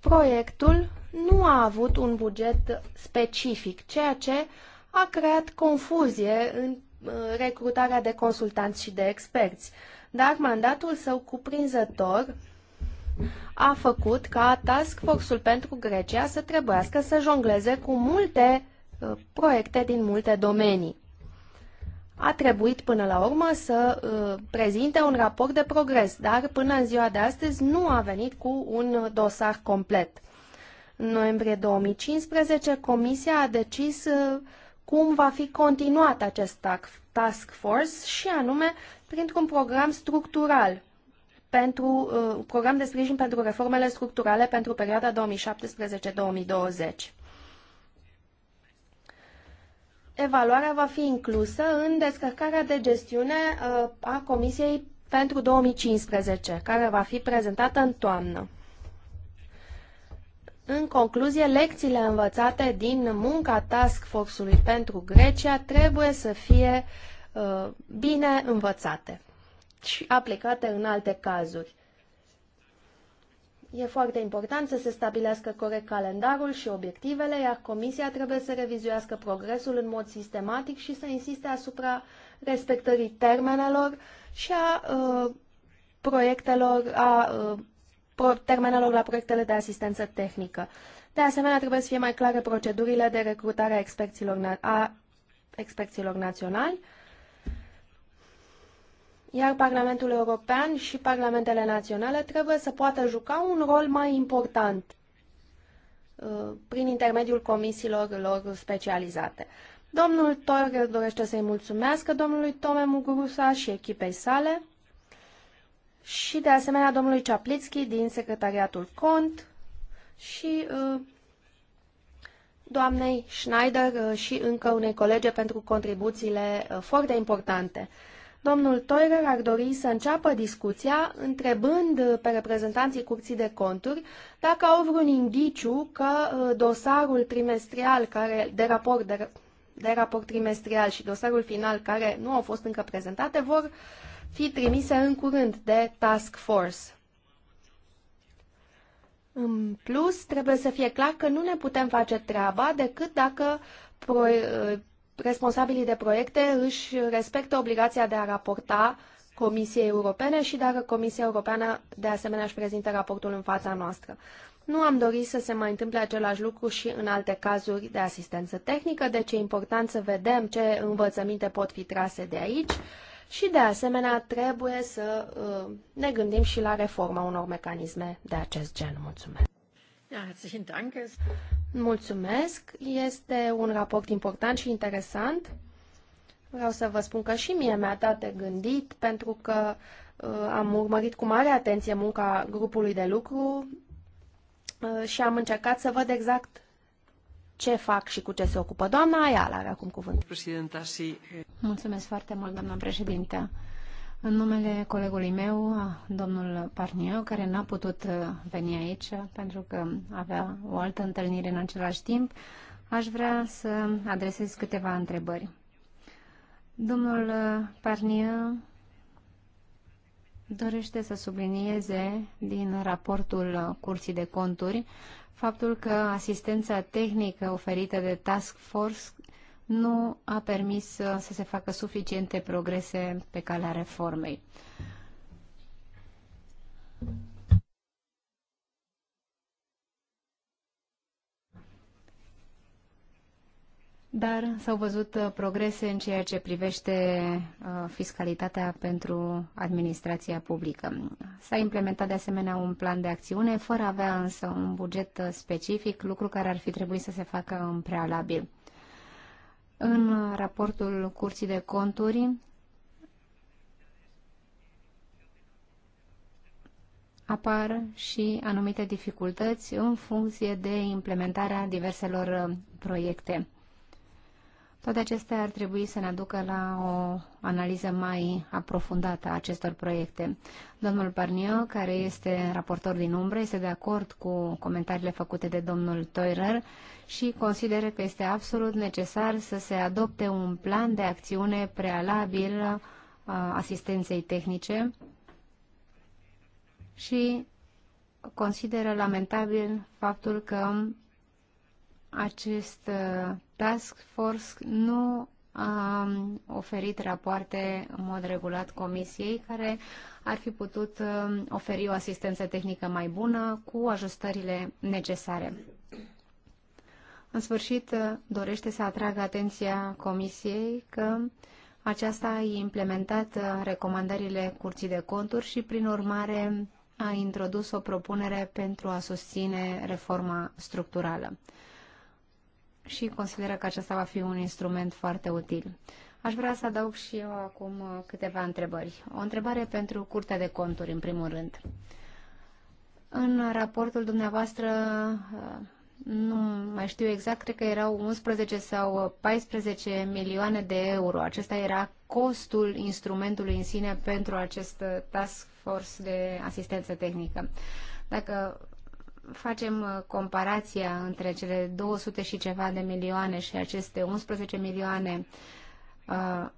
Proiectul nu a avut un buget specific, ceea ce a creat confuzie în uh, recrutarea de consultanți și de experți dar mandatul său cuprinzător a făcut ca Task Force-ul pentru Grecia să trebuiască să jongleze cu multe uh, proiecte din multe domenii. A trebuit până la urmă să uh, prezinte un raport de progres, dar până în ziua de astăzi nu a venit cu un dosar complet. În noiembrie 2015, Comisia a decis uh, cum va fi continuat acest task force și anume printr-un program structural pentru uh, program de sprijin pentru reformele structurale pentru perioada 2017-2020. Evaluarea va fi inclusă în descărcarea de gestiune uh, a Comisiei pentru 2015, care va fi prezentată în toamnă. În concluzie, lecțiile învățate din munca Task Force-ului pentru Grecia trebuie să fie uh, Uh, bine învățate și aplicate în alte cazuri. E foarte important să se stabilească corect calendarul și obiectivele, iar Comisia trebuie să revizuiască progresul în mod sistematic și să insiste asupra respectării termenelor și a uh, proiectelor, a uh, termenelor la proiectele de asistență tehnică. De asemenea, trebuie să fie mai clare procedurile de recrutare a experților, na- a experților naționali iar Parlamentul European și Parlamentele Naționale trebuie să poată juca un rol mai important uh, prin intermediul comisiilor lor specializate. Domnul Torger dorește să-i mulțumească domnului Tome Mugurusa și echipei sale și de asemenea domnului Ceaplitski din Secretariatul Cont și uh, doamnei Schneider uh, și încă unei colege pentru contribuțiile foarte importante. Domnul Toirer ar dori să înceapă discuția întrebând uh, pe reprezentanții Curții de Conturi dacă au vreun indiciu că uh, dosarul trimestrial care, de, raport, de, de raport trimestrial și dosarul final care nu au fost încă prezentate vor fi trimise în curând de Task Force. În plus, trebuie să fie clar că nu ne putem face treaba decât dacă uh, responsabilii de proiecte își respectă obligația de a raporta Comisiei Europene și dacă Comisia Europeană de asemenea își prezintă raportul în fața noastră. Nu am dorit să se mai întâmple același lucru și în alte cazuri de asistență tehnică, deci e important să vedem ce învățăminte pot fi trase de aici și de asemenea trebuie să uh, ne gândim și la reforma unor mecanisme de acest gen. Mulțumesc! Mulțumesc. Este un raport important și interesant. Vreau să vă spun că și mie mi-a dat de gândit, pentru că uh, am urmărit cu mare atenție munca grupului de lucru uh, și am încercat să văd exact ce fac și cu ce se ocupă. Doamna Ayala are acum cuvântul. Mulțumesc foarte mult, doamna președintă în numele colegului meu, domnul Parniu, care n-a putut uh, veni aici pentru că avea o altă întâlnire în același timp, aș vrea să adresez câteva întrebări. Domnul uh, Parniu dorește să sublinieze din raportul Curții de Conturi faptul că asistența tehnică oferită de Task Force nu a permis uh, să se facă suficiente progrese pe calea reformei. Dar s-au văzut uh, progrese în ceea ce privește uh, fiscalitatea pentru administrația publică. S-a implementat de asemenea un plan de acțiune, fără a avea însă un buget specific, lucru care ar fi trebuit să se facă în prealabil. În raportul Curții de Conturi apar și anumite dificultăți în funcție de implementarea diverselor uh, proiecte. Toate acestea ar trebui să ne aducă la o analiză mai aprofundată a acestor proiecte. Domnul Parniu, care este raportor din umbră, este de acord cu comentariile făcute de domnul Toirer și consideră că este absolut necesar să se adopte un plan de acțiune prealabil uh, asistenței tehnice și consideră lamentabil faptul că acest uh, Task Force nu a um, oferit rapoarte în mod regulat comisiei care ar fi putut um, oferi o asistență tehnică mai bună cu ajustările necesare. În sfârșit, uh, dorește să atragă atenția comisiei că aceasta a implementat uh, recomandările Curții de Conturi și, prin urmare, a introdus o propunere pentru a susține reforma structurală și consideră că acesta va fi un instrument foarte util. Aș vrea să adaug și eu acum câteva întrebări. O întrebare pentru Curtea de Conturi, în primul rând. În raportul dumneavoastră, nu mai știu exact, cred că erau 11 sau 14 milioane de euro. Acesta era costul instrumentului în sine pentru acest task force de asistență tehnică. Dacă facem uh, comparația între cele 200 și ceva de milioane și aceste 11 milioane uh,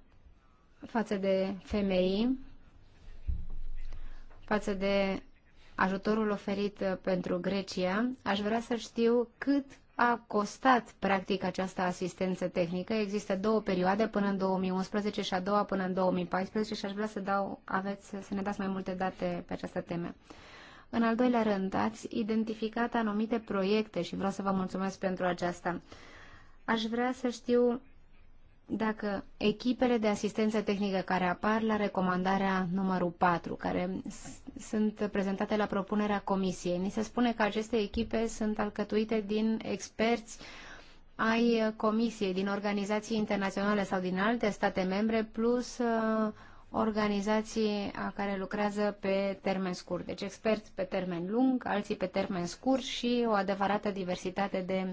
față de femei, față de ajutorul oferit uh, pentru Grecia, aș vrea să știu cât a costat practic această asistență tehnică. Există două perioade până în 2011 și a doua până în 2014 și aș vrea să, dau, aveți, să ne dați mai multe date pe această temă. În al doilea rând, ați identificat anumite proiecte și vreau să vă mulțumesc pentru aceasta. Aș vrea să știu dacă echipele de asistență tehnică care apar la recomandarea numărul 4, care sunt prezentate la propunerea comisiei, ni se spune că aceste echipe sunt alcătuite din experți ai comisiei, din organizații internaționale sau din alte state membre, plus uh, organizații care lucrează pe termen scurt. Deci experți pe termen lung, alții pe termen scurt și o adevărată diversitate de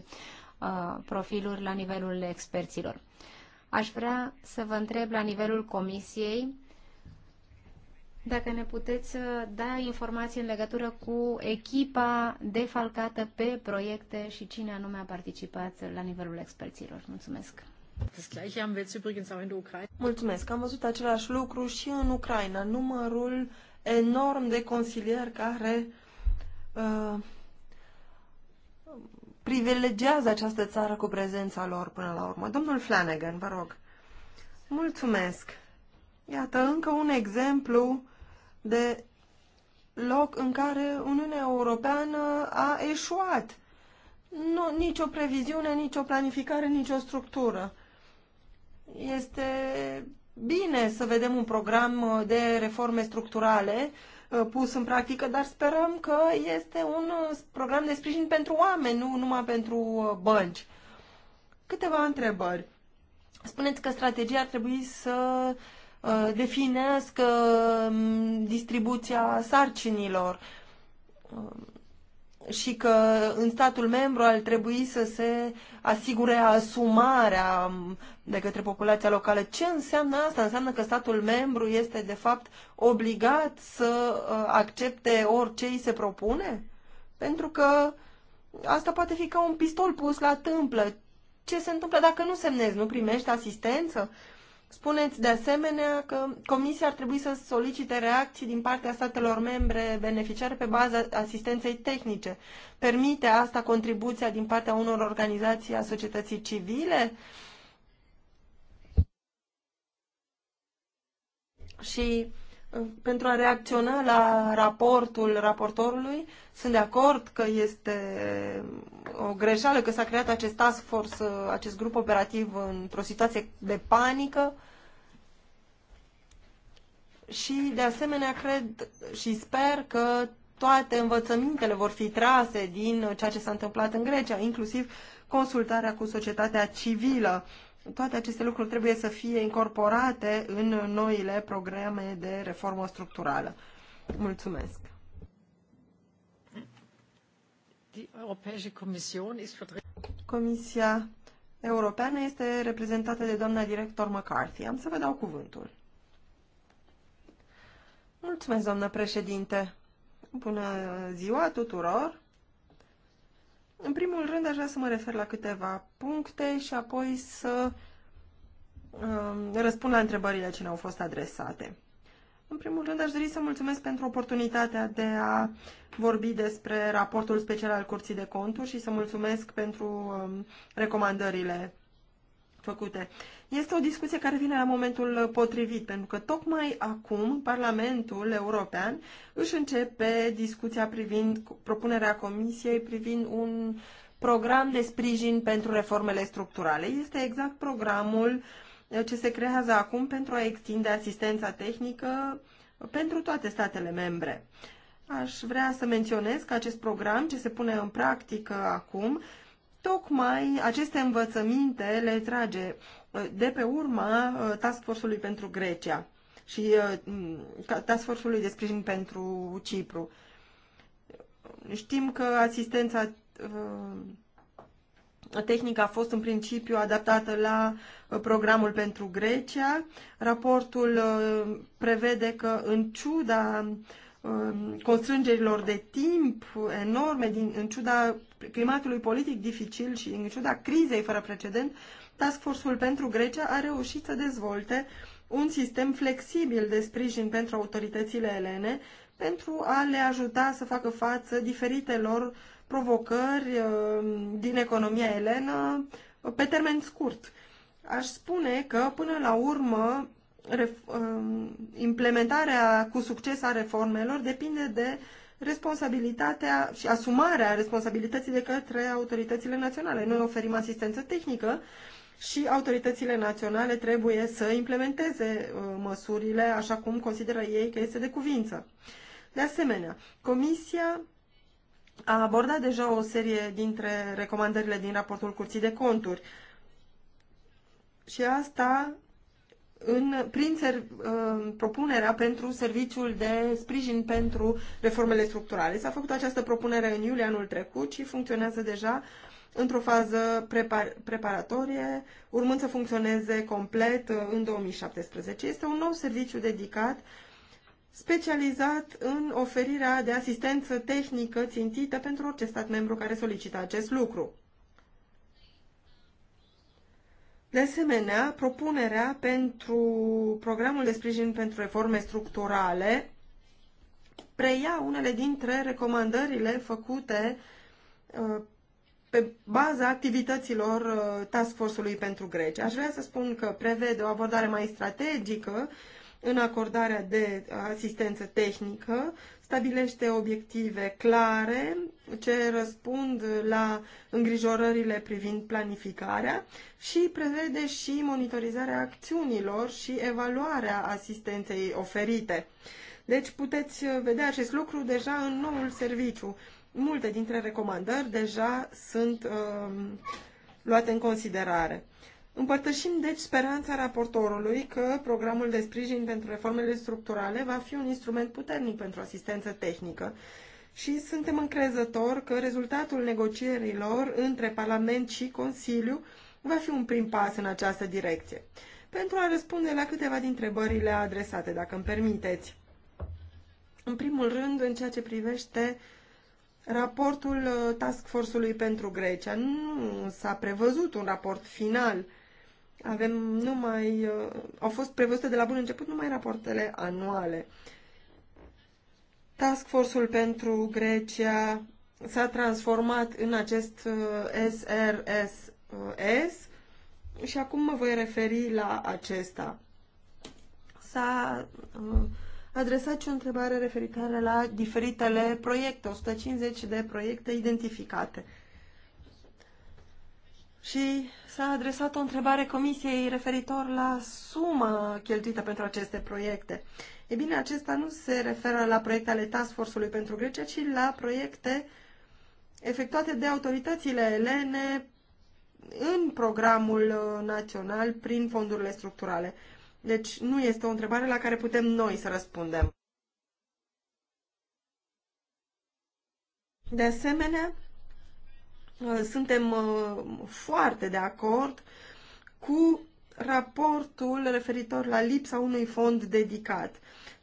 uh, profiluri la nivelul experților. Aș vrea să vă întreb la nivelul comisiei dacă ne puteți da informații în legătură cu echipa defalcată pe proiecte și cine anume a participat la nivelul experților. Mulțumesc! Mulțumesc. Am văzut același lucru și în Ucraina. Numărul enorm de consilieri care uh, privilegiază această țară cu prezența lor până la urmă. Domnul Flanagan, vă rog. Mulțumesc. Iată încă un exemplu de loc în care Uniunea Europeană a eșuat. Nu, nicio previziune, nicio planificare, nicio structură. Este bine să vedem un program uh, de reforme structurale uh, pus în practică, dar sperăm că este un uh, program de sprijin pentru oameni, nu numai pentru bănci. Câteva întrebări. Spuneți că strategia ar trebui să definească mm, distribuția sarcinilor și că în statul membru ar trebui să se asigure asumarea de către populația locală. Ce înseamnă asta? Înseamnă că statul membru este, de fapt, obligat să uh, accepte orice îi se propune? Pentru că asta poate fi ca un pistol pus la tâmplă. Ce se întâmplă dacă nu semnezi? Nu primești asistență? Spuneți de asemenea că Comisia ar trebui să solicite reacții din partea statelor membre beneficiare pe baza asistenței tehnice. Permite asta contribuția din partea unor organizații a societății civile? Și pentru a reacționa la raportul raportorului, sunt de acord că este o greșeală că s-a creat acest task force, uh, acest grup operativ într-o situație de panică. Și, de asemenea, cred și sper că toate învățămintele vor fi trase din ceea ce s-a întâmplat în Grecia, inclusiv consultarea cu societatea civilă toate aceste lucruri trebuie să fie incorporate în noile programe de reformă structurală. Mulțumesc! Comisia Europeană este reprezentată de doamna director McCarthy. Am să vă dau cuvântul. Mulțumesc, doamnă președinte! Bună ziua tuturor! În primul rând, aș vrea să mă refer la câteva puncte și apoi să uh, răspund la întrebările ce ne-au fost adresate. În primul rând, aș dori să mulțumesc pentru oportunitatea de a vorbi despre raportul special al Curții de Conturi și să mulțumesc pentru uh, recomandările făcute. Este o discuție care vine la momentul potrivit, pentru că tocmai acum Parlamentul European își începe discuția privind propunerea Comisiei privind un program de sprijin pentru reformele structurale. Este exact programul eh, ce se creează acum pentru a extinde asistența tehnică pentru toate statele membre. Aș vrea să menționez că acest program ce se pune în practică acum Tocmai aceste învățăminte le trage uh, de pe urma uh, Task Force-ului pentru Grecia și uh, mm, Task Force-ului de sprijin pentru Cipru. Știm că asistența tehnică a fost în principiu adaptată la programul pentru Grecia. Raportul prevede că, în ciuda constrângerilor de timp enorme, din, în ciuda climatului politic dificil și în ciuda crizei fără precedent, Task Force-ul pentru Grecia a reușit să dezvolte un sistem flexibil de sprijin pentru autoritățile elene pentru a le ajuta să facă față diferitelor provocări uh, din economia elenă uh, pe termen scurt. Aș spune că, până la urmă, Um, implementarea cu succes a reformelor depinde de responsabilitatea și asumarea responsabilității de către autoritățile naționale. Noi oferim asistență tehnică și autoritățile naționale trebuie să implementeze uh, măsurile așa cum consideră ei că este de cuvință. De asemenea, Comisia a abordat deja o serie dintre recomandările din raportul Curții de Conturi. Și asta în, prin ser, uh, propunerea pentru serviciul de sprijin pentru reformele structurale. S-a făcut această propunere în iulie anul trecut și funcționează deja într-o fază prepar, preparatorie, urmând să funcționeze complet uh, în 2017. Este un nou serviciu dedicat specializat în oferirea de asistență tehnică țintită pentru orice stat membru care solicită acest lucru. De asemenea, propunerea pentru programul de sprijin pentru reforme structurale preia unele dintre recomandările făcute uh, pe baza activităților uh, Task Force-ului pentru Grecia. Aș vrea să spun că prevede o abordare mai strategică în acordarea de asistență tehnică, stabilește obiective clare ce răspund la îngrijorările privind planificarea și prevede și monitorizarea acțiunilor și evaluarea asistenței oferite. Deci puteți vedea acest lucru deja în noul serviciu. Multe dintre recomandări deja sunt uh, luate în considerare. Împărtășim, deci, speranța raportorului că programul de sprijin pentru reformele structurale va fi un instrument puternic pentru asistență tehnică și suntem încrezători că rezultatul negocierilor între Parlament și Consiliu va fi un prim pas în această direcție. Pentru a răspunde la câteva din întrebările adresate, dacă îmi permiteți. În primul rând, în ceea ce privește raportul uh, Task Force-ului pentru Grecia, nu s-a prevăzut un raport final avem numai, uh, au fost prevăzute de la bun început numai rapoartele anuale. Task Force-ul pentru Grecia s-a transformat în acest SRSS uh, și acum mă voi referi la acesta. S-a uh, adresat și o întrebare referitoare la diferitele proiecte, 150 de proiecte identificate și s-a adresat o întrebare comisiei referitor la suma cheltuită pentru aceste proiecte. E bine, acesta nu se referă la proiecte ale Task Force-ului pentru Grecia, ci la proiecte efectuate de autoritățile elene în programul uh, național prin fondurile structurale. Deci nu este o întrebare la care putem noi să răspundem. De asemenea, Uh, suntem uh, foarte de acord cu raportul referitor la lipsa unui fond dedicat.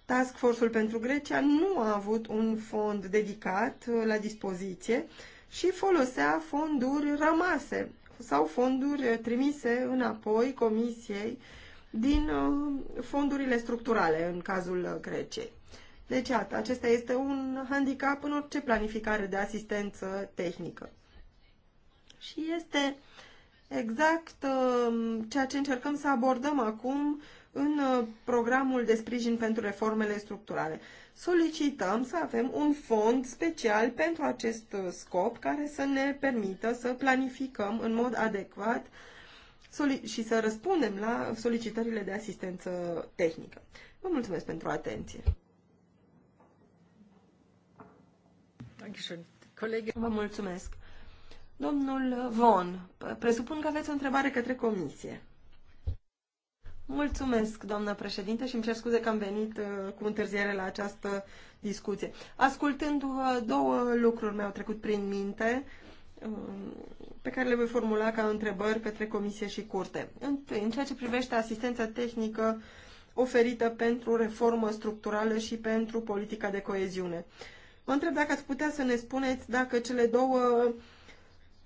Task Force-ul pentru Grecia nu a avut un fond dedicat uh, la dispoziție și folosea fonduri rămase sau fonduri trimise înapoi Comisiei din fondurile structurale în cazul Greciei. Deci, iată, acesta este un handicap în orice planificare de asistență tehnică. Și este exact um, ceea ce încercăm să abordăm acum în uh, programul de sprijin pentru reformele structurale. Solicităm să avem un fond special pentru acest uh, scop care să ne permită să planificăm în mod adecvat și să răspundem la solicitările de asistență tehnică. Vă mulțumesc pentru atenție. Vă mulțumesc. Domnul Von, presupun că aveți o întrebare către comisie. Mulțumesc, doamnă președinte, și îmi cer scuze că am venit uh, cu întârziere la această discuție. Ascultându-vă, două lucruri mi-au trecut prin minte uh, pe care le voi formula ca întrebări către Comisie și Curte. În, în ceea ce privește asistența tehnică oferită pentru reformă structurală și pentru politica de coeziune. Mă întreb dacă ați putea să ne spuneți dacă cele două uh,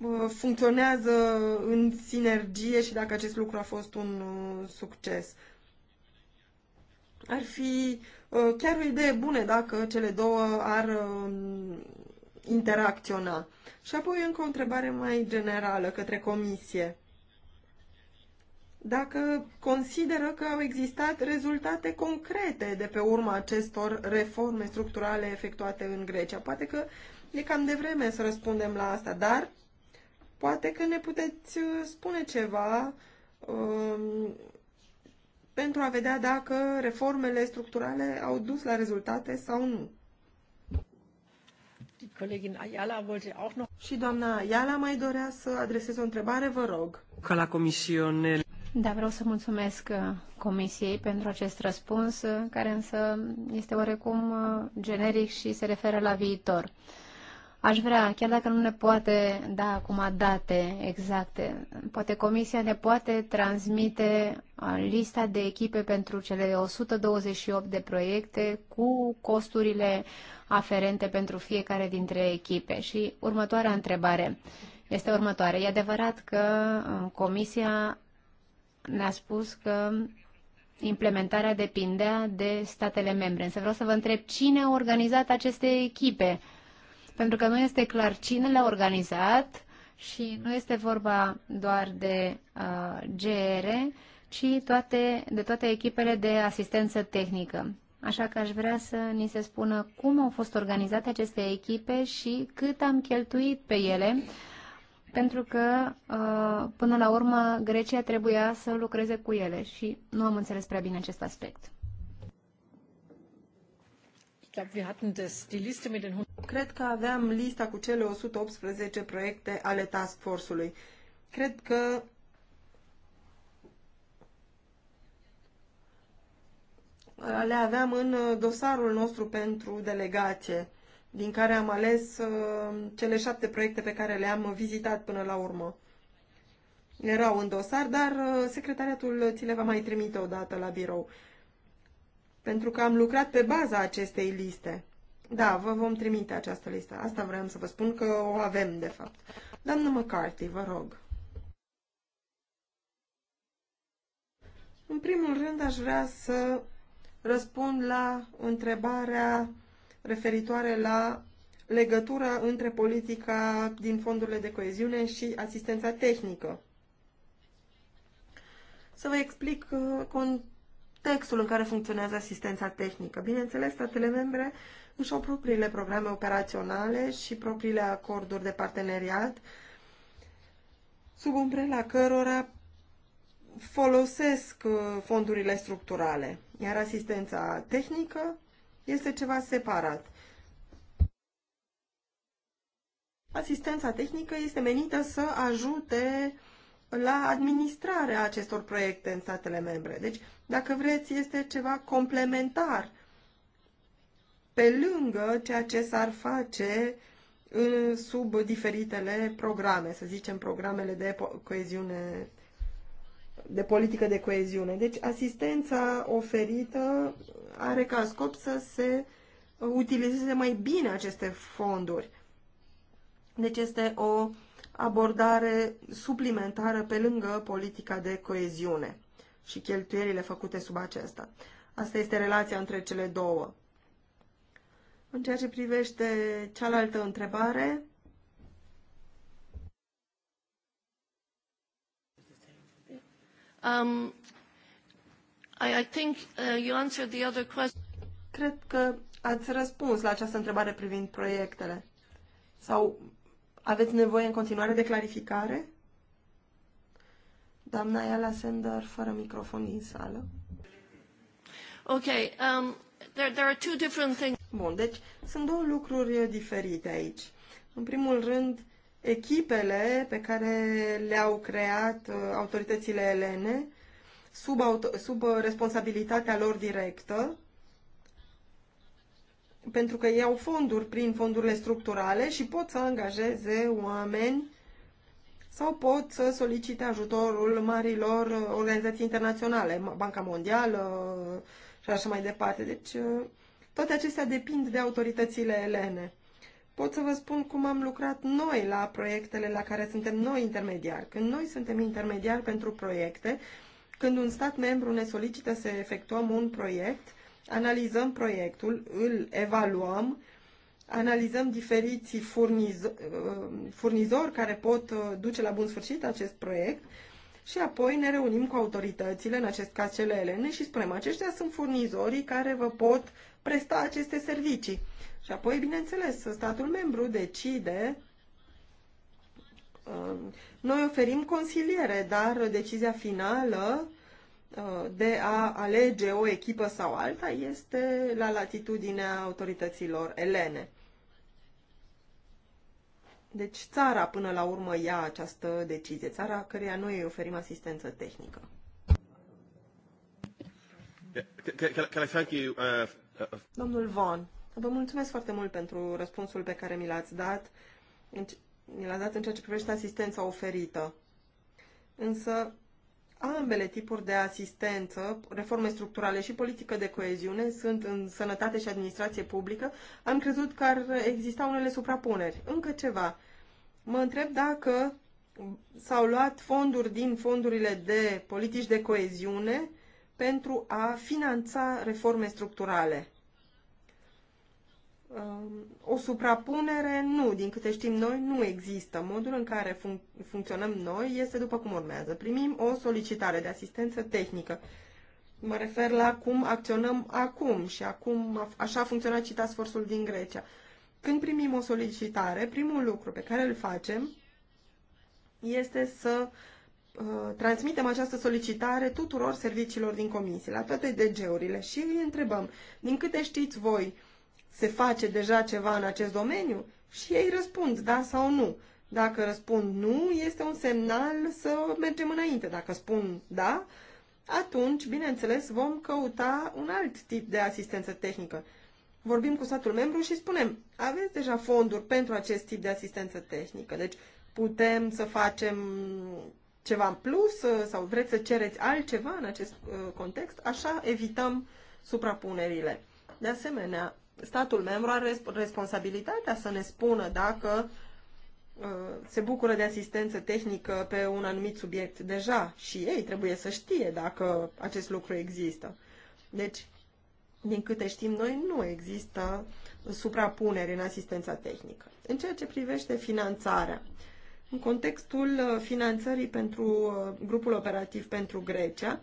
Uh, funcționează în sinergie și dacă acest lucru a fost un uh, succes. Ar fi uh, chiar o idee bună dacă cele două ar um, interacționa. Și apoi încă o întrebare mai generală către comisie. Dacă consideră că au existat rezultate concrete de pe urma acestor reforme structurale efectuate în Grecia. Poate că e cam devreme să răspundem la asta, dar Poate că ne puteți uh, spune ceva um, pentru a vedea dacă reformele structurale au dus la rezultate sau nu. Și doamna Ayala mai dorea să adreseze o întrebare, vă rog. Ca la comisione. Da, vreau să mulțumesc uh, comisiei pentru acest răspuns, uh, care însă este oarecum generic și se referă la viitor. Aș vrea, chiar dacă nu ne poate da acum date exacte, poate Comisia ne poate transmite lista de echipe pentru cele 128 de proiecte cu costurile aferente pentru fiecare dintre echipe. Și următoarea întrebare este următoare. E adevărat că Comisia ne-a spus că implementarea depindea de statele membre. Însă vreau să vă întreb cine a organizat aceste echipe pentru că nu este clar cine le-a organizat și nu este vorba doar de uh, GR, ci toate, de toate echipele de asistență tehnică. Așa că aș vrea să ni se spună cum au fost organizate aceste echipe și cât am cheltuit pe ele, pentru că, uh, până la urmă, Grecia trebuia să lucreze cu ele și nu am înțeles prea bine acest aspect. Cred că aveam lista cu cele 118 proiecte ale task force-ului. Cred că le aveam în uh, dosarul nostru pentru delegație, din care am ales uh, cele șapte proiecte pe care le-am vizitat până la urmă. Erau în dosar, dar uh, secretariatul ți le va mai trimite odată la birou pentru că am lucrat pe baza acestei liste. Da, vă vom trimite această listă. Asta vreau să vă spun că o avem, de fapt. Doamnă McCarthy, vă rog. În primul rând aș vrea să răspund la întrebarea referitoare la legătura între politica din fondurile de coeziune și asistența tehnică. Să vă explic uh, con contextul în care funcționează asistența tehnică. Bineînțeles, statele membre își au propriile programe operaționale și propriile acorduri de parteneriat, sub umbrela cărora folosesc uh, fondurile structurale, iar asistența tehnică este ceva separat. Asistența tehnică este menită să ajute la administrarea acestor proiecte în statele membre. Deci, dacă vreți, este ceva complementar pe lângă ceea ce s-ar face sub diferitele programe, să zicem programele de coeziune, de politică de coeziune. Deci asistența oferită are ca scop să se uh, utilizeze mai bine aceste fonduri. Deci este o abordare suplimentară pe lângă politica de coeziune și cheltuielile făcute sub acesta. Asta este relația între cele două. În ceea ce privește cealaltă întrebare, Um, I, I think uh, you answered the other question. Cred că ați răspuns la această întrebare privind proiectele. Sau aveți nevoie în continuare de clarificare? Doamna Iala Sender, fără microfon din sală. Ok, um, there, there are two different things. Bun, deci sunt două lucruri diferite aici. În primul rând, echipele pe care le-au creat uh, autoritățile elene sub, auto- sub uh, responsabilitatea lor directă pentru că iau fonduri prin fondurile structurale și pot să angajeze oameni sau pot să solicite ajutorul marilor uh, organizații internaționale, Banca Mondială uh, și așa mai departe. Deci uh, toate acestea depind de autoritățile elene. Pot să vă spun cum am lucrat noi la proiectele la care suntem noi intermediari. Când noi suntem intermediari pentru proiecte, când un stat membru ne solicită să efectuăm un proiect, analizăm proiectul, îl evaluăm, analizăm diferiții furnizori, uh, furnizori care pot uh, duce la bun sfârșit acest proiect și apoi ne reunim cu autoritățile, în acest caz cele elene, și spunem, aceștia sunt furnizorii care vă pot presta aceste servicii. Și apoi, bineînțeles, statul membru decide uh, noi oferim consiliere, dar decizia finală Uh, de a alege o echipă sau alta este la latitudinea autorităților elene. Deci țara până la urmă ia această decizie, țara căreia noi îi oferim asistență tehnică. Uh, uh, Domnul Von, vă mulțumesc foarte mult pentru răspunsul pe care mi l-ați dat. Mi l-ați dat în ceea ce privește asistența oferită. Însă Ambele tipuri de asistență, reforme structurale și politică de coeziune, sunt în sănătate și administrație publică. Am crezut că ar exista unele suprapuneri. Încă ceva. Mă întreb dacă s-au luat fonduri din fondurile de politici de coeziune pentru a finanța reforme structurale. Um, o suprapunere, nu, din câte știm noi, nu există. Modul în care func- funcționăm noi este după cum urmează. Primim o solicitare de asistență tehnică. Mă refer la cum acționăm acum și acum, așa a funcționat și din Grecia. Când primim o solicitare, primul lucru pe care îl facem este să uh, transmitem această solicitare tuturor serviciilor din comisie, la toate DG-urile și îi întrebăm, din câte știți voi, uh, se face deja ceva în acest domeniu? Și ei răspund da sau nu. Dacă răspund nu, este un semnal să mergem înainte. Dacă spun da, atunci, bineînțeles, vom căuta un alt tip de asistență tehnică. Vorbim cu statul membru și spunem, aveți deja fonduri pentru acest tip de asistență tehnică, deci putem să facem ceva în plus uh, sau vreți să cereți altceva în acest uh, context, așa evităm suprapunerile. De asemenea, statul membru are responsabilitatea să ne spună dacă uh, se bucură de asistență tehnică pe un anumit subiect deja și ei trebuie să știe dacă acest lucru există. Deci, din câte știm noi, nu există suprapunere în asistența tehnică. În ceea ce privește finanțarea, în contextul uh, finanțării pentru uh, grupul operativ pentru Grecia,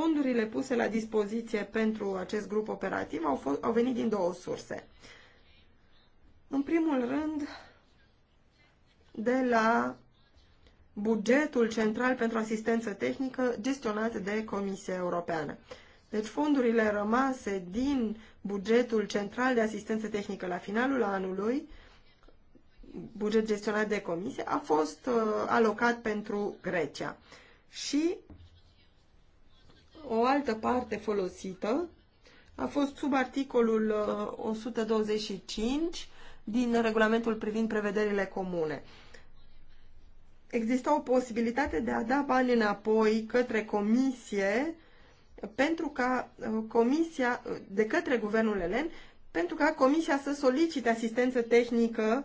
Fondurile puse la dispoziție pentru acest grup operativ au, fost, au venit din două surse. În primul rând, de la bugetul central pentru asistență tehnică gestionat de Comisia Europeană. Deci fondurile rămase din bugetul central de asistență tehnică la finalul anului, buget gestionat de comisie, a fost uh, alocat pentru Grecia. Și o altă parte folosită a fost sub articolul 125 uh, din regulamentul privind prevederile comune. Exista o posibilitate de a da bani înapoi către comisie pentru ca uh, comisia, de către guvernul elen, pentru ca comisia să solicite asistență tehnică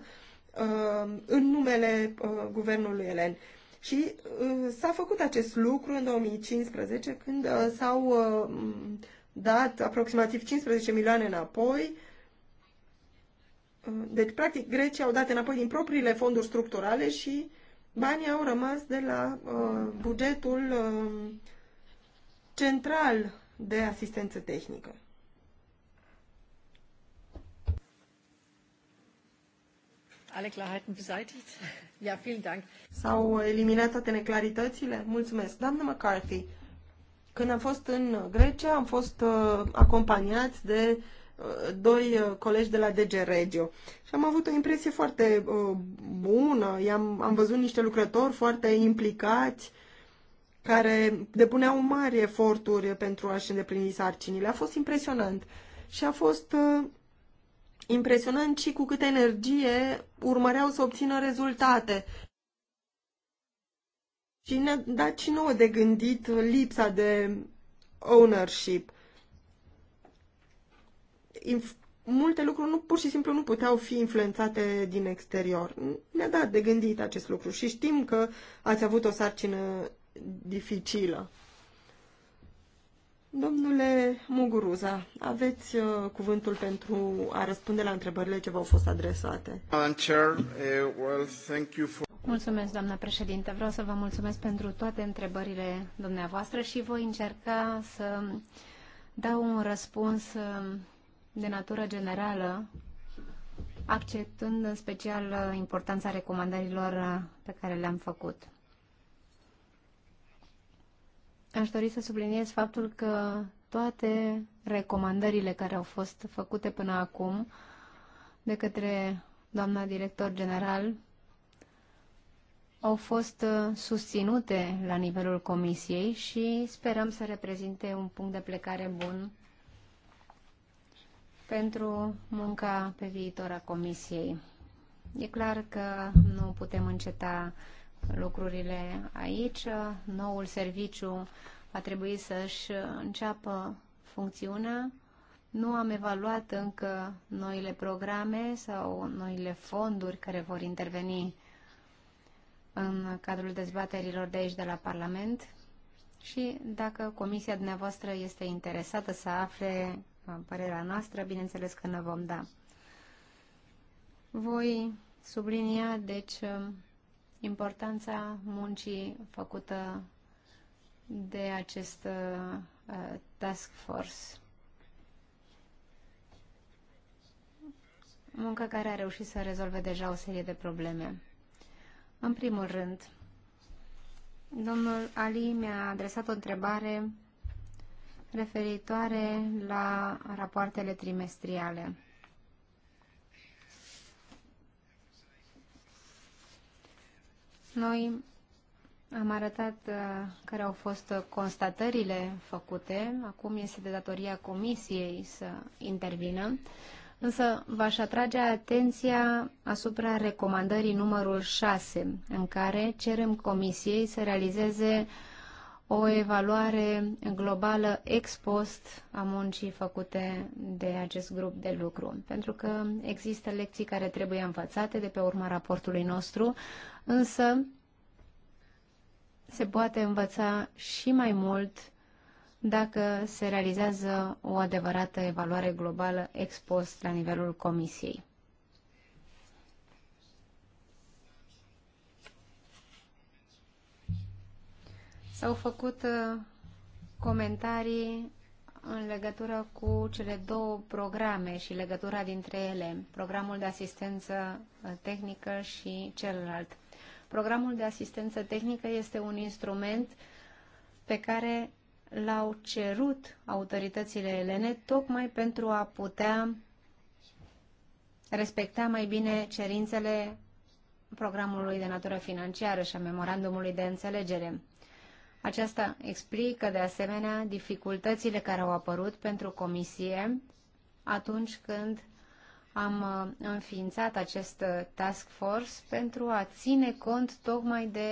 uh, în numele uh, guvernului elen. Și uh, s-a făcut acest lucru în 2015 când uh, s-au uh, dat aproximativ 15 milioane înapoi. Deci, practic, grecii au dat înapoi din propriile fonduri structurale și banii au rămas de la bugetul central de asistență tehnică. S-au eliminat toate neclaritățile? Mulțumesc. Doamna McCarthy, când am fost în Grecia, am fost uh, acompaniați de uh, doi uh, colegi de la DG Regio și am avut o impresie foarte uh, bună. I-am, am văzut niște lucrători foarte implicați care depuneau mari eforturi pentru a-și îndeplini sarcinile. A fost impresionant. Și a fost uh, impresionant și cu câtă energie urmăreau să obțină rezultate. Și ne-a dat și nouă de gândit lipsa de ownership. Inf- multe lucruri nu, pur și simplu nu puteau fi influențate din exterior. Ne-a dat de gândit acest lucru și știm că ați avut o sarcină dificilă. Domnule Muguruza, aveți uh, cuvântul pentru a răspunde la întrebările ce v-au fost adresate. Uh, mulțumesc, doamnă președinte. Vreau să vă mulțumesc pentru toate întrebările dumneavoastră și voi încerca să dau un răspuns uh, de natură generală, acceptând în special uh, importanța recomandărilor pe care le-am făcut. Aș dori să subliniez faptul că toate recomandările care au fost făcute până acum de către doamna director general au fost uh, susținute la nivelul comisiei și sperăm să reprezinte un punct de plecare bun pentru munca pe viitor a comisiei. E clar că nu putem înceta lucrurile aici. Noul serviciu va trebui să-și înceapă funcțiunea. Nu am evaluat încă noile programe sau noile fonduri care vor interveni în cadrul dezbaterilor de aici de la Parlament și dacă comisia dumneavoastră este interesată să afle uh, părerea noastră, bineînțeles că ne vom da. Voi sublinia, deci, importanța muncii făcută de acest uh, task force. Muncă care a reușit să rezolve deja o serie de probleme. În primul rând, domnul Ali mi-a adresat o întrebare referitoare la rapoartele trimestriale. Noi am arătat uh, care au fost constatările făcute. Acum este de datoria Comisiei să intervină. Însă v-aș atrage atenția asupra recomandării numărul 6, în care cerem Comisiei să realizeze o evaluare globală ex post a muncii făcute de acest grup de lucru, pentru că există lecții care trebuie învățate de pe urma raportului nostru, însă se poate învăța și mai mult dacă se realizează o adevărată evaluare globală ex post la nivelul comisiei. S-au făcut uh, comentarii în legătură cu cele două programe și legătura dintre ele, programul de asistență uh, tehnică și celălalt. Programul de asistență tehnică este un instrument pe care l-au cerut autoritățile elene tocmai pentru a putea respecta mai bine cerințele programului de natură financiară și a memorandumului de înțelegere. Aceasta explică, de asemenea, dificultățile care au apărut pentru comisie atunci când am uh, înființat acest uh, task force pentru a ține cont tocmai de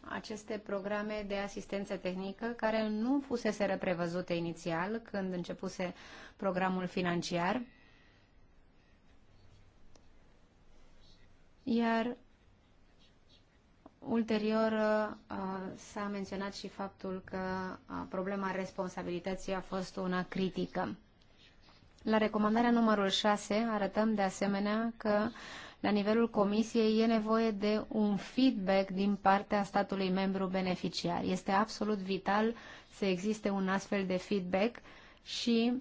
aceste programe de asistență tehnică care nu fusese prevăzute inițial când începuse programul financiar. Iar Ulterior uh, s-a menționat și faptul că uh, problema responsabilității a fost una critică. La recomandarea numărul 6 arătăm de asemenea că la nivelul comisiei e nevoie de un feedback din partea statului membru beneficiar. Este absolut vital să existe un astfel de feedback și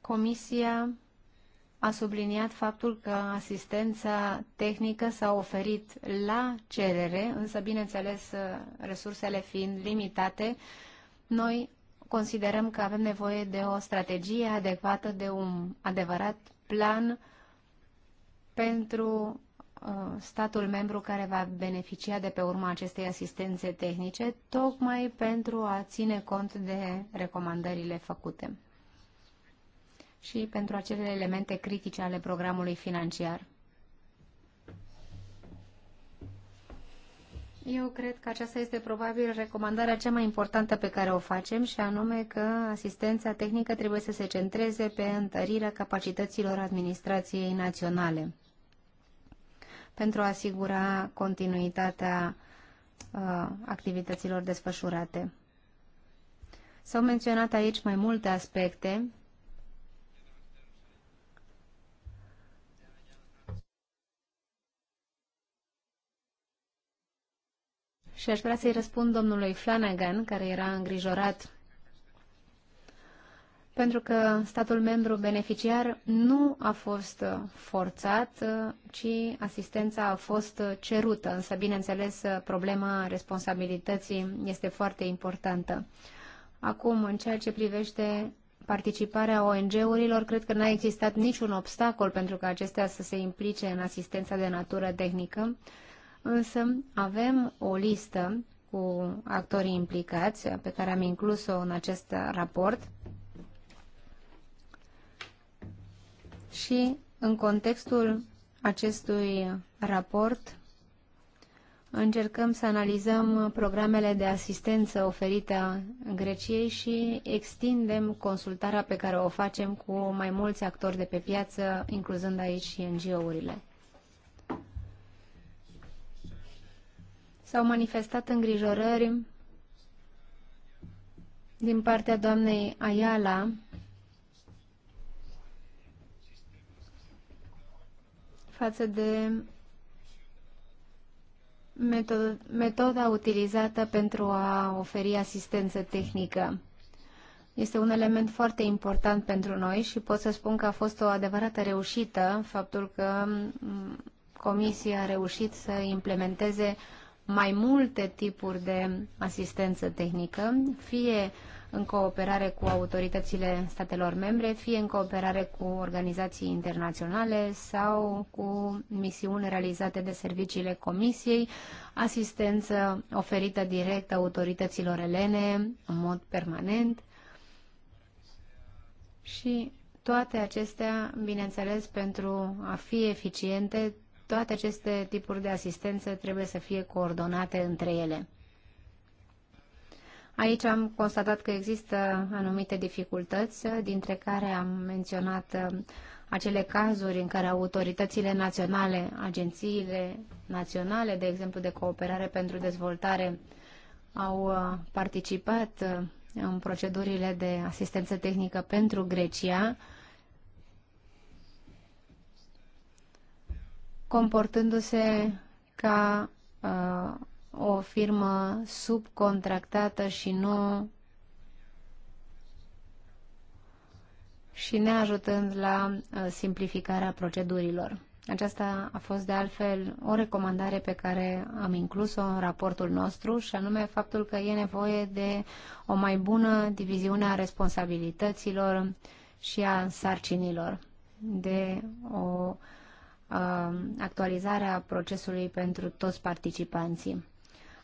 comisia a subliniat faptul că asistența tehnică s-a oferit la cerere, însă, bineînțeles, resursele fiind limitate, noi considerăm că avem nevoie de o strategie adecvată, de un adevărat plan pentru uh, statul membru care va beneficia de pe urma acestei asistențe tehnice, tocmai pentru a ține cont de recomandările făcute și pentru acele elemente critice ale programului financiar. Eu cred că aceasta este probabil recomandarea cea mai importantă pe care o facem și anume că asistența tehnică trebuie să se centreze pe întărirea capacităților administrației naționale pentru a asigura continuitatea uh, activităților desfășurate. S-au menționat aici mai multe aspecte Și aș vrea să-i răspund domnului Flanagan, care era îngrijorat pentru că statul membru beneficiar nu a fost forțat, ci asistența a fost cerută. Însă, bineînțeles, problema responsabilității este foarte importantă. Acum, în ceea ce privește participarea ONG-urilor, cred că n-a existat niciun obstacol pentru că acestea să se implice în asistența de natură tehnică însă avem o listă cu actorii implicați, pe care am inclus-o în acest raport. Și în contextul acestui raport încercăm să analizăm programele de asistență oferite Greciei și extindem consultarea pe care o facem cu mai mulți actori de pe piață, incluzând aici și NGO-urile. S-au manifestat îngrijorări din partea doamnei Ayala față de metoda utilizată pentru a oferi asistență tehnică. Este un element foarte important pentru noi și pot să spun că a fost o adevărată reușită faptul că mm, Comisia a reușit să implementeze uh, mai multe tipuri de asistență tehnică, fie în cooperare cu autoritățile statelor membre, fie în cooperare cu organizații internaționale sau cu misiuni realizate de serviciile Comisiei, asistență oferită direct autorităților elene în mod permanent și toate acestea, bineînțeles, pentru a fi eficiente, toate aceste tipuri de asistență trebuie să fie coordonate între ele. Aici am constatat că există anumite dificultăți, dintre care am menționat uh, acele cazuri în care autoritățile naționale, agențiile naționale, de exemplu de cooperare pentru dezvoltare, au uh, participat uh, în procedurile de asistență tehnică pentru Grecia, comportându-se ca uh, o firmă subcontractată și nu și neajutând la uh, simplificarea procedurilor. Aceasta a fost de altfel o recomandare pe care am inclus-o în raportul nostru și anume faptul că e nevoie de o mai bună diviziune a responsabilităților și a sarcinilor, de o uh, Uh, actualizarea procesului pentru toți participanții.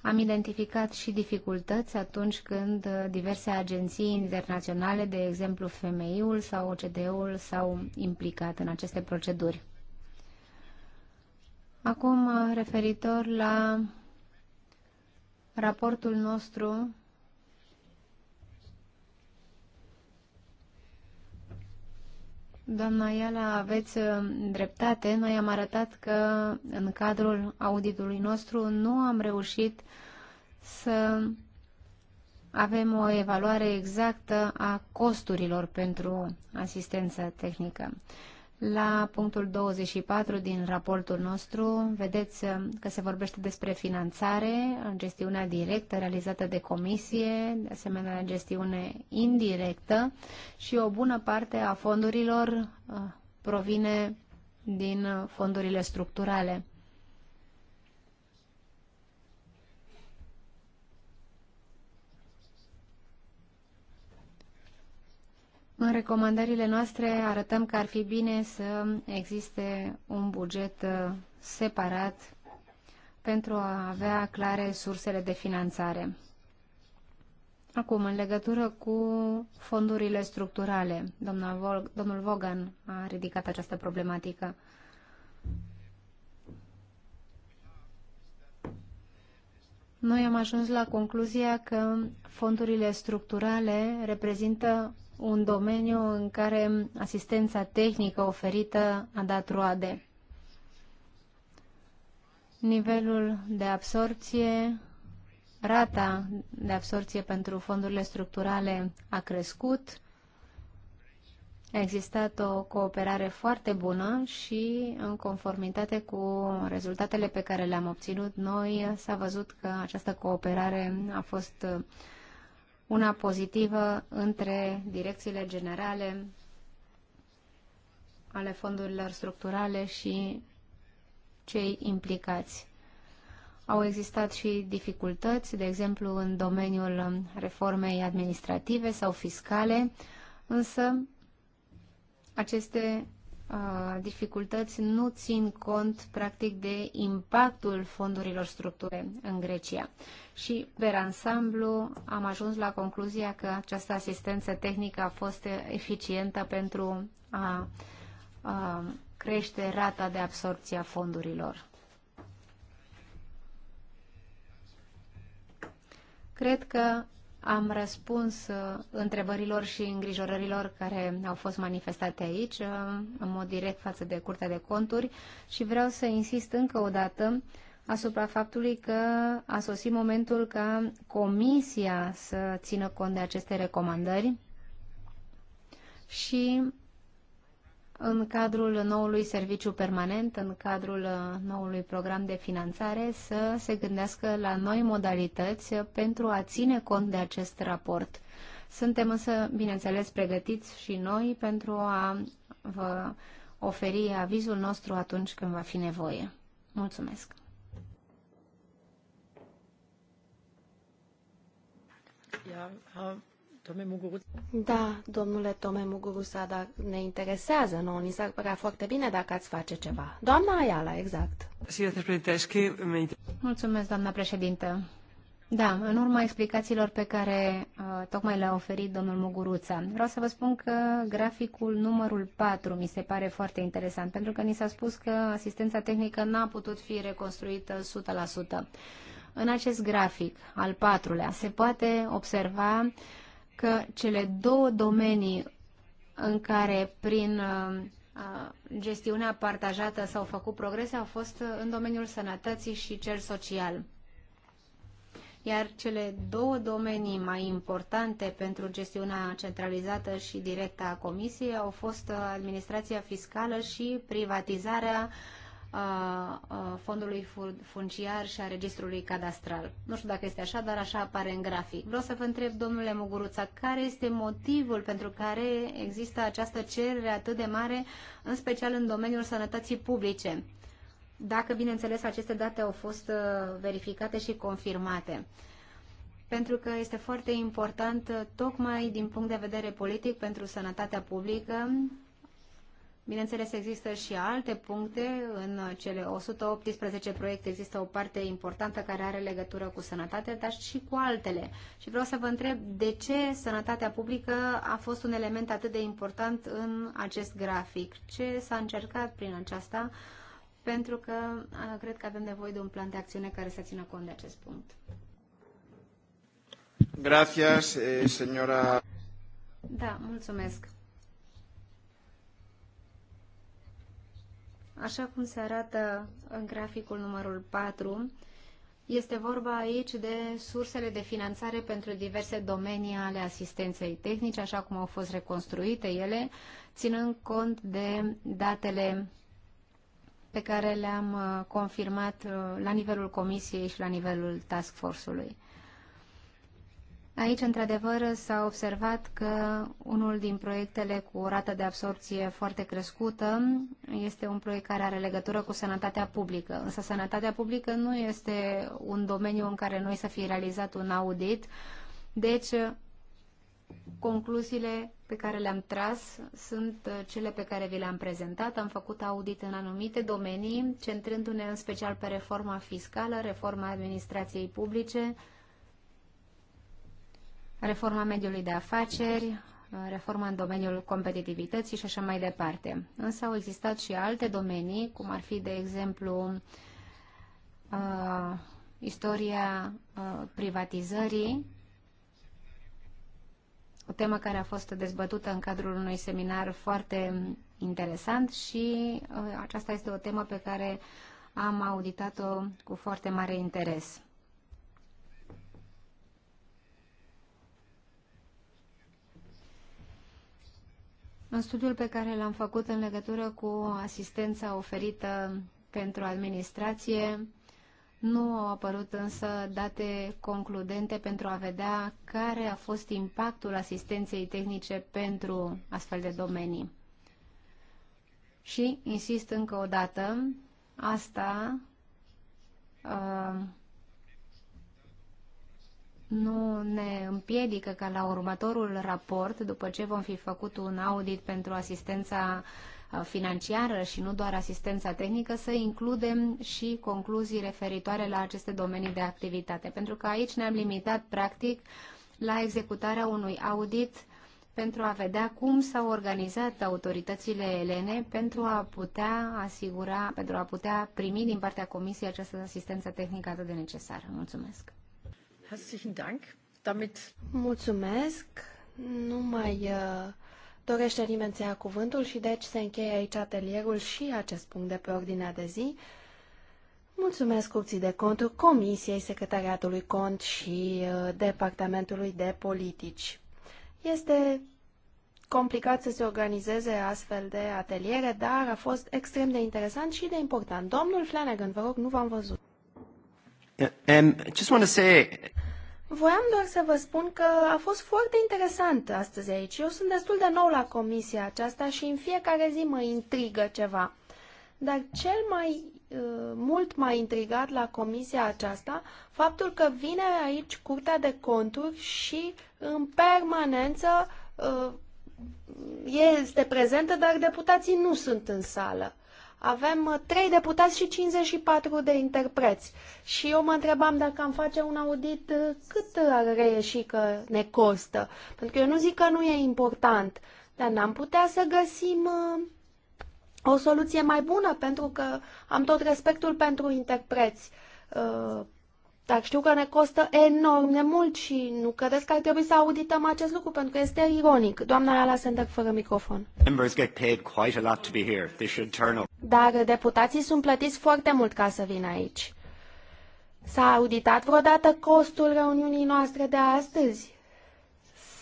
Am identificat și dificultăți atunci când uh, diverse agenții internaționale, de exemplu FMI-ul sau OCDE-ul, s-au implicat în aceste proceduri. Acum, uh, referitor la raportul nostru Doamna Iala, aveți uh, dreptate. Noi am arătat că în cadrul auditului nostru nu am reușit să avem o evaluare exactă a costurilor pentru asistență tehnică. La punctul 24 din raportul nostru, vedeți uh, că se vorbește despre finanțare în gestiunea directă realizată de comisie, de asemenea gestiune indirectă și o bună parte a fondurilor uh, provine din uh, fondurile structurale. În recomandările noastre arătăm că ar fi bine să existe un buget uh, separat pentru a avea clare sursele de finanțare. Acum, în legătură cu fondurile structurale, domnul Vogan a ridicat această problematică. Noi am ajuns la concluzia că fondurile structurale reprezintă un domeniu în care asistența tehnică oferită a dat roade. Nivelul de absorție, rata de absorție pentru fondurile structurale a crescut, a existat o cooperare foarte bună și, în conformitate cu rezultatele pe care le-am obținut noi, s-a văzut că această cooperare a fost uh, una pozitivă între direcțiile generale ale fondurilor structurale și cei implicați. Au existat și dificultăți, de exemplu, în domeniul reformei administrative sau fiscale, însă aceste Uh, dificultăți nu țin cont, practic, de impactul fondurilor structure în Grecia. Și, pe ansamblu, am ajuns la concluzia că această asistență tehnică a fost eficientă pentru a, a crește rata de absorpție a fondurilor. Cred că am răspuns uh, întrebărilor și îngrijorărilor care au fost manifestate aici, uh, în mod direct față de Curtea de Conturi și vreau să insist încă o dată asupra faptului că a sosit momentul ca Comisia să țină cont de aceste recomandări și în cadrul noului serviciu permanent, în cadrul uh, noului program de finanțare, să se gândească la noi modalități pentru a ține cont de acest raport. Suntem însă, bineînțeles, pregătiți și noi pentru a vă oferi avizul nostru atunci când va fi nevoie. Mulțumesc! um... Da, domnule Tome Mugurusa, dar ne interesează, nu? ni s-ar părea foarte bine dacă ați face ceva. Doamna Ayala, exact. Mulțumesc, doamna președintă. Da, în urma explicațiilor pe care uh, tocmai le-a oferit domnul Muguruța, vreau să vă spun că graficul numărul 4 mi se pare foarte interesant, pentru că ni s-a spus că asistența tehnică n-a putut fi reconstruită 100%. În acest grafic, al patrulea, se poate observa uh, că cele două domenii în care prin uh, uh, gestiunea partajată s-au făcut progrese au fost uh, în domeniul sănătății și cel social. Iar cele două domenii mai importante pentru gestiunea centralizată și directă a Comisiei au fost administrația fiscală și privatizarea uh, fondului funciar și a registrului cadastral. Nu știu dacă este așa, dar așa apare în grafic. Vreau să vă întreb, domnule Muguruța, care este motivul pentru care există această cerere atât de mare, în special în domeniul sănătății publice? Dacă, bineînțeles, aceste date au fost uh, verificate și confirmate pentru că este foarte important uh, tocmai din punct de vedere politic pentru sănătatea publică Bineînțeles, există și alte puncte. În cele 118 proiecte există o parte importantă care are legătură cu sănătatea, dar și cu altele. Și vreau să vă întreb de ce sănătatea publică a fost un element atât de important în acest grafic. Ce s-a încercat prin aceasta? Pentru că uh, cred că avem nevoie de un plan de acțiune care să țină cont de acest punct. Gracias, eh, señora. Da, mulțumesc. Așa cum se arată în graficul numărul 4, este vorba aici de sursele de finanțare pentru diverse domenii ale asistenței tehnice, așa cum au fost reconstruite ele, ținând cont de datele pe care le-am uh, confirmat uh, la nivelul Comisiei și la nivelul Task Force-ului. Aici, într-adevăr, s-a observat că unul din proiectele cu o rată de absorpție foarte crescută este un proiect care are legătură cu sănătatea publică. Însă sănătatea publică nu este un domeniu în care noi să fi realizat un audit, deci concluziile pe care le-am tras sunt cele pe care vi le-am prezentat. Am făcut audit în anumite domenii, centrându-ne în special pe reforma fiscală, reforma administrației publice, reforma mediului de afaceri, reforma în domeniul competitivității și așa mai departe. Însă au existat și alte domenii, cum ar fi, de exemplu, uh, istoria uh, privatizării, o temă care a fost dezbătută în cadrul unui seminar foarte interesant și uh, aceasta este o temă pe care am auditat-o cu foarte mare interes. În studiul pe care l-am făcut în legătură cu asistența oferită pentru administrație, nu au apărut însă date concludente pentru a vedea care a fost impactul asistenței tehnice pentru astfel de domenii. Și, insist încă o dată, asta uh, nu ne împiedică ca la următorul raport, după ce vom fi făcut un audit pentru asistența uh, financiară și nu doar asistența tehnică, să includem și concluzii referitoare la aceste domenii de activitate. Pentru că aici ne-am limitat, practic, la executarea unui audit pentru a vedea cum s-au organizat autoritățile elene pentru a putea asigura, pentru a putea primi din partea Comisiei această asistență tehnică atât de necesară. Mulțumesc! Mulțumesc. Nu mai uh, dorește nimeni să ia cuvântul și deci se încheie aici atelierul și acest punct de pe ordinea de zi. Mulțumesc Curții de Conturi, Comisiei, Secretariatului Cont și uh, Departamentului de Politici. Este complicat să se organizeze astfel de ateliere, dar a fost extrem de interesant și de important. Domnul Flanagan, vă rog, nu v-am văzut. Uh, um, just want to say... Voiam doar să vă spun că a fost foarte interesant astăzi aici. Eu sunt destul de nou la comisia aceasta și în fiecare zi mă intrigă ceva. Dar cel mai uh, mult m-a intrigat la comisia aceasta faptul că vine aici Curtea de Conturi și în permanență uh, este prezentă, dar deputații nu sunt în sală. Avem 3 uh, deputați și 54 de interpreți. Și eu mă întrebam dacă am face un audit, uh, cât ar reieși că ne costă? Pentru că eu nu zic că nu e important, dar n-am putea să găsim uh, o soluție mai bună, pentru că am tot respectul pentru interpreți. Dar știu că ne costă enorm de mult și nu credeți că ar trebui să audităm acest lucru, pentru că este ironic. Doamna Ala Sender, fără microfon. Dar deputații sunt plătiți foarte mult ca să vină aici. S-a auditat vreodată costul reuniunii noastre de astăzi?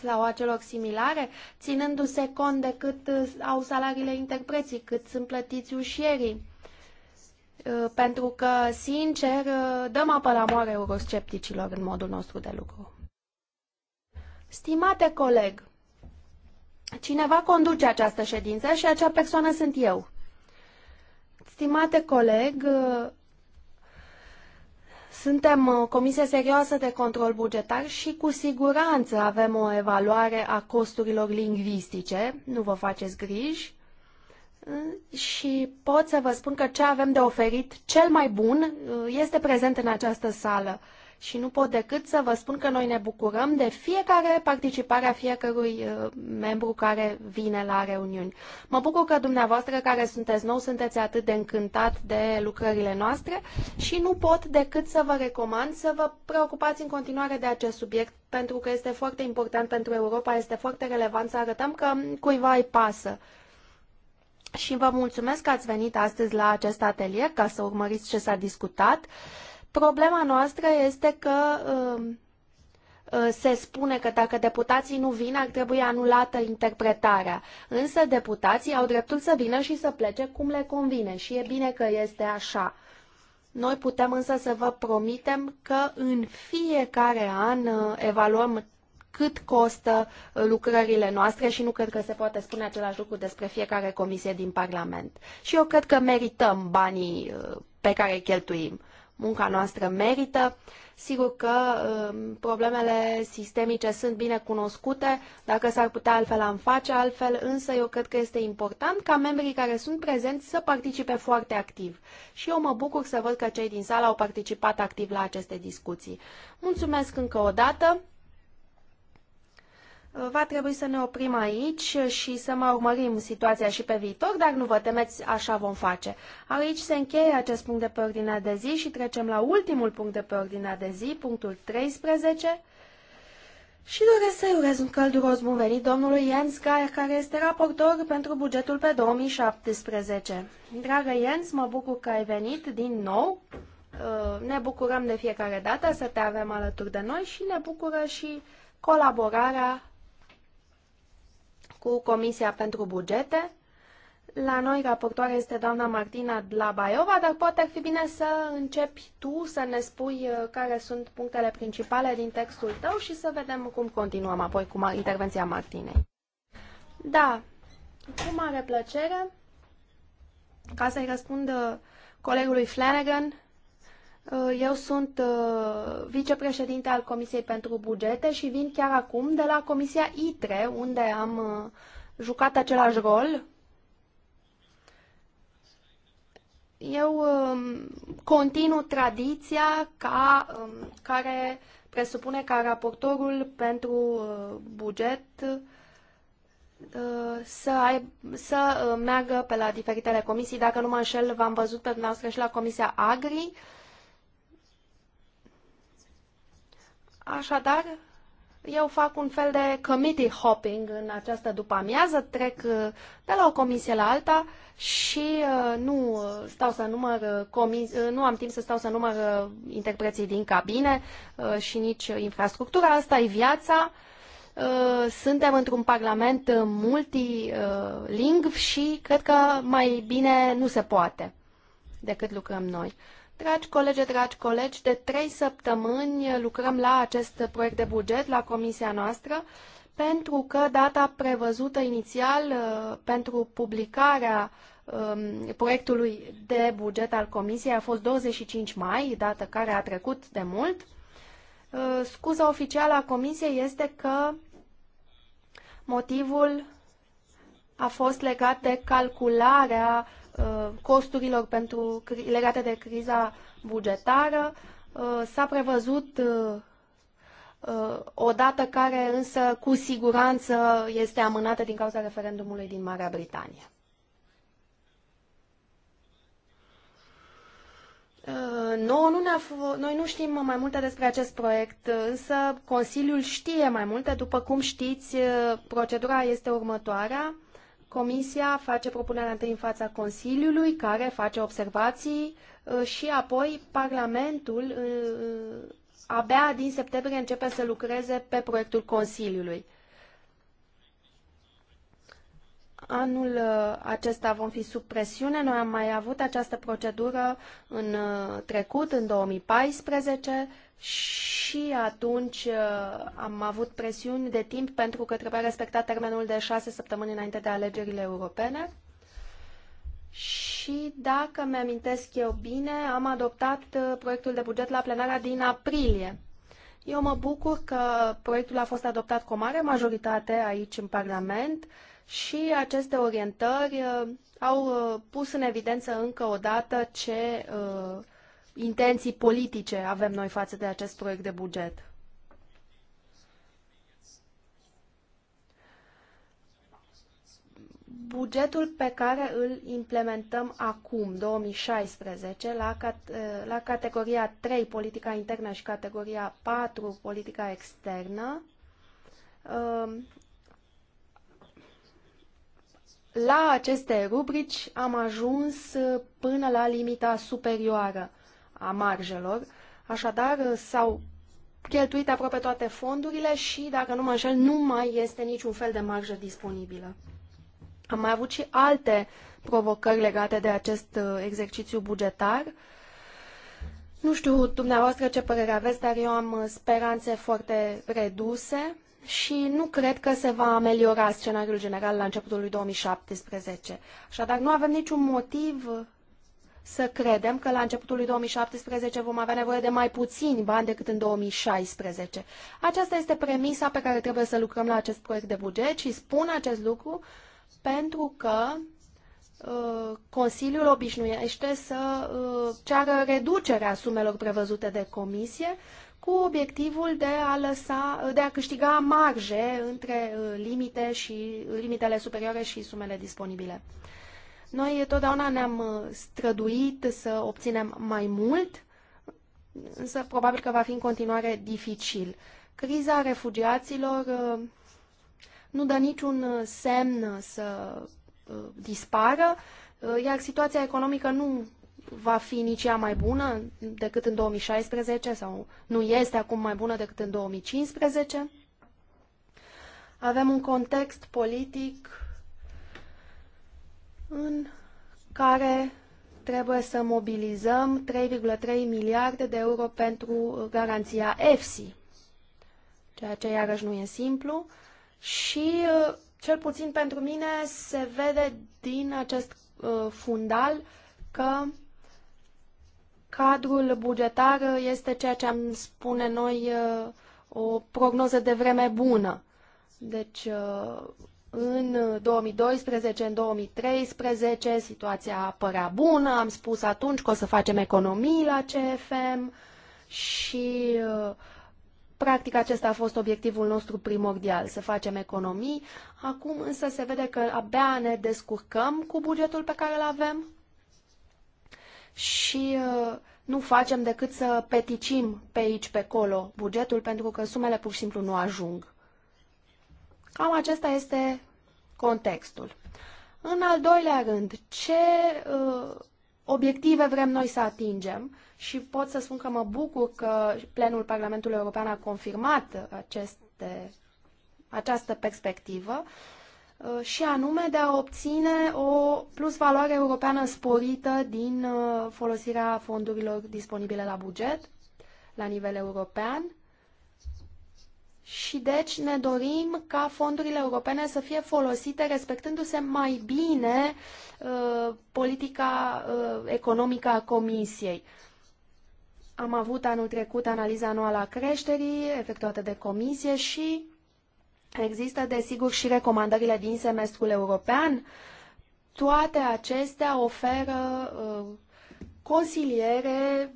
sau a similare, ținându-se cont de cât au salariile interpreții, cât sunt plătiți ușierii Uh, pentru că, sincer, uh, dăm apă la moare euroscepticilor în modul nostru de lucru. Stimate coleg, cineva conduce această ședință și acea persoană sunt eu. Stimate coleg, uh, suntem o comisie serioasă de control bugetar și cu siguranță avem o evaluare a costurilor lingvistice, nu vă faceți griji, și pot să vă spun că ce avem de oferit cel mai bun uh, este prezent în această sală. Și nu pot decât să vă spun că noi ne bucurăm de fiecare participare a fiecărui uh, membru care vine la reuniuni. Mă bucur că dumneavoastră care sunteți nou sunteți atât de încântat de lucrările noastre și nu pot decât să vă recomand să vă preocupați în continuare de acest subiect pentru că este foarte important pentru Europa, este foarte relevant să arătăm că cuiva îi pasă și vă mulțumesc că ați venit astăzi la acest atelier ca să urmăriți ce s-a discutat. Problema noastră este că um, uh, se spune că dacă deputații nu vin, ar trebui anulată interpretarea. Însă deputații au dreptul să vină și să plece cum le convine și e bine că este așa. Noi putem însă să vă promitem că în fiecare an uh, evaluăm cât costă uh, lucrările noastre și nu cred că se poate spune același lucru despre fiecare comisie din Parlament. Și eu cred că merităm banii uh, pe care îi cheltuim. Munca noastră merită. Sigur că um, problemele sistemice sunt bine cunoscute, dacă s-ar putea altfel am face altfel, însă eu cred că este important ca membrii care sunt prezenți să participe foarte activ. Și eu mă bucur să văd că cei din sală au participat activ la aceste discuții. Mulțumesc încă o dată. Va trebui să ne oprim aici și să mai urmărim situația și pe viitor, dar nu vă temeți, așa vom face. Aici se încheie acest punct de pe ordinea de zi și trecem la ultimul punct de pe ordinea de zi, punctul 13. Și doresc să-i urez un călduros bun venit domnului Jens Gaier, care este raportor pentru bugetul pe 2017. Dragă Jens, mă bucur că ai venit din nou. Uh, ne bucurăm de fiecare dată să te avem alături de noi și ne bucură și colaborarea cu Comisia pentru Bugete. La noi raportoare este doamna Martina Dlabaiova, dar poate ar fi bine să începi tu să ne spui uh, care sunt punctele principale din textul tău și să vedem cum continuăm apoi cu intervenția Martinei. Da, cu mare plăcere, ca să-i răspund uh, colegului Flanagan, Uh, eu sunt uh, vicepreședinte al Comisiei pentru Bugete și vin chiar acum de la Comisia ITRE, unde am uh, jucat același rol. Eu um, continu tradiția ca, um, care presupune ca raportorul pentru buget să, ai, să meargă pe la diferitele comisii. Dacă nu mă înșel, v-am văzut pe dumneavoastră și la Comisia Agri. Uh, Așadar, eu fac un fel de committee hopping în această după-amiază, trec uh, de la o comisie la alta și uh, nu uh, stau să număr comis, nu am timp să stau să număr interpreții din cabine și nici infrastructura, asta e viața. Suntem într-un parlament multilingv și cred că mai bine nu se poate decât lucrăm noi. Dragi colegi, dragi colegi, de trei săptămâni lucrăm la acest proiect de buget, la comisia noastră, pentru că data prevăzută inițial uh, pentru publicarea um, proiectului de buget al comisiei a fost 25 mai, dată care a trecut de mult. Uh, scuza oficială a comisiei este că motivul a fost legat de calcularea uh, Uh, costurilor pentru, legate de criza bugetară. Uh, s-a prevăzut uh, o dată care însă cu siguranță este amânată din cauza referendumului din Marea Britanie. Noi nu, noi nu știm mai multe despre acest proiect, însă Consiliul știe mai multe. După cum știți, procedura este următoarea. Comisia face propunerea întâi în fața Consiliului, care face observații uh, și apoi Parlamentul uh, uh, abia din septembrie începe să lucreze pe proiectul Consiliului. Anul acesta vom fi sub presiune. Noi am mai avut această procedură în trecut, în 2014, și atunci uh, am avut presiuni de timp pentru că trebuia respectat termenul de șase săptămâni înainte de alegerile europene. Și dacă mi-amintesc eu bine, am adoptat uh, proiectul de buget la plenara din aprilie. Eu mă bucur că proiectul a fost adoptat cu o mare majoritate aici în Parlament și aceste orientări uh, au pus în evidență încă o dată ce uh, intenții politice avem noi față de acest proiect de buget. Bugetul pe care îl implementăm acum, 2016, la, cat, la categoria 3, politica internă și categoria 4, politica externă, um, la aceste rubrici am ajuns până la limita superioară a marjelor. Așadar, s-au cheltuit aproape toate fondurile și, dacă nu mă înșel, nu mai este niciun fel de marjă disponibilă. Am mai avut și alte provocări legate de acest uh, exercițiu bugetar. Nu știu dumneavoastră ce părere aveți, dar eu am uh, speranțe foarte reduse și nu cred că se va ameliora scenariul general la începutul lui 2017. Așadar, nu avem niciun motiv să credem că la începutul lui 2017 vom avea nevoie de mai puțini bani decât în 2016. Aceasta este premisa pe care trebuie să lucrăm la acest proiect de buget și spun acest lucru pentru că uh, Consiliul obișnuiește să uh, ceară reducerea sumelor prevăzute de comisie cu obiectivul de a, lăsa, de a câștiga marje între uh, limite și, limitele superioare și sumele disponibile. Noi totdeauna ne-am uh, străduit să obținem mai mult, însă probabil că va fi în continuare dificil. Criza refugiaților uh, nu dă niciun uh, semn să dispară, iar situația economică nu va fi nici ea mai bună decât în 2016 sau nu este acum mai bună decât în 2015. Avem un context politic în care trebuie să mobilizăm 3,3 miliarde de euro pentru garanția EFSI, ceea ce iarăși nu e simplu și cel puțin pentru mine se vede din acest uh, fundal că cadrul bugetar uh, este ceea ce am spune noi uh, o prognoză de vreme bună. Deci în 2012, în 2013, situația părea bună, am spus atunci că o să facem economii la CFM și uh, practic acesta a fost obiectivul nostru primordial, să facem economii. Acum însă se vede că abia ne descurcăm cu bugetul pe care îl avem și uh, nu facem decât să peticim pe aici, pe acolo bugetul, pentru că sumele pur și simplu nu ajung. Cam acesta este contextul. În al doilea rând, ce uh, obiective vrem noi să atingem? Și pot să spun că mă bucur că plenul Parlamentului European a confirmat aceste, această perspectivă uh, și anume de a obține o plusvaloare europeană sporită din uh, folosirea fondurilor disponibile la buget la nivel european și deci ne dorim ca fondurile europene să fie folosite respectându-se mai bine uh, politica uh, economică a Comisiei. Am avut anul trecut analiza anuală a creșterii efectuată de Comisie și există desigur și recomandările din semestrul european. Toate acestea oferă uh, consiliere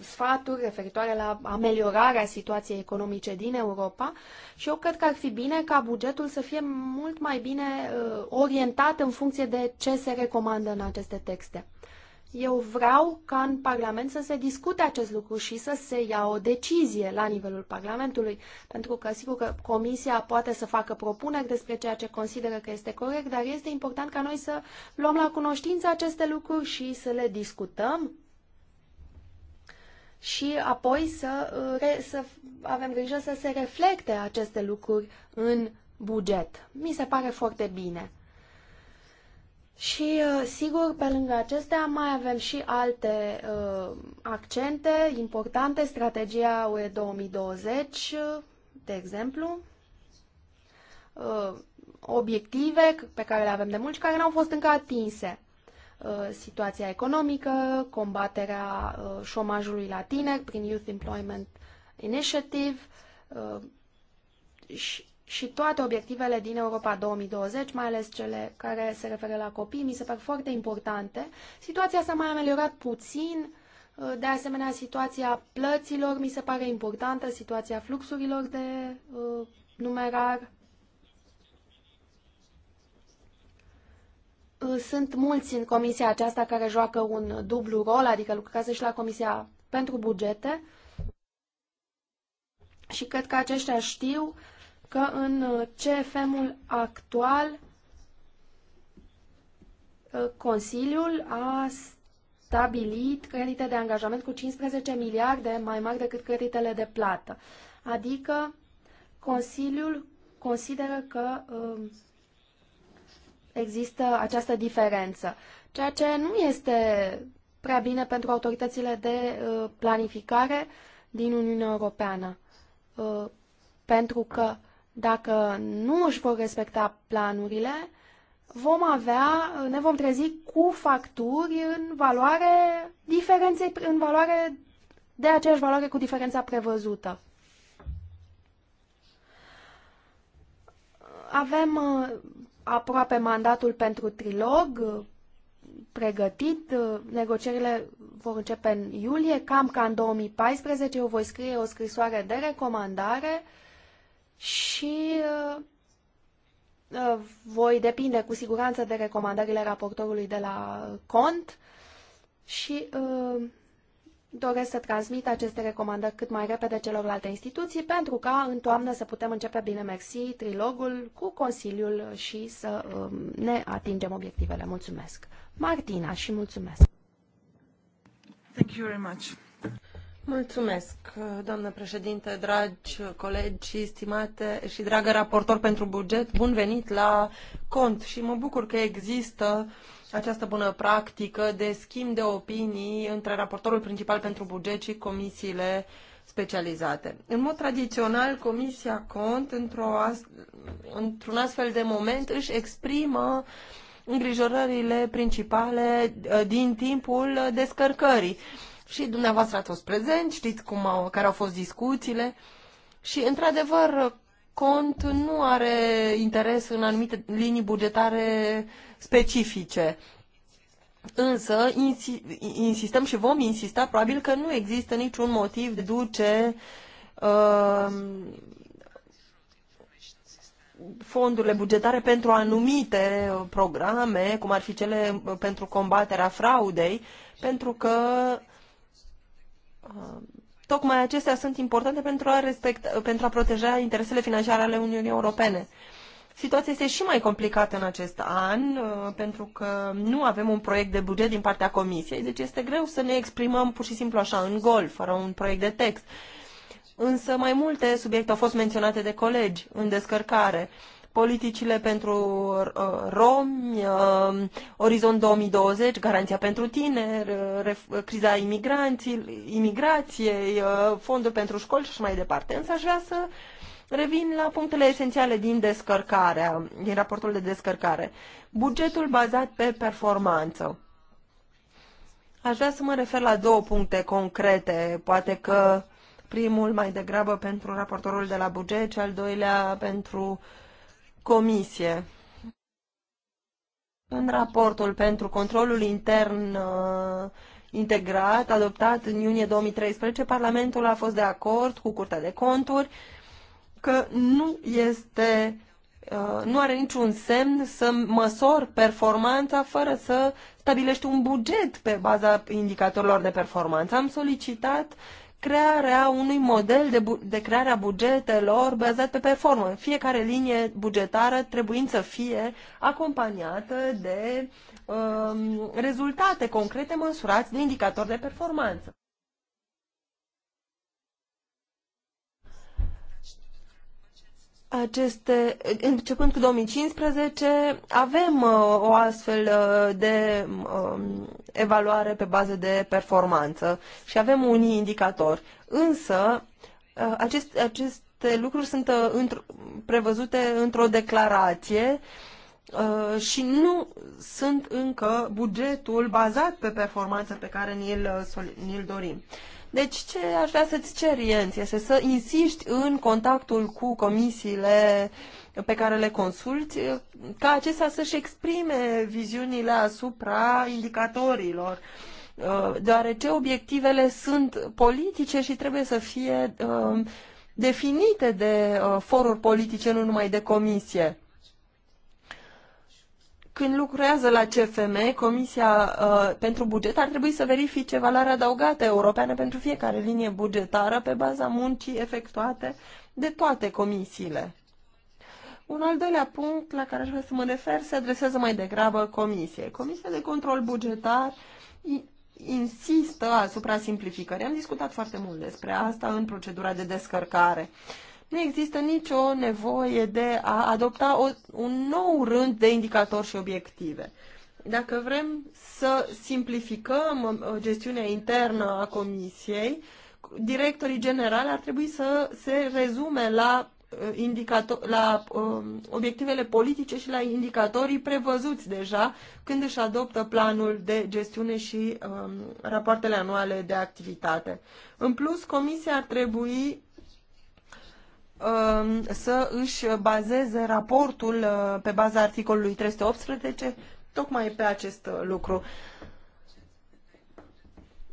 sfaturi referitoare la ameliorarea situației economice din Europa și eu cred că ar fi bine ca bugetul să fie mult mai bine uh, orientat în funcție de ce se recomandă în aceste texte. Eu vreau ca în Parlament să se discute acest lucru și să se ia o decizie la nivelul Parlamentului, pentru că sigur că Comisia poate să facă propuneri despre ceea ce consideră că este corect, dar este important ca noi să luăm la cunoștință aceste lucruri și să le discutăm și apoi să, uh, să avem grijă să se reflecte aceste lucruri în buget. Mi se pare foarte bine. Și, uh, sigur, pe lângă acestea mai avem și alte uh, accente importante, strategia UE 2020, uh, de exemplu, uh, obiective pe care le avem de mulți care n-au fost încă atinse. Uh, situația economică, combaterea uh, șomajului la tineri prin Youth Employment Initiative uh, și, și toate obiectivele din Europa 2020, mai ales cele care se referă la copii, mi se par foarte importante. Situația s-a mai ameliorat puțin, de asemenea situația plăților mi se pare importantă, situația fluxurilor de numerar sunt mulți în comisia aceasta care joacă un dublu rol, adică lucrează și la comisia pentru bugete și cred că aceștia știu că în CFM-ul actual Consiliul a stabilit credite de angajament cu 15 miliarde mai mari decât creditele de plată. Adică Consiliul consideră că um, există această diferență, ceea ce nu este prea bine pentru autoritățile de uh, planificare din Uniunea Europeană. Uh, pentru că dacă nu își vor respecta planurile, vom avea, uh, ne vom trezi cu facturi în valoare diferenței, în valoare de aceeași valoare cu diferența prevăzută. Avem aproape mandatul pentru trilog uh, pregătit. Uh, negocierile vor începe în iulie, cam ca în 2014. Eu voi scrie o scrisoare de recomandare și uh, voi depinde cu siguranță de recomandările raportorului de la cont și doresc să transmit aceste recomandări cât mai repede celorlalte instituții pentru ca în toamnă să putem începe bine mersi trilogul cu Consiliul și să um, ne atingem obiectivele. Mulțumesc! Martina și mulțumesc! Thank you very much. Mulțumesc, doamnă președinte, dragi colegi și stimate și dragă raportor pentru buget. Bun venit la cont și mă bucur că există această bună practică de schimb de opinii între raportorul principal pentru buget și comisiile specializate. În mod tradițional, Comisia Cont, într-un astfel de moment, își exprimă îngrijorările principale uh, din timpul descărcării și dumneavoastră ați fost prezent, știți cum au, care au fost discuțiile și, într-adevăr, cont nu are interes în anumite linii bugetare specifice. Însă insistăm și vom insista probabil că nu există niciun motiv de duce uh, fondurile bugetare pentru anumite uh, programe, cum ar fi cele uh, pentru combaterea fraudei, pentru că Uh, tocmai acestea sunt importante pentru a, respecta, pentru a proteja interesele financiare ale Uniunii Europene. Situația este și mai complicată în acest an, uh, pentru că nu avem un proiect de buget din partea Comisiei, deci este greu să ne exprimăm pur și simplu așa, în gol, fără un proiect de text. Însă mai multe subiecte au fost menționate de colegi în descărcare politicile pentru uh, romi, uh, Orizont 2020, Garanția pentru tineri, uh, criza imigrației, fondul pentru școli și așa mai departe. Însă aș vrea să revin la punctele esențiale din descărcarea, din raportul de descărcare. Bugetul bazat pe performanță. Aș vrea să mă refer la două puncte concrete, poate că primul mai degrabă pentru raportorul de la buget, cel doilea pentru uh, comisie. În raportul pentru controlul intern uh, integrat, adoptat în iunie 2013, Parlamentul a fost de acord cu Curtea de Conturi că nu este uh, nu are niciun semn să măsori performanța fără să stabilești un buget pe baza indicatorilor de performanță. Am solicitat uh, crearea unui model de, de crearea bugetelor bazat pe performanță. Fiecare linie bugetară trebuind să fie acompaniată de um, rezultate concrete măsurați de indicatori de performanță. aceste, începând cu 2015, avem uh, o astfel uh, de uh, evaluare pe bază de performanță și avem unii indicatori. Însă, uh, acest, aceste lucruri sunt uh, într prevăzute într-o declarație uh, și nu sunt încă bugetul bazat pe performanță pe care ni-l, ni, uh, -l, ni -l dorim. Uh, deci ce aș vrea să-ți cer, Ienț, este să insiști în contactul cu comisiile pe care le consulti, ca acestea să-și exprime viziunile asupra indicatorilor, uh, deoarece obiectivele sunt politice și trebuie să fie uh, definite de uh, foruri politice, nu numai de comisie când lucrează la CFM, Comisia uh, pentru Buget ar trebui să verifice valoarea adăugată europeană pentru fiecare linie bugetară pe baza muncii efectuate de toate comisiile. Un al doilea punct la care aș vrea să mă refer se adresează mai degrabă Comisiei. Comisia de Control Bugetar insistă asupra simplificării. Am discutat foarte mult despre asta în procedura de descărcare nu există nicio nevoie de a adopta o, un nou rând de indicatori și obiective. Dacă vrem să simplificăm uh, uh, gestiunea internă a Comisiei, directorii generali ar trebui să se rezume la, uh, indicator, la um, obiectivele politice și la indicatorii prevăzuți deja când își adoptă planul de gestiune și um, rapoartele anuale de activitate. În plus, Comisia ar trebui Um, să își bazeze raportul uh, pe baza articolului 318 tocmai pe acest uh, lucru.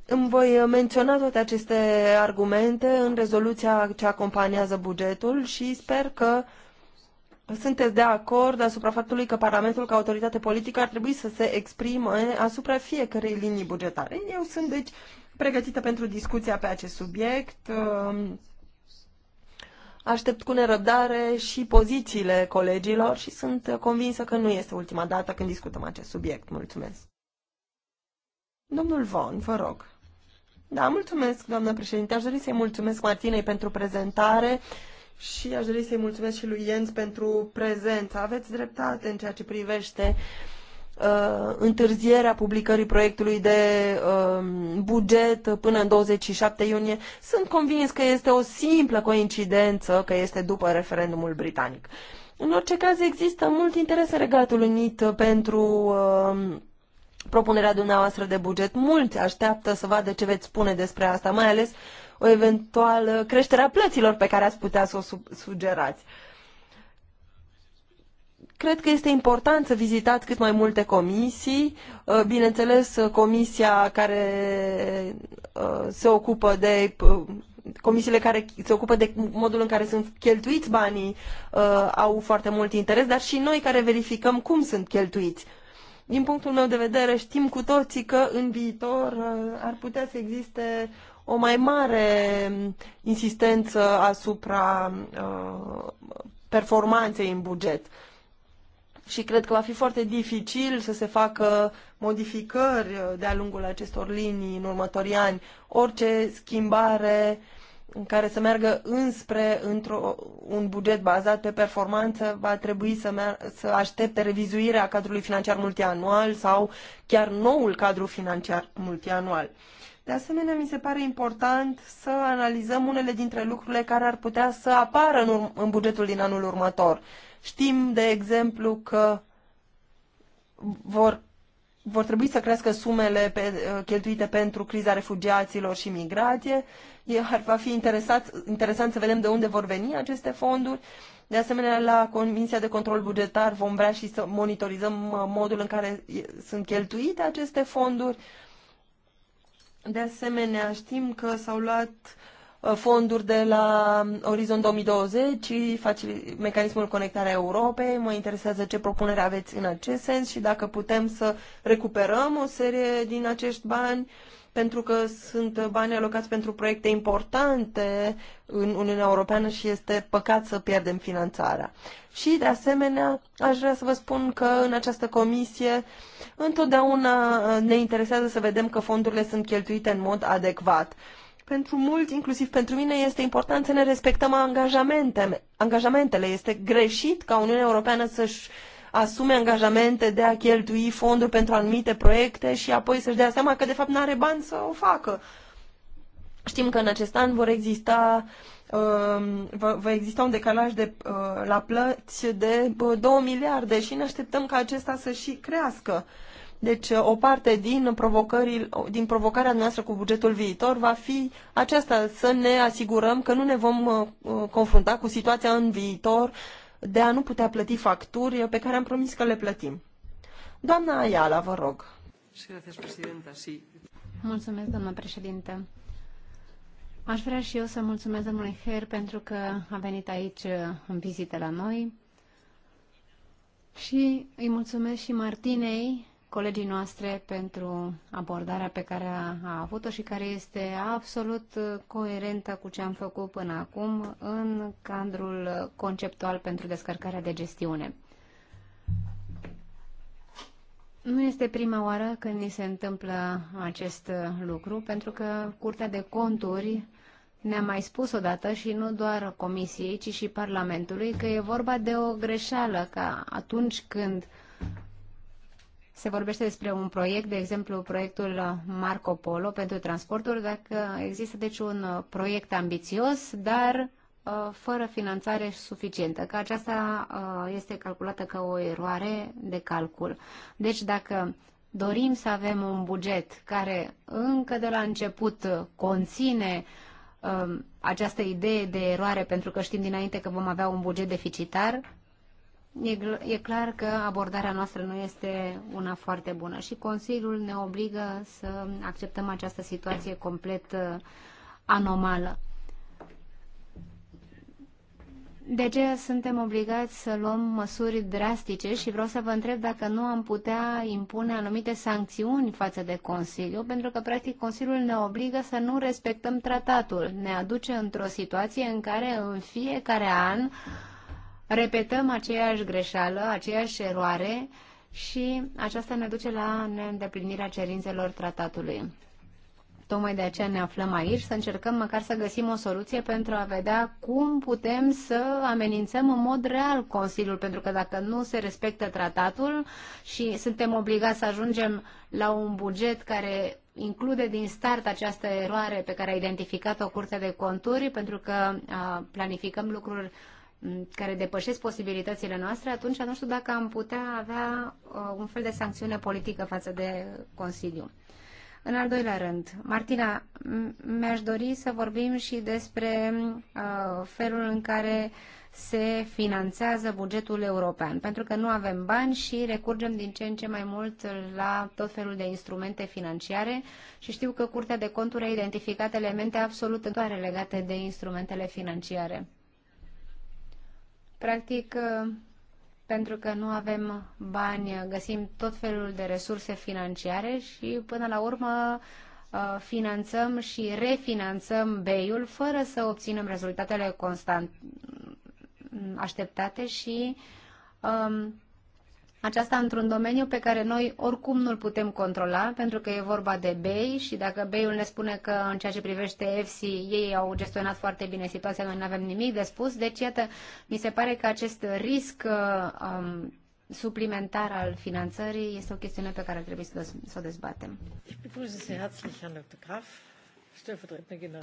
Îmi voi uh, menționa toate aceste argumente în rezoluția ce acompaniază bugetul și sper că sunteți de acord asupra faptului că Parlamentul ca autoritate politică ar trebui să se exprime asupra fiecărei linii bugetare. Eu sunt, deci, pregătită pentru discuția pe acest subiect. Uh, Aștept cu nerăbdare și pozițiile colegilor și sunt convinsă că nu este ultima dată când discutăm acest subiect. Mulțumesc. Domnul Von, vă rog. Da, mulțumesc, doamnă președinte. Aș dori să-i mulțumesc Martinei pentru prezentare și aș dori să-i mulțumesc și lui Jens pentru prezență. Aveți dreptate în ceea ce privește uh, uh, întârzierea publicării proiectului de uh, buget până în 27 iunie. Sunt convins că este o simplă coincidență că este după referendumul britanic. În orice caz, există mult interes în Regatul Unit pentru uh, propunerea dumneavoastră de buget. Mulți așteaptă să vadă ce veți spune despre asta, mai ales o eventuală creșterea plăților pe care ați putea să o sugerați. Uh, Cred că este important să vizitați cât mai multe comisii, uh, bineînțeles uh, comisia care uh, se ocupă de comisiile care se ocupă de modul în care sunt cheltuiți banii au foarte mult interes, dar și noi care verificăm cum sunt cheltuiți. Din punctul meu de vedere, știm cu toții că în viitor ar putea să existe o mai mare insistență asupra performanței în buget și cred că va fi foarte dificil să se facă modificări uh, de-a lungul acestor linii în următorii ani. Orice schimbare în care să meargă înspre într-o, un buget bazat pe performanță va trebui să, să aștepte revizuirea cadrului financiar multianual sau chiar noul cadru financiar multianual. De asemenea, mi se pare important să analizăm unele dintre lucrurile care ar putea să apară în, în bugetul din anul următor. Știm, de exemplu, că vor, vor trebui să crească sumele pe, uh, cheltuite pentru criza refugiaților și migrație. E Ar va fi interesat, interesant să vedem de unde vor veni aceste fonduri. De asemenea, la Comisia de Control Bugetar vom vrea și să monitorizăm uh, modul în care sunt cheltuite aceste fonduri. De asemenea, știm că s-au luat Uh, fonduri de la Orizont 2020 și mecanismul conectarea Europei. Mă interesează ce propunere aveți în acest sens și dacă putem să recuperăm o serie din acești bani, pentru că sunt bani alocați pentru proiecte importante în Uniunea Europeană și este păcat să pierdem finanțarea. Și, de asemenea, aș vrea să vă spun că în această comisie întotdeauna ne interesează să vedem că fondurile sunt cheltuite în mod adecvat pentru mulți, inclusiv pentru mine, este important să ne respectăm angajamente, angajamentele. Este greșit ca Uniunea Europeană să-și asume angajamente de a cheltui fonduri pentru anumite proiecte și apoi să-și dea seama că de fapt nu are bani să o facă. Știm că în acest an vor exista um, va, va exista un decalaj de, uh, la plăți de 2 uh, miliarde și ne așteptăm ca acesta să și crească. Deci o parte din, din provocarea noastră cu bugetul viitor va fi aceasta, să ne asigurăm că nu ne vom uh, uh, confrunta cu situația în viitor de a nu putea plăti facturi pe care am promis că le plătim. Doamna Ayala, vă rog. Mulțumesc, doamna președinte. Aș vrea și eu să mulțumesc domnului Her pentru că a venit aici uh, în vizită la noi și îi mulțumesc și Martinei colegii noastre pentru abordarea pe care a avut-o și care este absolut coerentă cu ce am făcut până acum în cadrul conceptual pentru descărcarea de gestiune. Nu este prima oară când ni se întâmplă acest lucru, pentru că Curtea de Conturi ne-a mai spus odată și nu doar Comisiei, ci și Parlamentului, că e vorba de o greșeală, că atunci când uh, se vorbește despre un proiect, de exemplu proiectul Marco Polo pentru transporturi, dacă există deci un uh, proiect ambițios, dar uh, fără finanțare suficientă, că aceasta uh, este calculată ca o eroare de calcul. Deci dacă dorim să avem un buget care încă de la început conține um, această idee de eroare pentru că știm dinainte că vom avea un buget deficitar, E, e clar că abordarea noastră nu este una foarte bună și Consiliul ne obligă să acceptăm această situație complet uh, anomală. De ce suntem obligați să luăm măsuri drastice și vreau să vă întreb dacă nu am putea impune anumite sancțiuni față de Consiliu, pentru că, practic, Consiliul ne obligă să nu respectăm tratatul. Ne aduce într-o situație în care în fiecare an uh, repetăm aceeași greșeală, aceeași eroare și aceasta ne duce la neîndeplinirea cerințelor tratatului. Tocmai de aceea ne aflăm aici, să încercăm măcar să găsim o soluție pentru a vedea cum putem să amenințăm în mod real Consiliul, pentru că dacă nu se respectă tratatul și suntem obligați să ajungem la un buget care include din start această eroare pe care a identificat-o Curtea de Conturi, pentru că planificăm lucruri care depășesc posibilitățile noastre, atunci nu știu dacă am putea avea uh, un fel de sancțiune politică față de Consiliu. În al doilea rând, Martina, mi-aș dori să vorbim și despre uh, felul în care se finanțează bugetul european, pentru că nu avem bani și recurgem din ce în ce mai mult la tot felul de instrumente financiare și știu că Curtea de Conturi a identificat elemente absolut întoare legate de instrumentele financiare. Practic, ă, pentru că nu avem bani, găsim tot felul de resurse financiare și până la urmă ă, finanțăm și refinanțăm beiul fără să obținem rezultatele constant așteptate și ă, aceasta într-un domeniu pe care noi oricum nu-l putem controla, pentru că e vorba de BEI și dacă BEI-ul ne spune că în ceea ce privește EFSI ei au gestionat foarte bine situația, noi nu avem nimic de spus. Deci, iată, mi se pare că acest risc uh, um, suplimentar al finanțării este o chestiune pe care trebuie să, să o dezbatem.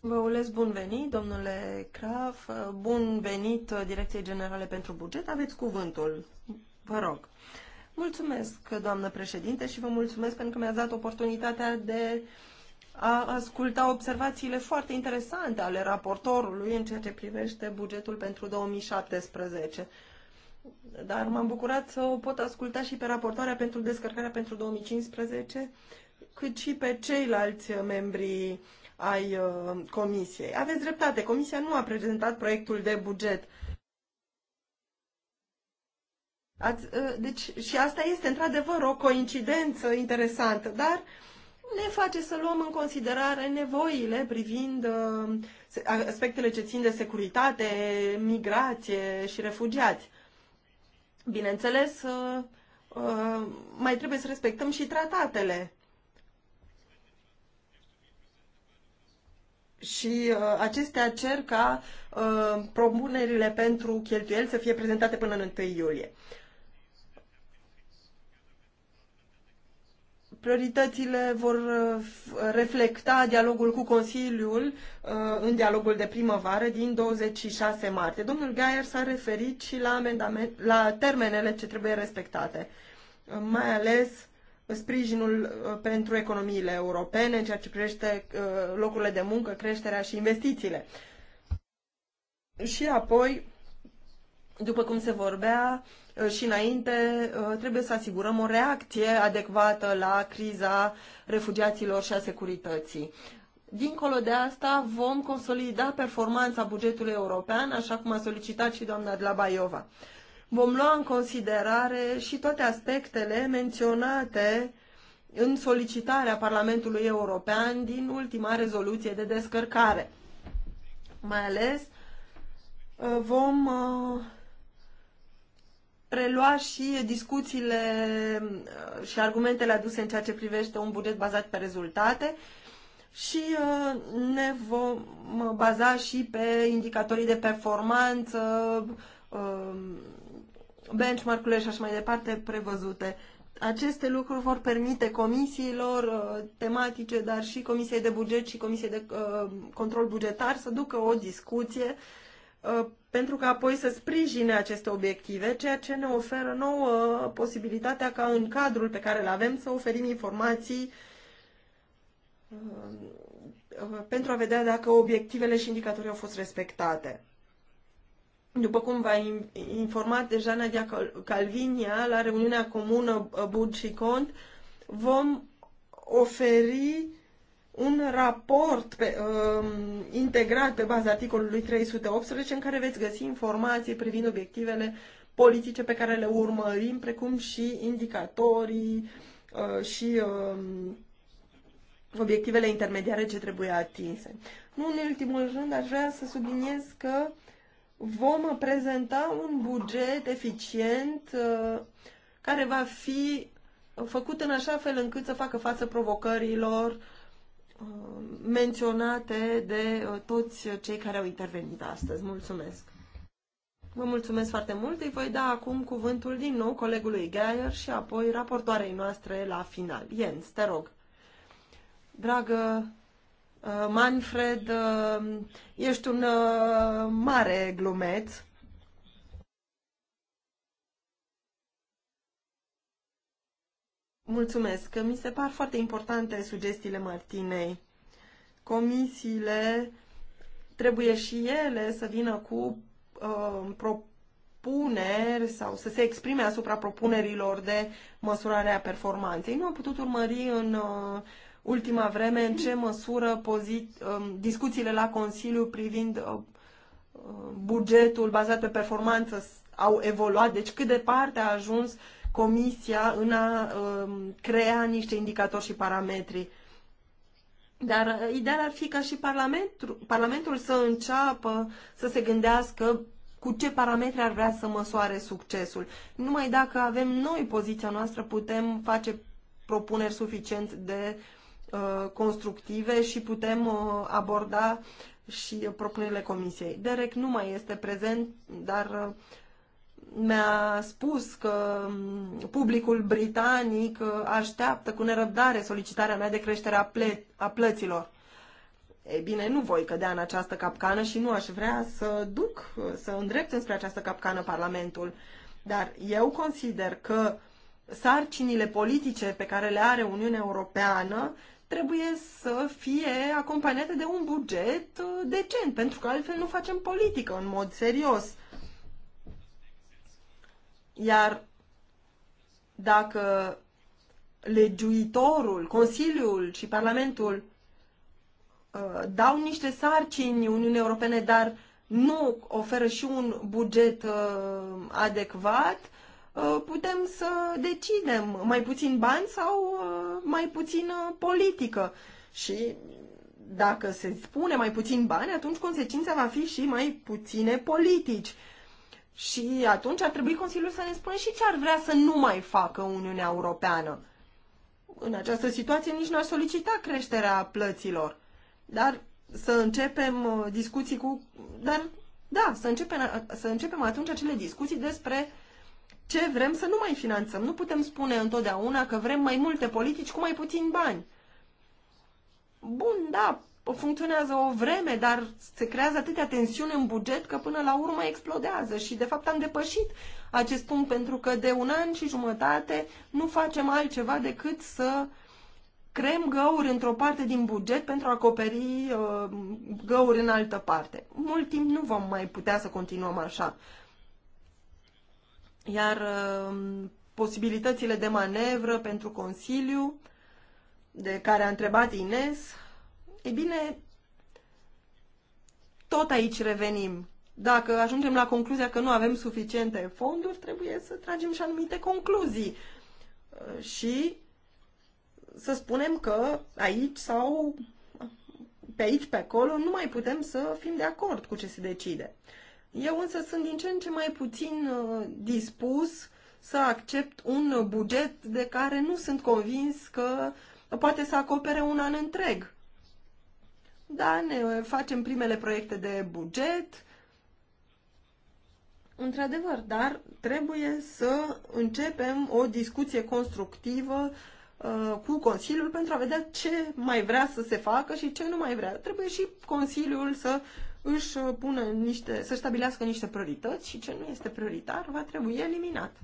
Vă urez bun venit, domnule Craf, bun venit uh, Direcției Generale pentru Buget. Aveți cuvântul. Vă rog. Mulțumesc, doamnă președinte, și vă mulțumesc pentru că mi-ați dat oportunitatea de a asculta observațiile foarte interesante ale raportorului în ceea ce privește bugetul pentru 2017. Dar m-am bucurat să o pot asculta și pe raportoarea pentru descărcarea pentru 2015, cât și pe ceilalți membri ai uh, comisiei. Aveți dreptate, comisia nu a prezentat proiectul de buget. Ați, ă, deci, și asta este într-adevăr o coincidență interesantă, dar ne face să luăm în considerare nevoile privind ă, aspectele ce țin de securitate, migrație și refugiați. Bineînțeles, ă, mai trebuie să respectăm și tratatele. și uh, acestea cer ca uh, propunerile pentru cheltuieli să fie prezentate până în 1 iulie. prioritățile vor uh, reflecta dialogul cu Consiliul uh, în dialogul de primăvară din 26 martie. Domnul Gaier s-a referit și la, la termenele ce trebuie respectate, uh, mai ales sprijinul pentru economiile europene în ceea ce privește locurile de muncă, creșterea și investițiile. Și apoi, după cum se vorbea, Uh, și înainte uh, trebuie să asigurăm o reacție adecvată la criza refugiaților și a securității. Dincolo de asta, vom consolida performanța bugetului european, așa cum a solicitat și doamna Baiova. Vom lua în considerare și toate aspectele menționate în solicitarea Parlamentului European din ultima rezoluție de descărcare. Mai ales uh, vom prelua și discuțiile uh, și argumentele aduse în ceea ce privește un buget bazat pe rezultate și uh, ne vom baza și pe indicatorii de performanță, uh, benchmark-urile și așa mai departe prevăzute. Aceste lucruri vor permite comisiilor tematice, dar și Comisiei de Buget și Comisiei de Control Bugetar să ducă o discuție uh, Uh, pentru că apoi să sprijine aceste obiective, ceea ce ne oferă nouă posibilitatea ca în cadrul pe care îl avem să oferim informații uh, uh, pentru a vedea dacă obiectivele și indicatorii au fost respectate. După cum v-a informat deja Nadia Calvinia, la reuniunea comună Bud și Cont, vom oferi un raport pe, um, integrat pe baza articolului 318 în care veți găsi informații privind obiectivele politice pe care le urmărim, precum și indicatorii uh, și um, obiectivele intermediare ce trebuie atinse. Nu în ultimul rând, aș vrea să subliniez că vom prezenta un buget eficient uh, care va fi făcut în așa fel încât să facă față provocărilor uh, Uh, menționate de uh, toți cei care au intervenit astăzi. Mulțumesc! Vă mulțumesc foarte mult. Îi voi da acum cuvântul din nou colegului Geier și apoi raportoarei noastre la final. Jens, te rog. Dragă uh, Manfred, ești un mare glumeț Mulțumesc. Mi se par foarte importante sugestiile Martinei. Comisiile trebuie și ele să vină cu uh, propuneri sau să se exprime asupra propunerilor de măsurare a performanței. Nu am putut urmări în uh, ultima vreme în ce măsură pozit, uh, discuțiile la Consiliu privind uh, uh bugetul bazat pe performanță au evoluat, deci cât de departe a ajuns uh, Comisia în a um, crea niște indicatori și parametri. Dar uh, ideal ar fi ca și parlamentul, parlamentul să înceapă să se gândească cu ce parametri ar vrea să măsoare succesul. Numai dacă avem noi poziția noastră putem face propuneri suficient de uh, constructive și putem uh, aborda și propunerile comisiei. Derek nu mai este prezent, dar uh, mi-a spus că publicul britanic uh, așteaptă cu nerăbdare solicitarea mea de creștere a, ple- a plăților. E bine, nu voi cădea în această capcană și nu aș vrea să duc, uh, să îndrept înspre această capcană Parlamentul. Dar eu consider că sarcinile politice pe care le are Uniunea Europeană trebuie să fie acompaniate de un buget uh, decent, pentru că altfel nu facem politică în mod serios iar dacă legiuitorul, Consiliul și Parlamentul uh, dau niște sarcini Uniunii Europene, dar nu oferă și un buget uh, adecvat, uh, putem să decidem mai puțin bani sau uh, mai puțină politică. Și dacă se spune mai puțin bani, atunci consecința va fi și mai puține politici. Uh, și atunci ar trebui Consiliul să ne spună și ce ar vrea să nu mai facă Uniunea Europeană. În această situație nici nu aș solicita creșterea plăților. Dar să începem uh, discuții cu... Dar, da, să începem, uh, să începem atunci acele discuții despre ce vrem să nu mai finanțăm. Nu putem spune întotdeauna că vrem mai multe politici cu mai puțini bani. Bun, da, funcționează o vreme, dar se creează atâtea tensiuni în buget că până la urmă explodează și de fapt am depășit acest punct pentru că de un an și jumătate nu facem altceva decât să creăm găuri într-o parte din buget pentru a acoperi uh, găuri în altă parte. Mult timp nu vom mai putea să continuăm așa. Iar uh, posibilitățile de manevră pentru Consiliu, de care a întrebat Ines, E bine, tot aici revenim. Dacă ajungem la concluzia că nu avem suficiente fonduri, trebuie să tragem și anumite concluzii. Și să spunem că aici sau pe aici, pe acolo, nu mai putem să fim de acord cu ce se decide. Eu însă sunt din ce în ce mai puțin uh, dispus să accept un buget de care nu sunt convins că poate să acopere un an întreg. Da, ne facem primele proiecte de buget, într-adevăr, dar trebuie să începem o discuție constructivă uh, cu Consiliul pentru a vedea ce mai vrea să se facă și ce nu mai vrea. Trebuie și Consiliul să își uh, pună niște, să stabilească niște priorități și ce nu este prioritar va trebui eliminat.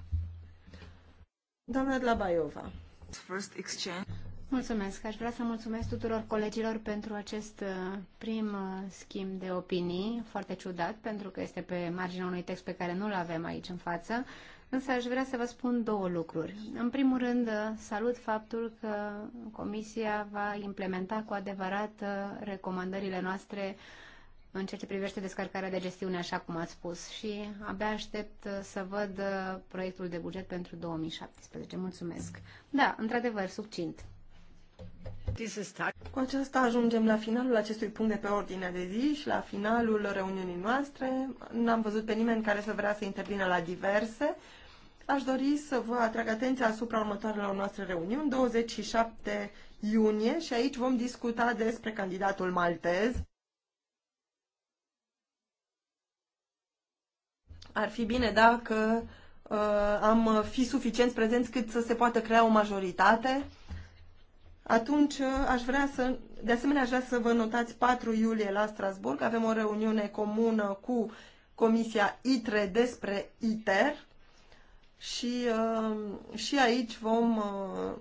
Doamna Dlabaiova. First exchange. Mulțumesc. Aș vrea să mulțumesc tuturor colegilor pentru acest uh, prim uh, schimb de opinii, foarte ciudat, pentru că este pe marginea unui text pe care nu-l avem aici în față, însă aș vrea să vă spun două lucruri. În primul rând, uh, salut faptul că Comisia va implementa cu adevărat recomandările noastre în ceea ce privește descărcarea de gestiune, așa cum ați spus, și abia aștept să văd proiectul de buget pentru 2017. Mulțumesc. Da, într-adevăr, succint. Cu aceasta ajungem la finalul acestui punct de pe ordinea de zi și la finalul reuniunii noastre. N-am văzut pe nimeni care să vrea să intervină la diverse. Aș dori să vă atrag atenția asupra următoarelor noastre reuniuni, 27 iunie, și aici vom discuta despre candidatul maltez. Ar fi bine dacă uh, am fi suficienți prezenți cât să se poată crea o majoritate atunci uh, aș vrea să, de asemenea aș vrea să vă notați 4 iulie la Strasburg, avem o reuniune comună cu Comisia ITRE despre ITER și, uh, și aici vom uh,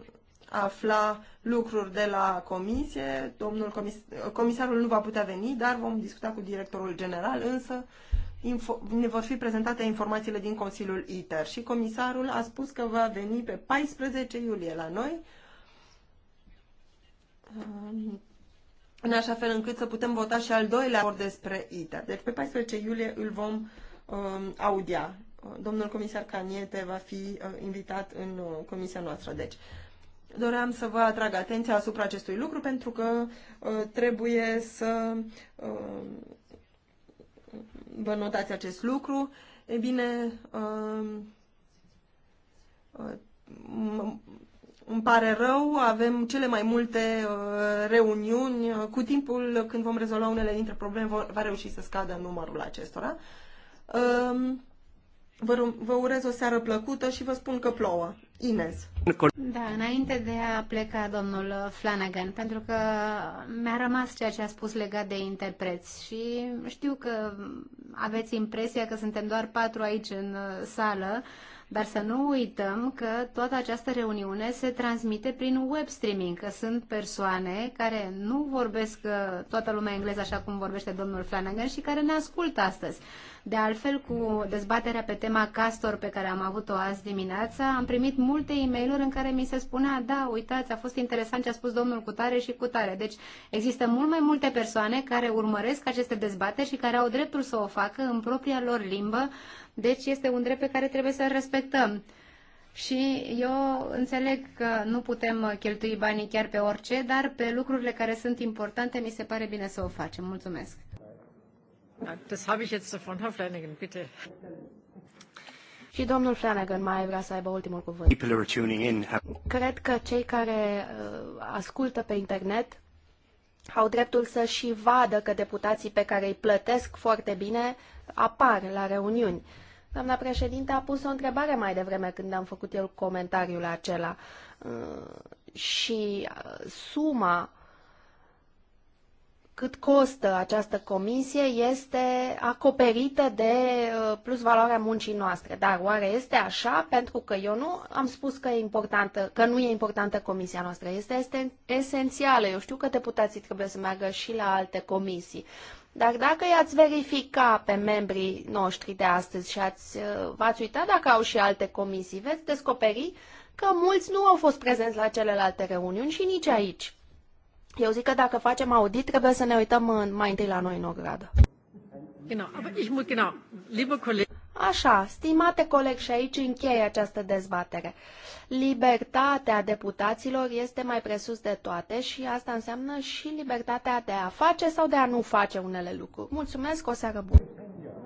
afla lucruri de la comisie. Domnul comis, comisarul nu va putea veni, dar vom discuta cu directorul general, însă info, ne vor fi prezentate informațiile din Consiliul ITER și comisarul a spus că va veni pe 14 iulie la noi în așa fel încât să putem vota și al doilea ori despre ITER. Deci pe 14 iulie îl vom um, audia. Domnul comisar Caniete va fi uh, invitat în uh, comisia noastră. Deci doream să vă atrag atenția asupra acestui lucru pentru că uh, trebuie să uh, vă notați acest lucru. E bine, um, uh, uh, îmi pare rău, avem cele mai multe uh, reuniuni. Uh, cu timpul, când vom rezolva unele dintre probleme, va reuși să scadă numărul acestora. Um, vă, urez o seară plăcută și vă spun că plouă. Inez. Da, înainte de a pleca domnul Flanagan, pentru că mi-a rămas ceea ce a spus legat de interpreți și știu că aveți impresia că suntem doar patru aici în uh, sală, dar să nu uităm că toată această reuniune se transmite prin web streaming, că sunt persoane care nu vorbesc uh, toată lumea engleză așa cum vorbește domnul Flanagan și care ne ascultă astăzi. De altfel, cu dezbaterea pe tema castor pe care am avut-o azi dimineața, am primit multe e mail în care mi se spunea, da, uitați, a fost interesant ce a spus domnul Cutare și Cutare. Deci există mult mai multe persoane care urmăresc aceste dezbateri și care au dreptul să o facă în propria lor limbă, deci este un drept pe care trebuie să-l respectăm. Și eu înțeleg că nu putem cheltui banii chiar pe orice, dar pe lucrurile care sunt importante mi se pare bine să o facem. Mulțumesc! Das habe ich jetzt davon, Herr Flanagan, bitte. Și domnul Flanagan mai vrea să aibă ultimul cuvânt. Cred că cei care uh, ascultă pe internet au dreptul să și vadă că deputații pe care îi plătesc foarte bine apar la reuniuni. Doamna președinte a pus o întrebare mai devreme când am făcut el comentariul acela uh, și uh, suma cât costă această comisie este acoperită de uh, plus valoarea muncii noastre. Dar oare este așa? Pentru că eu nu am spus că, e importantă, că nu e importantă comisia noastră. Este, este esențială. Eu știu că deputații trebuie să meargă și la alte comisii. Dar dacă i-ați verifica pe membrii noștri de astăzi și ați, uh, v-ați uita dacă au și alte comisii, veți descoperi că mulți nu au fost prezenți la celelalte reuniuni și nici aici. Eu zic că dacă facem audit, trebuie să ne uităm mai întâi la noi în ogradă. Așa, stimate coleg, și aici încheie această dezbatere. Libertatea deputaților este mai presus de toate și asta înseamnă și libertatea de a face sau de a nu face unele lucruri. Mulțumesc, o seară bună!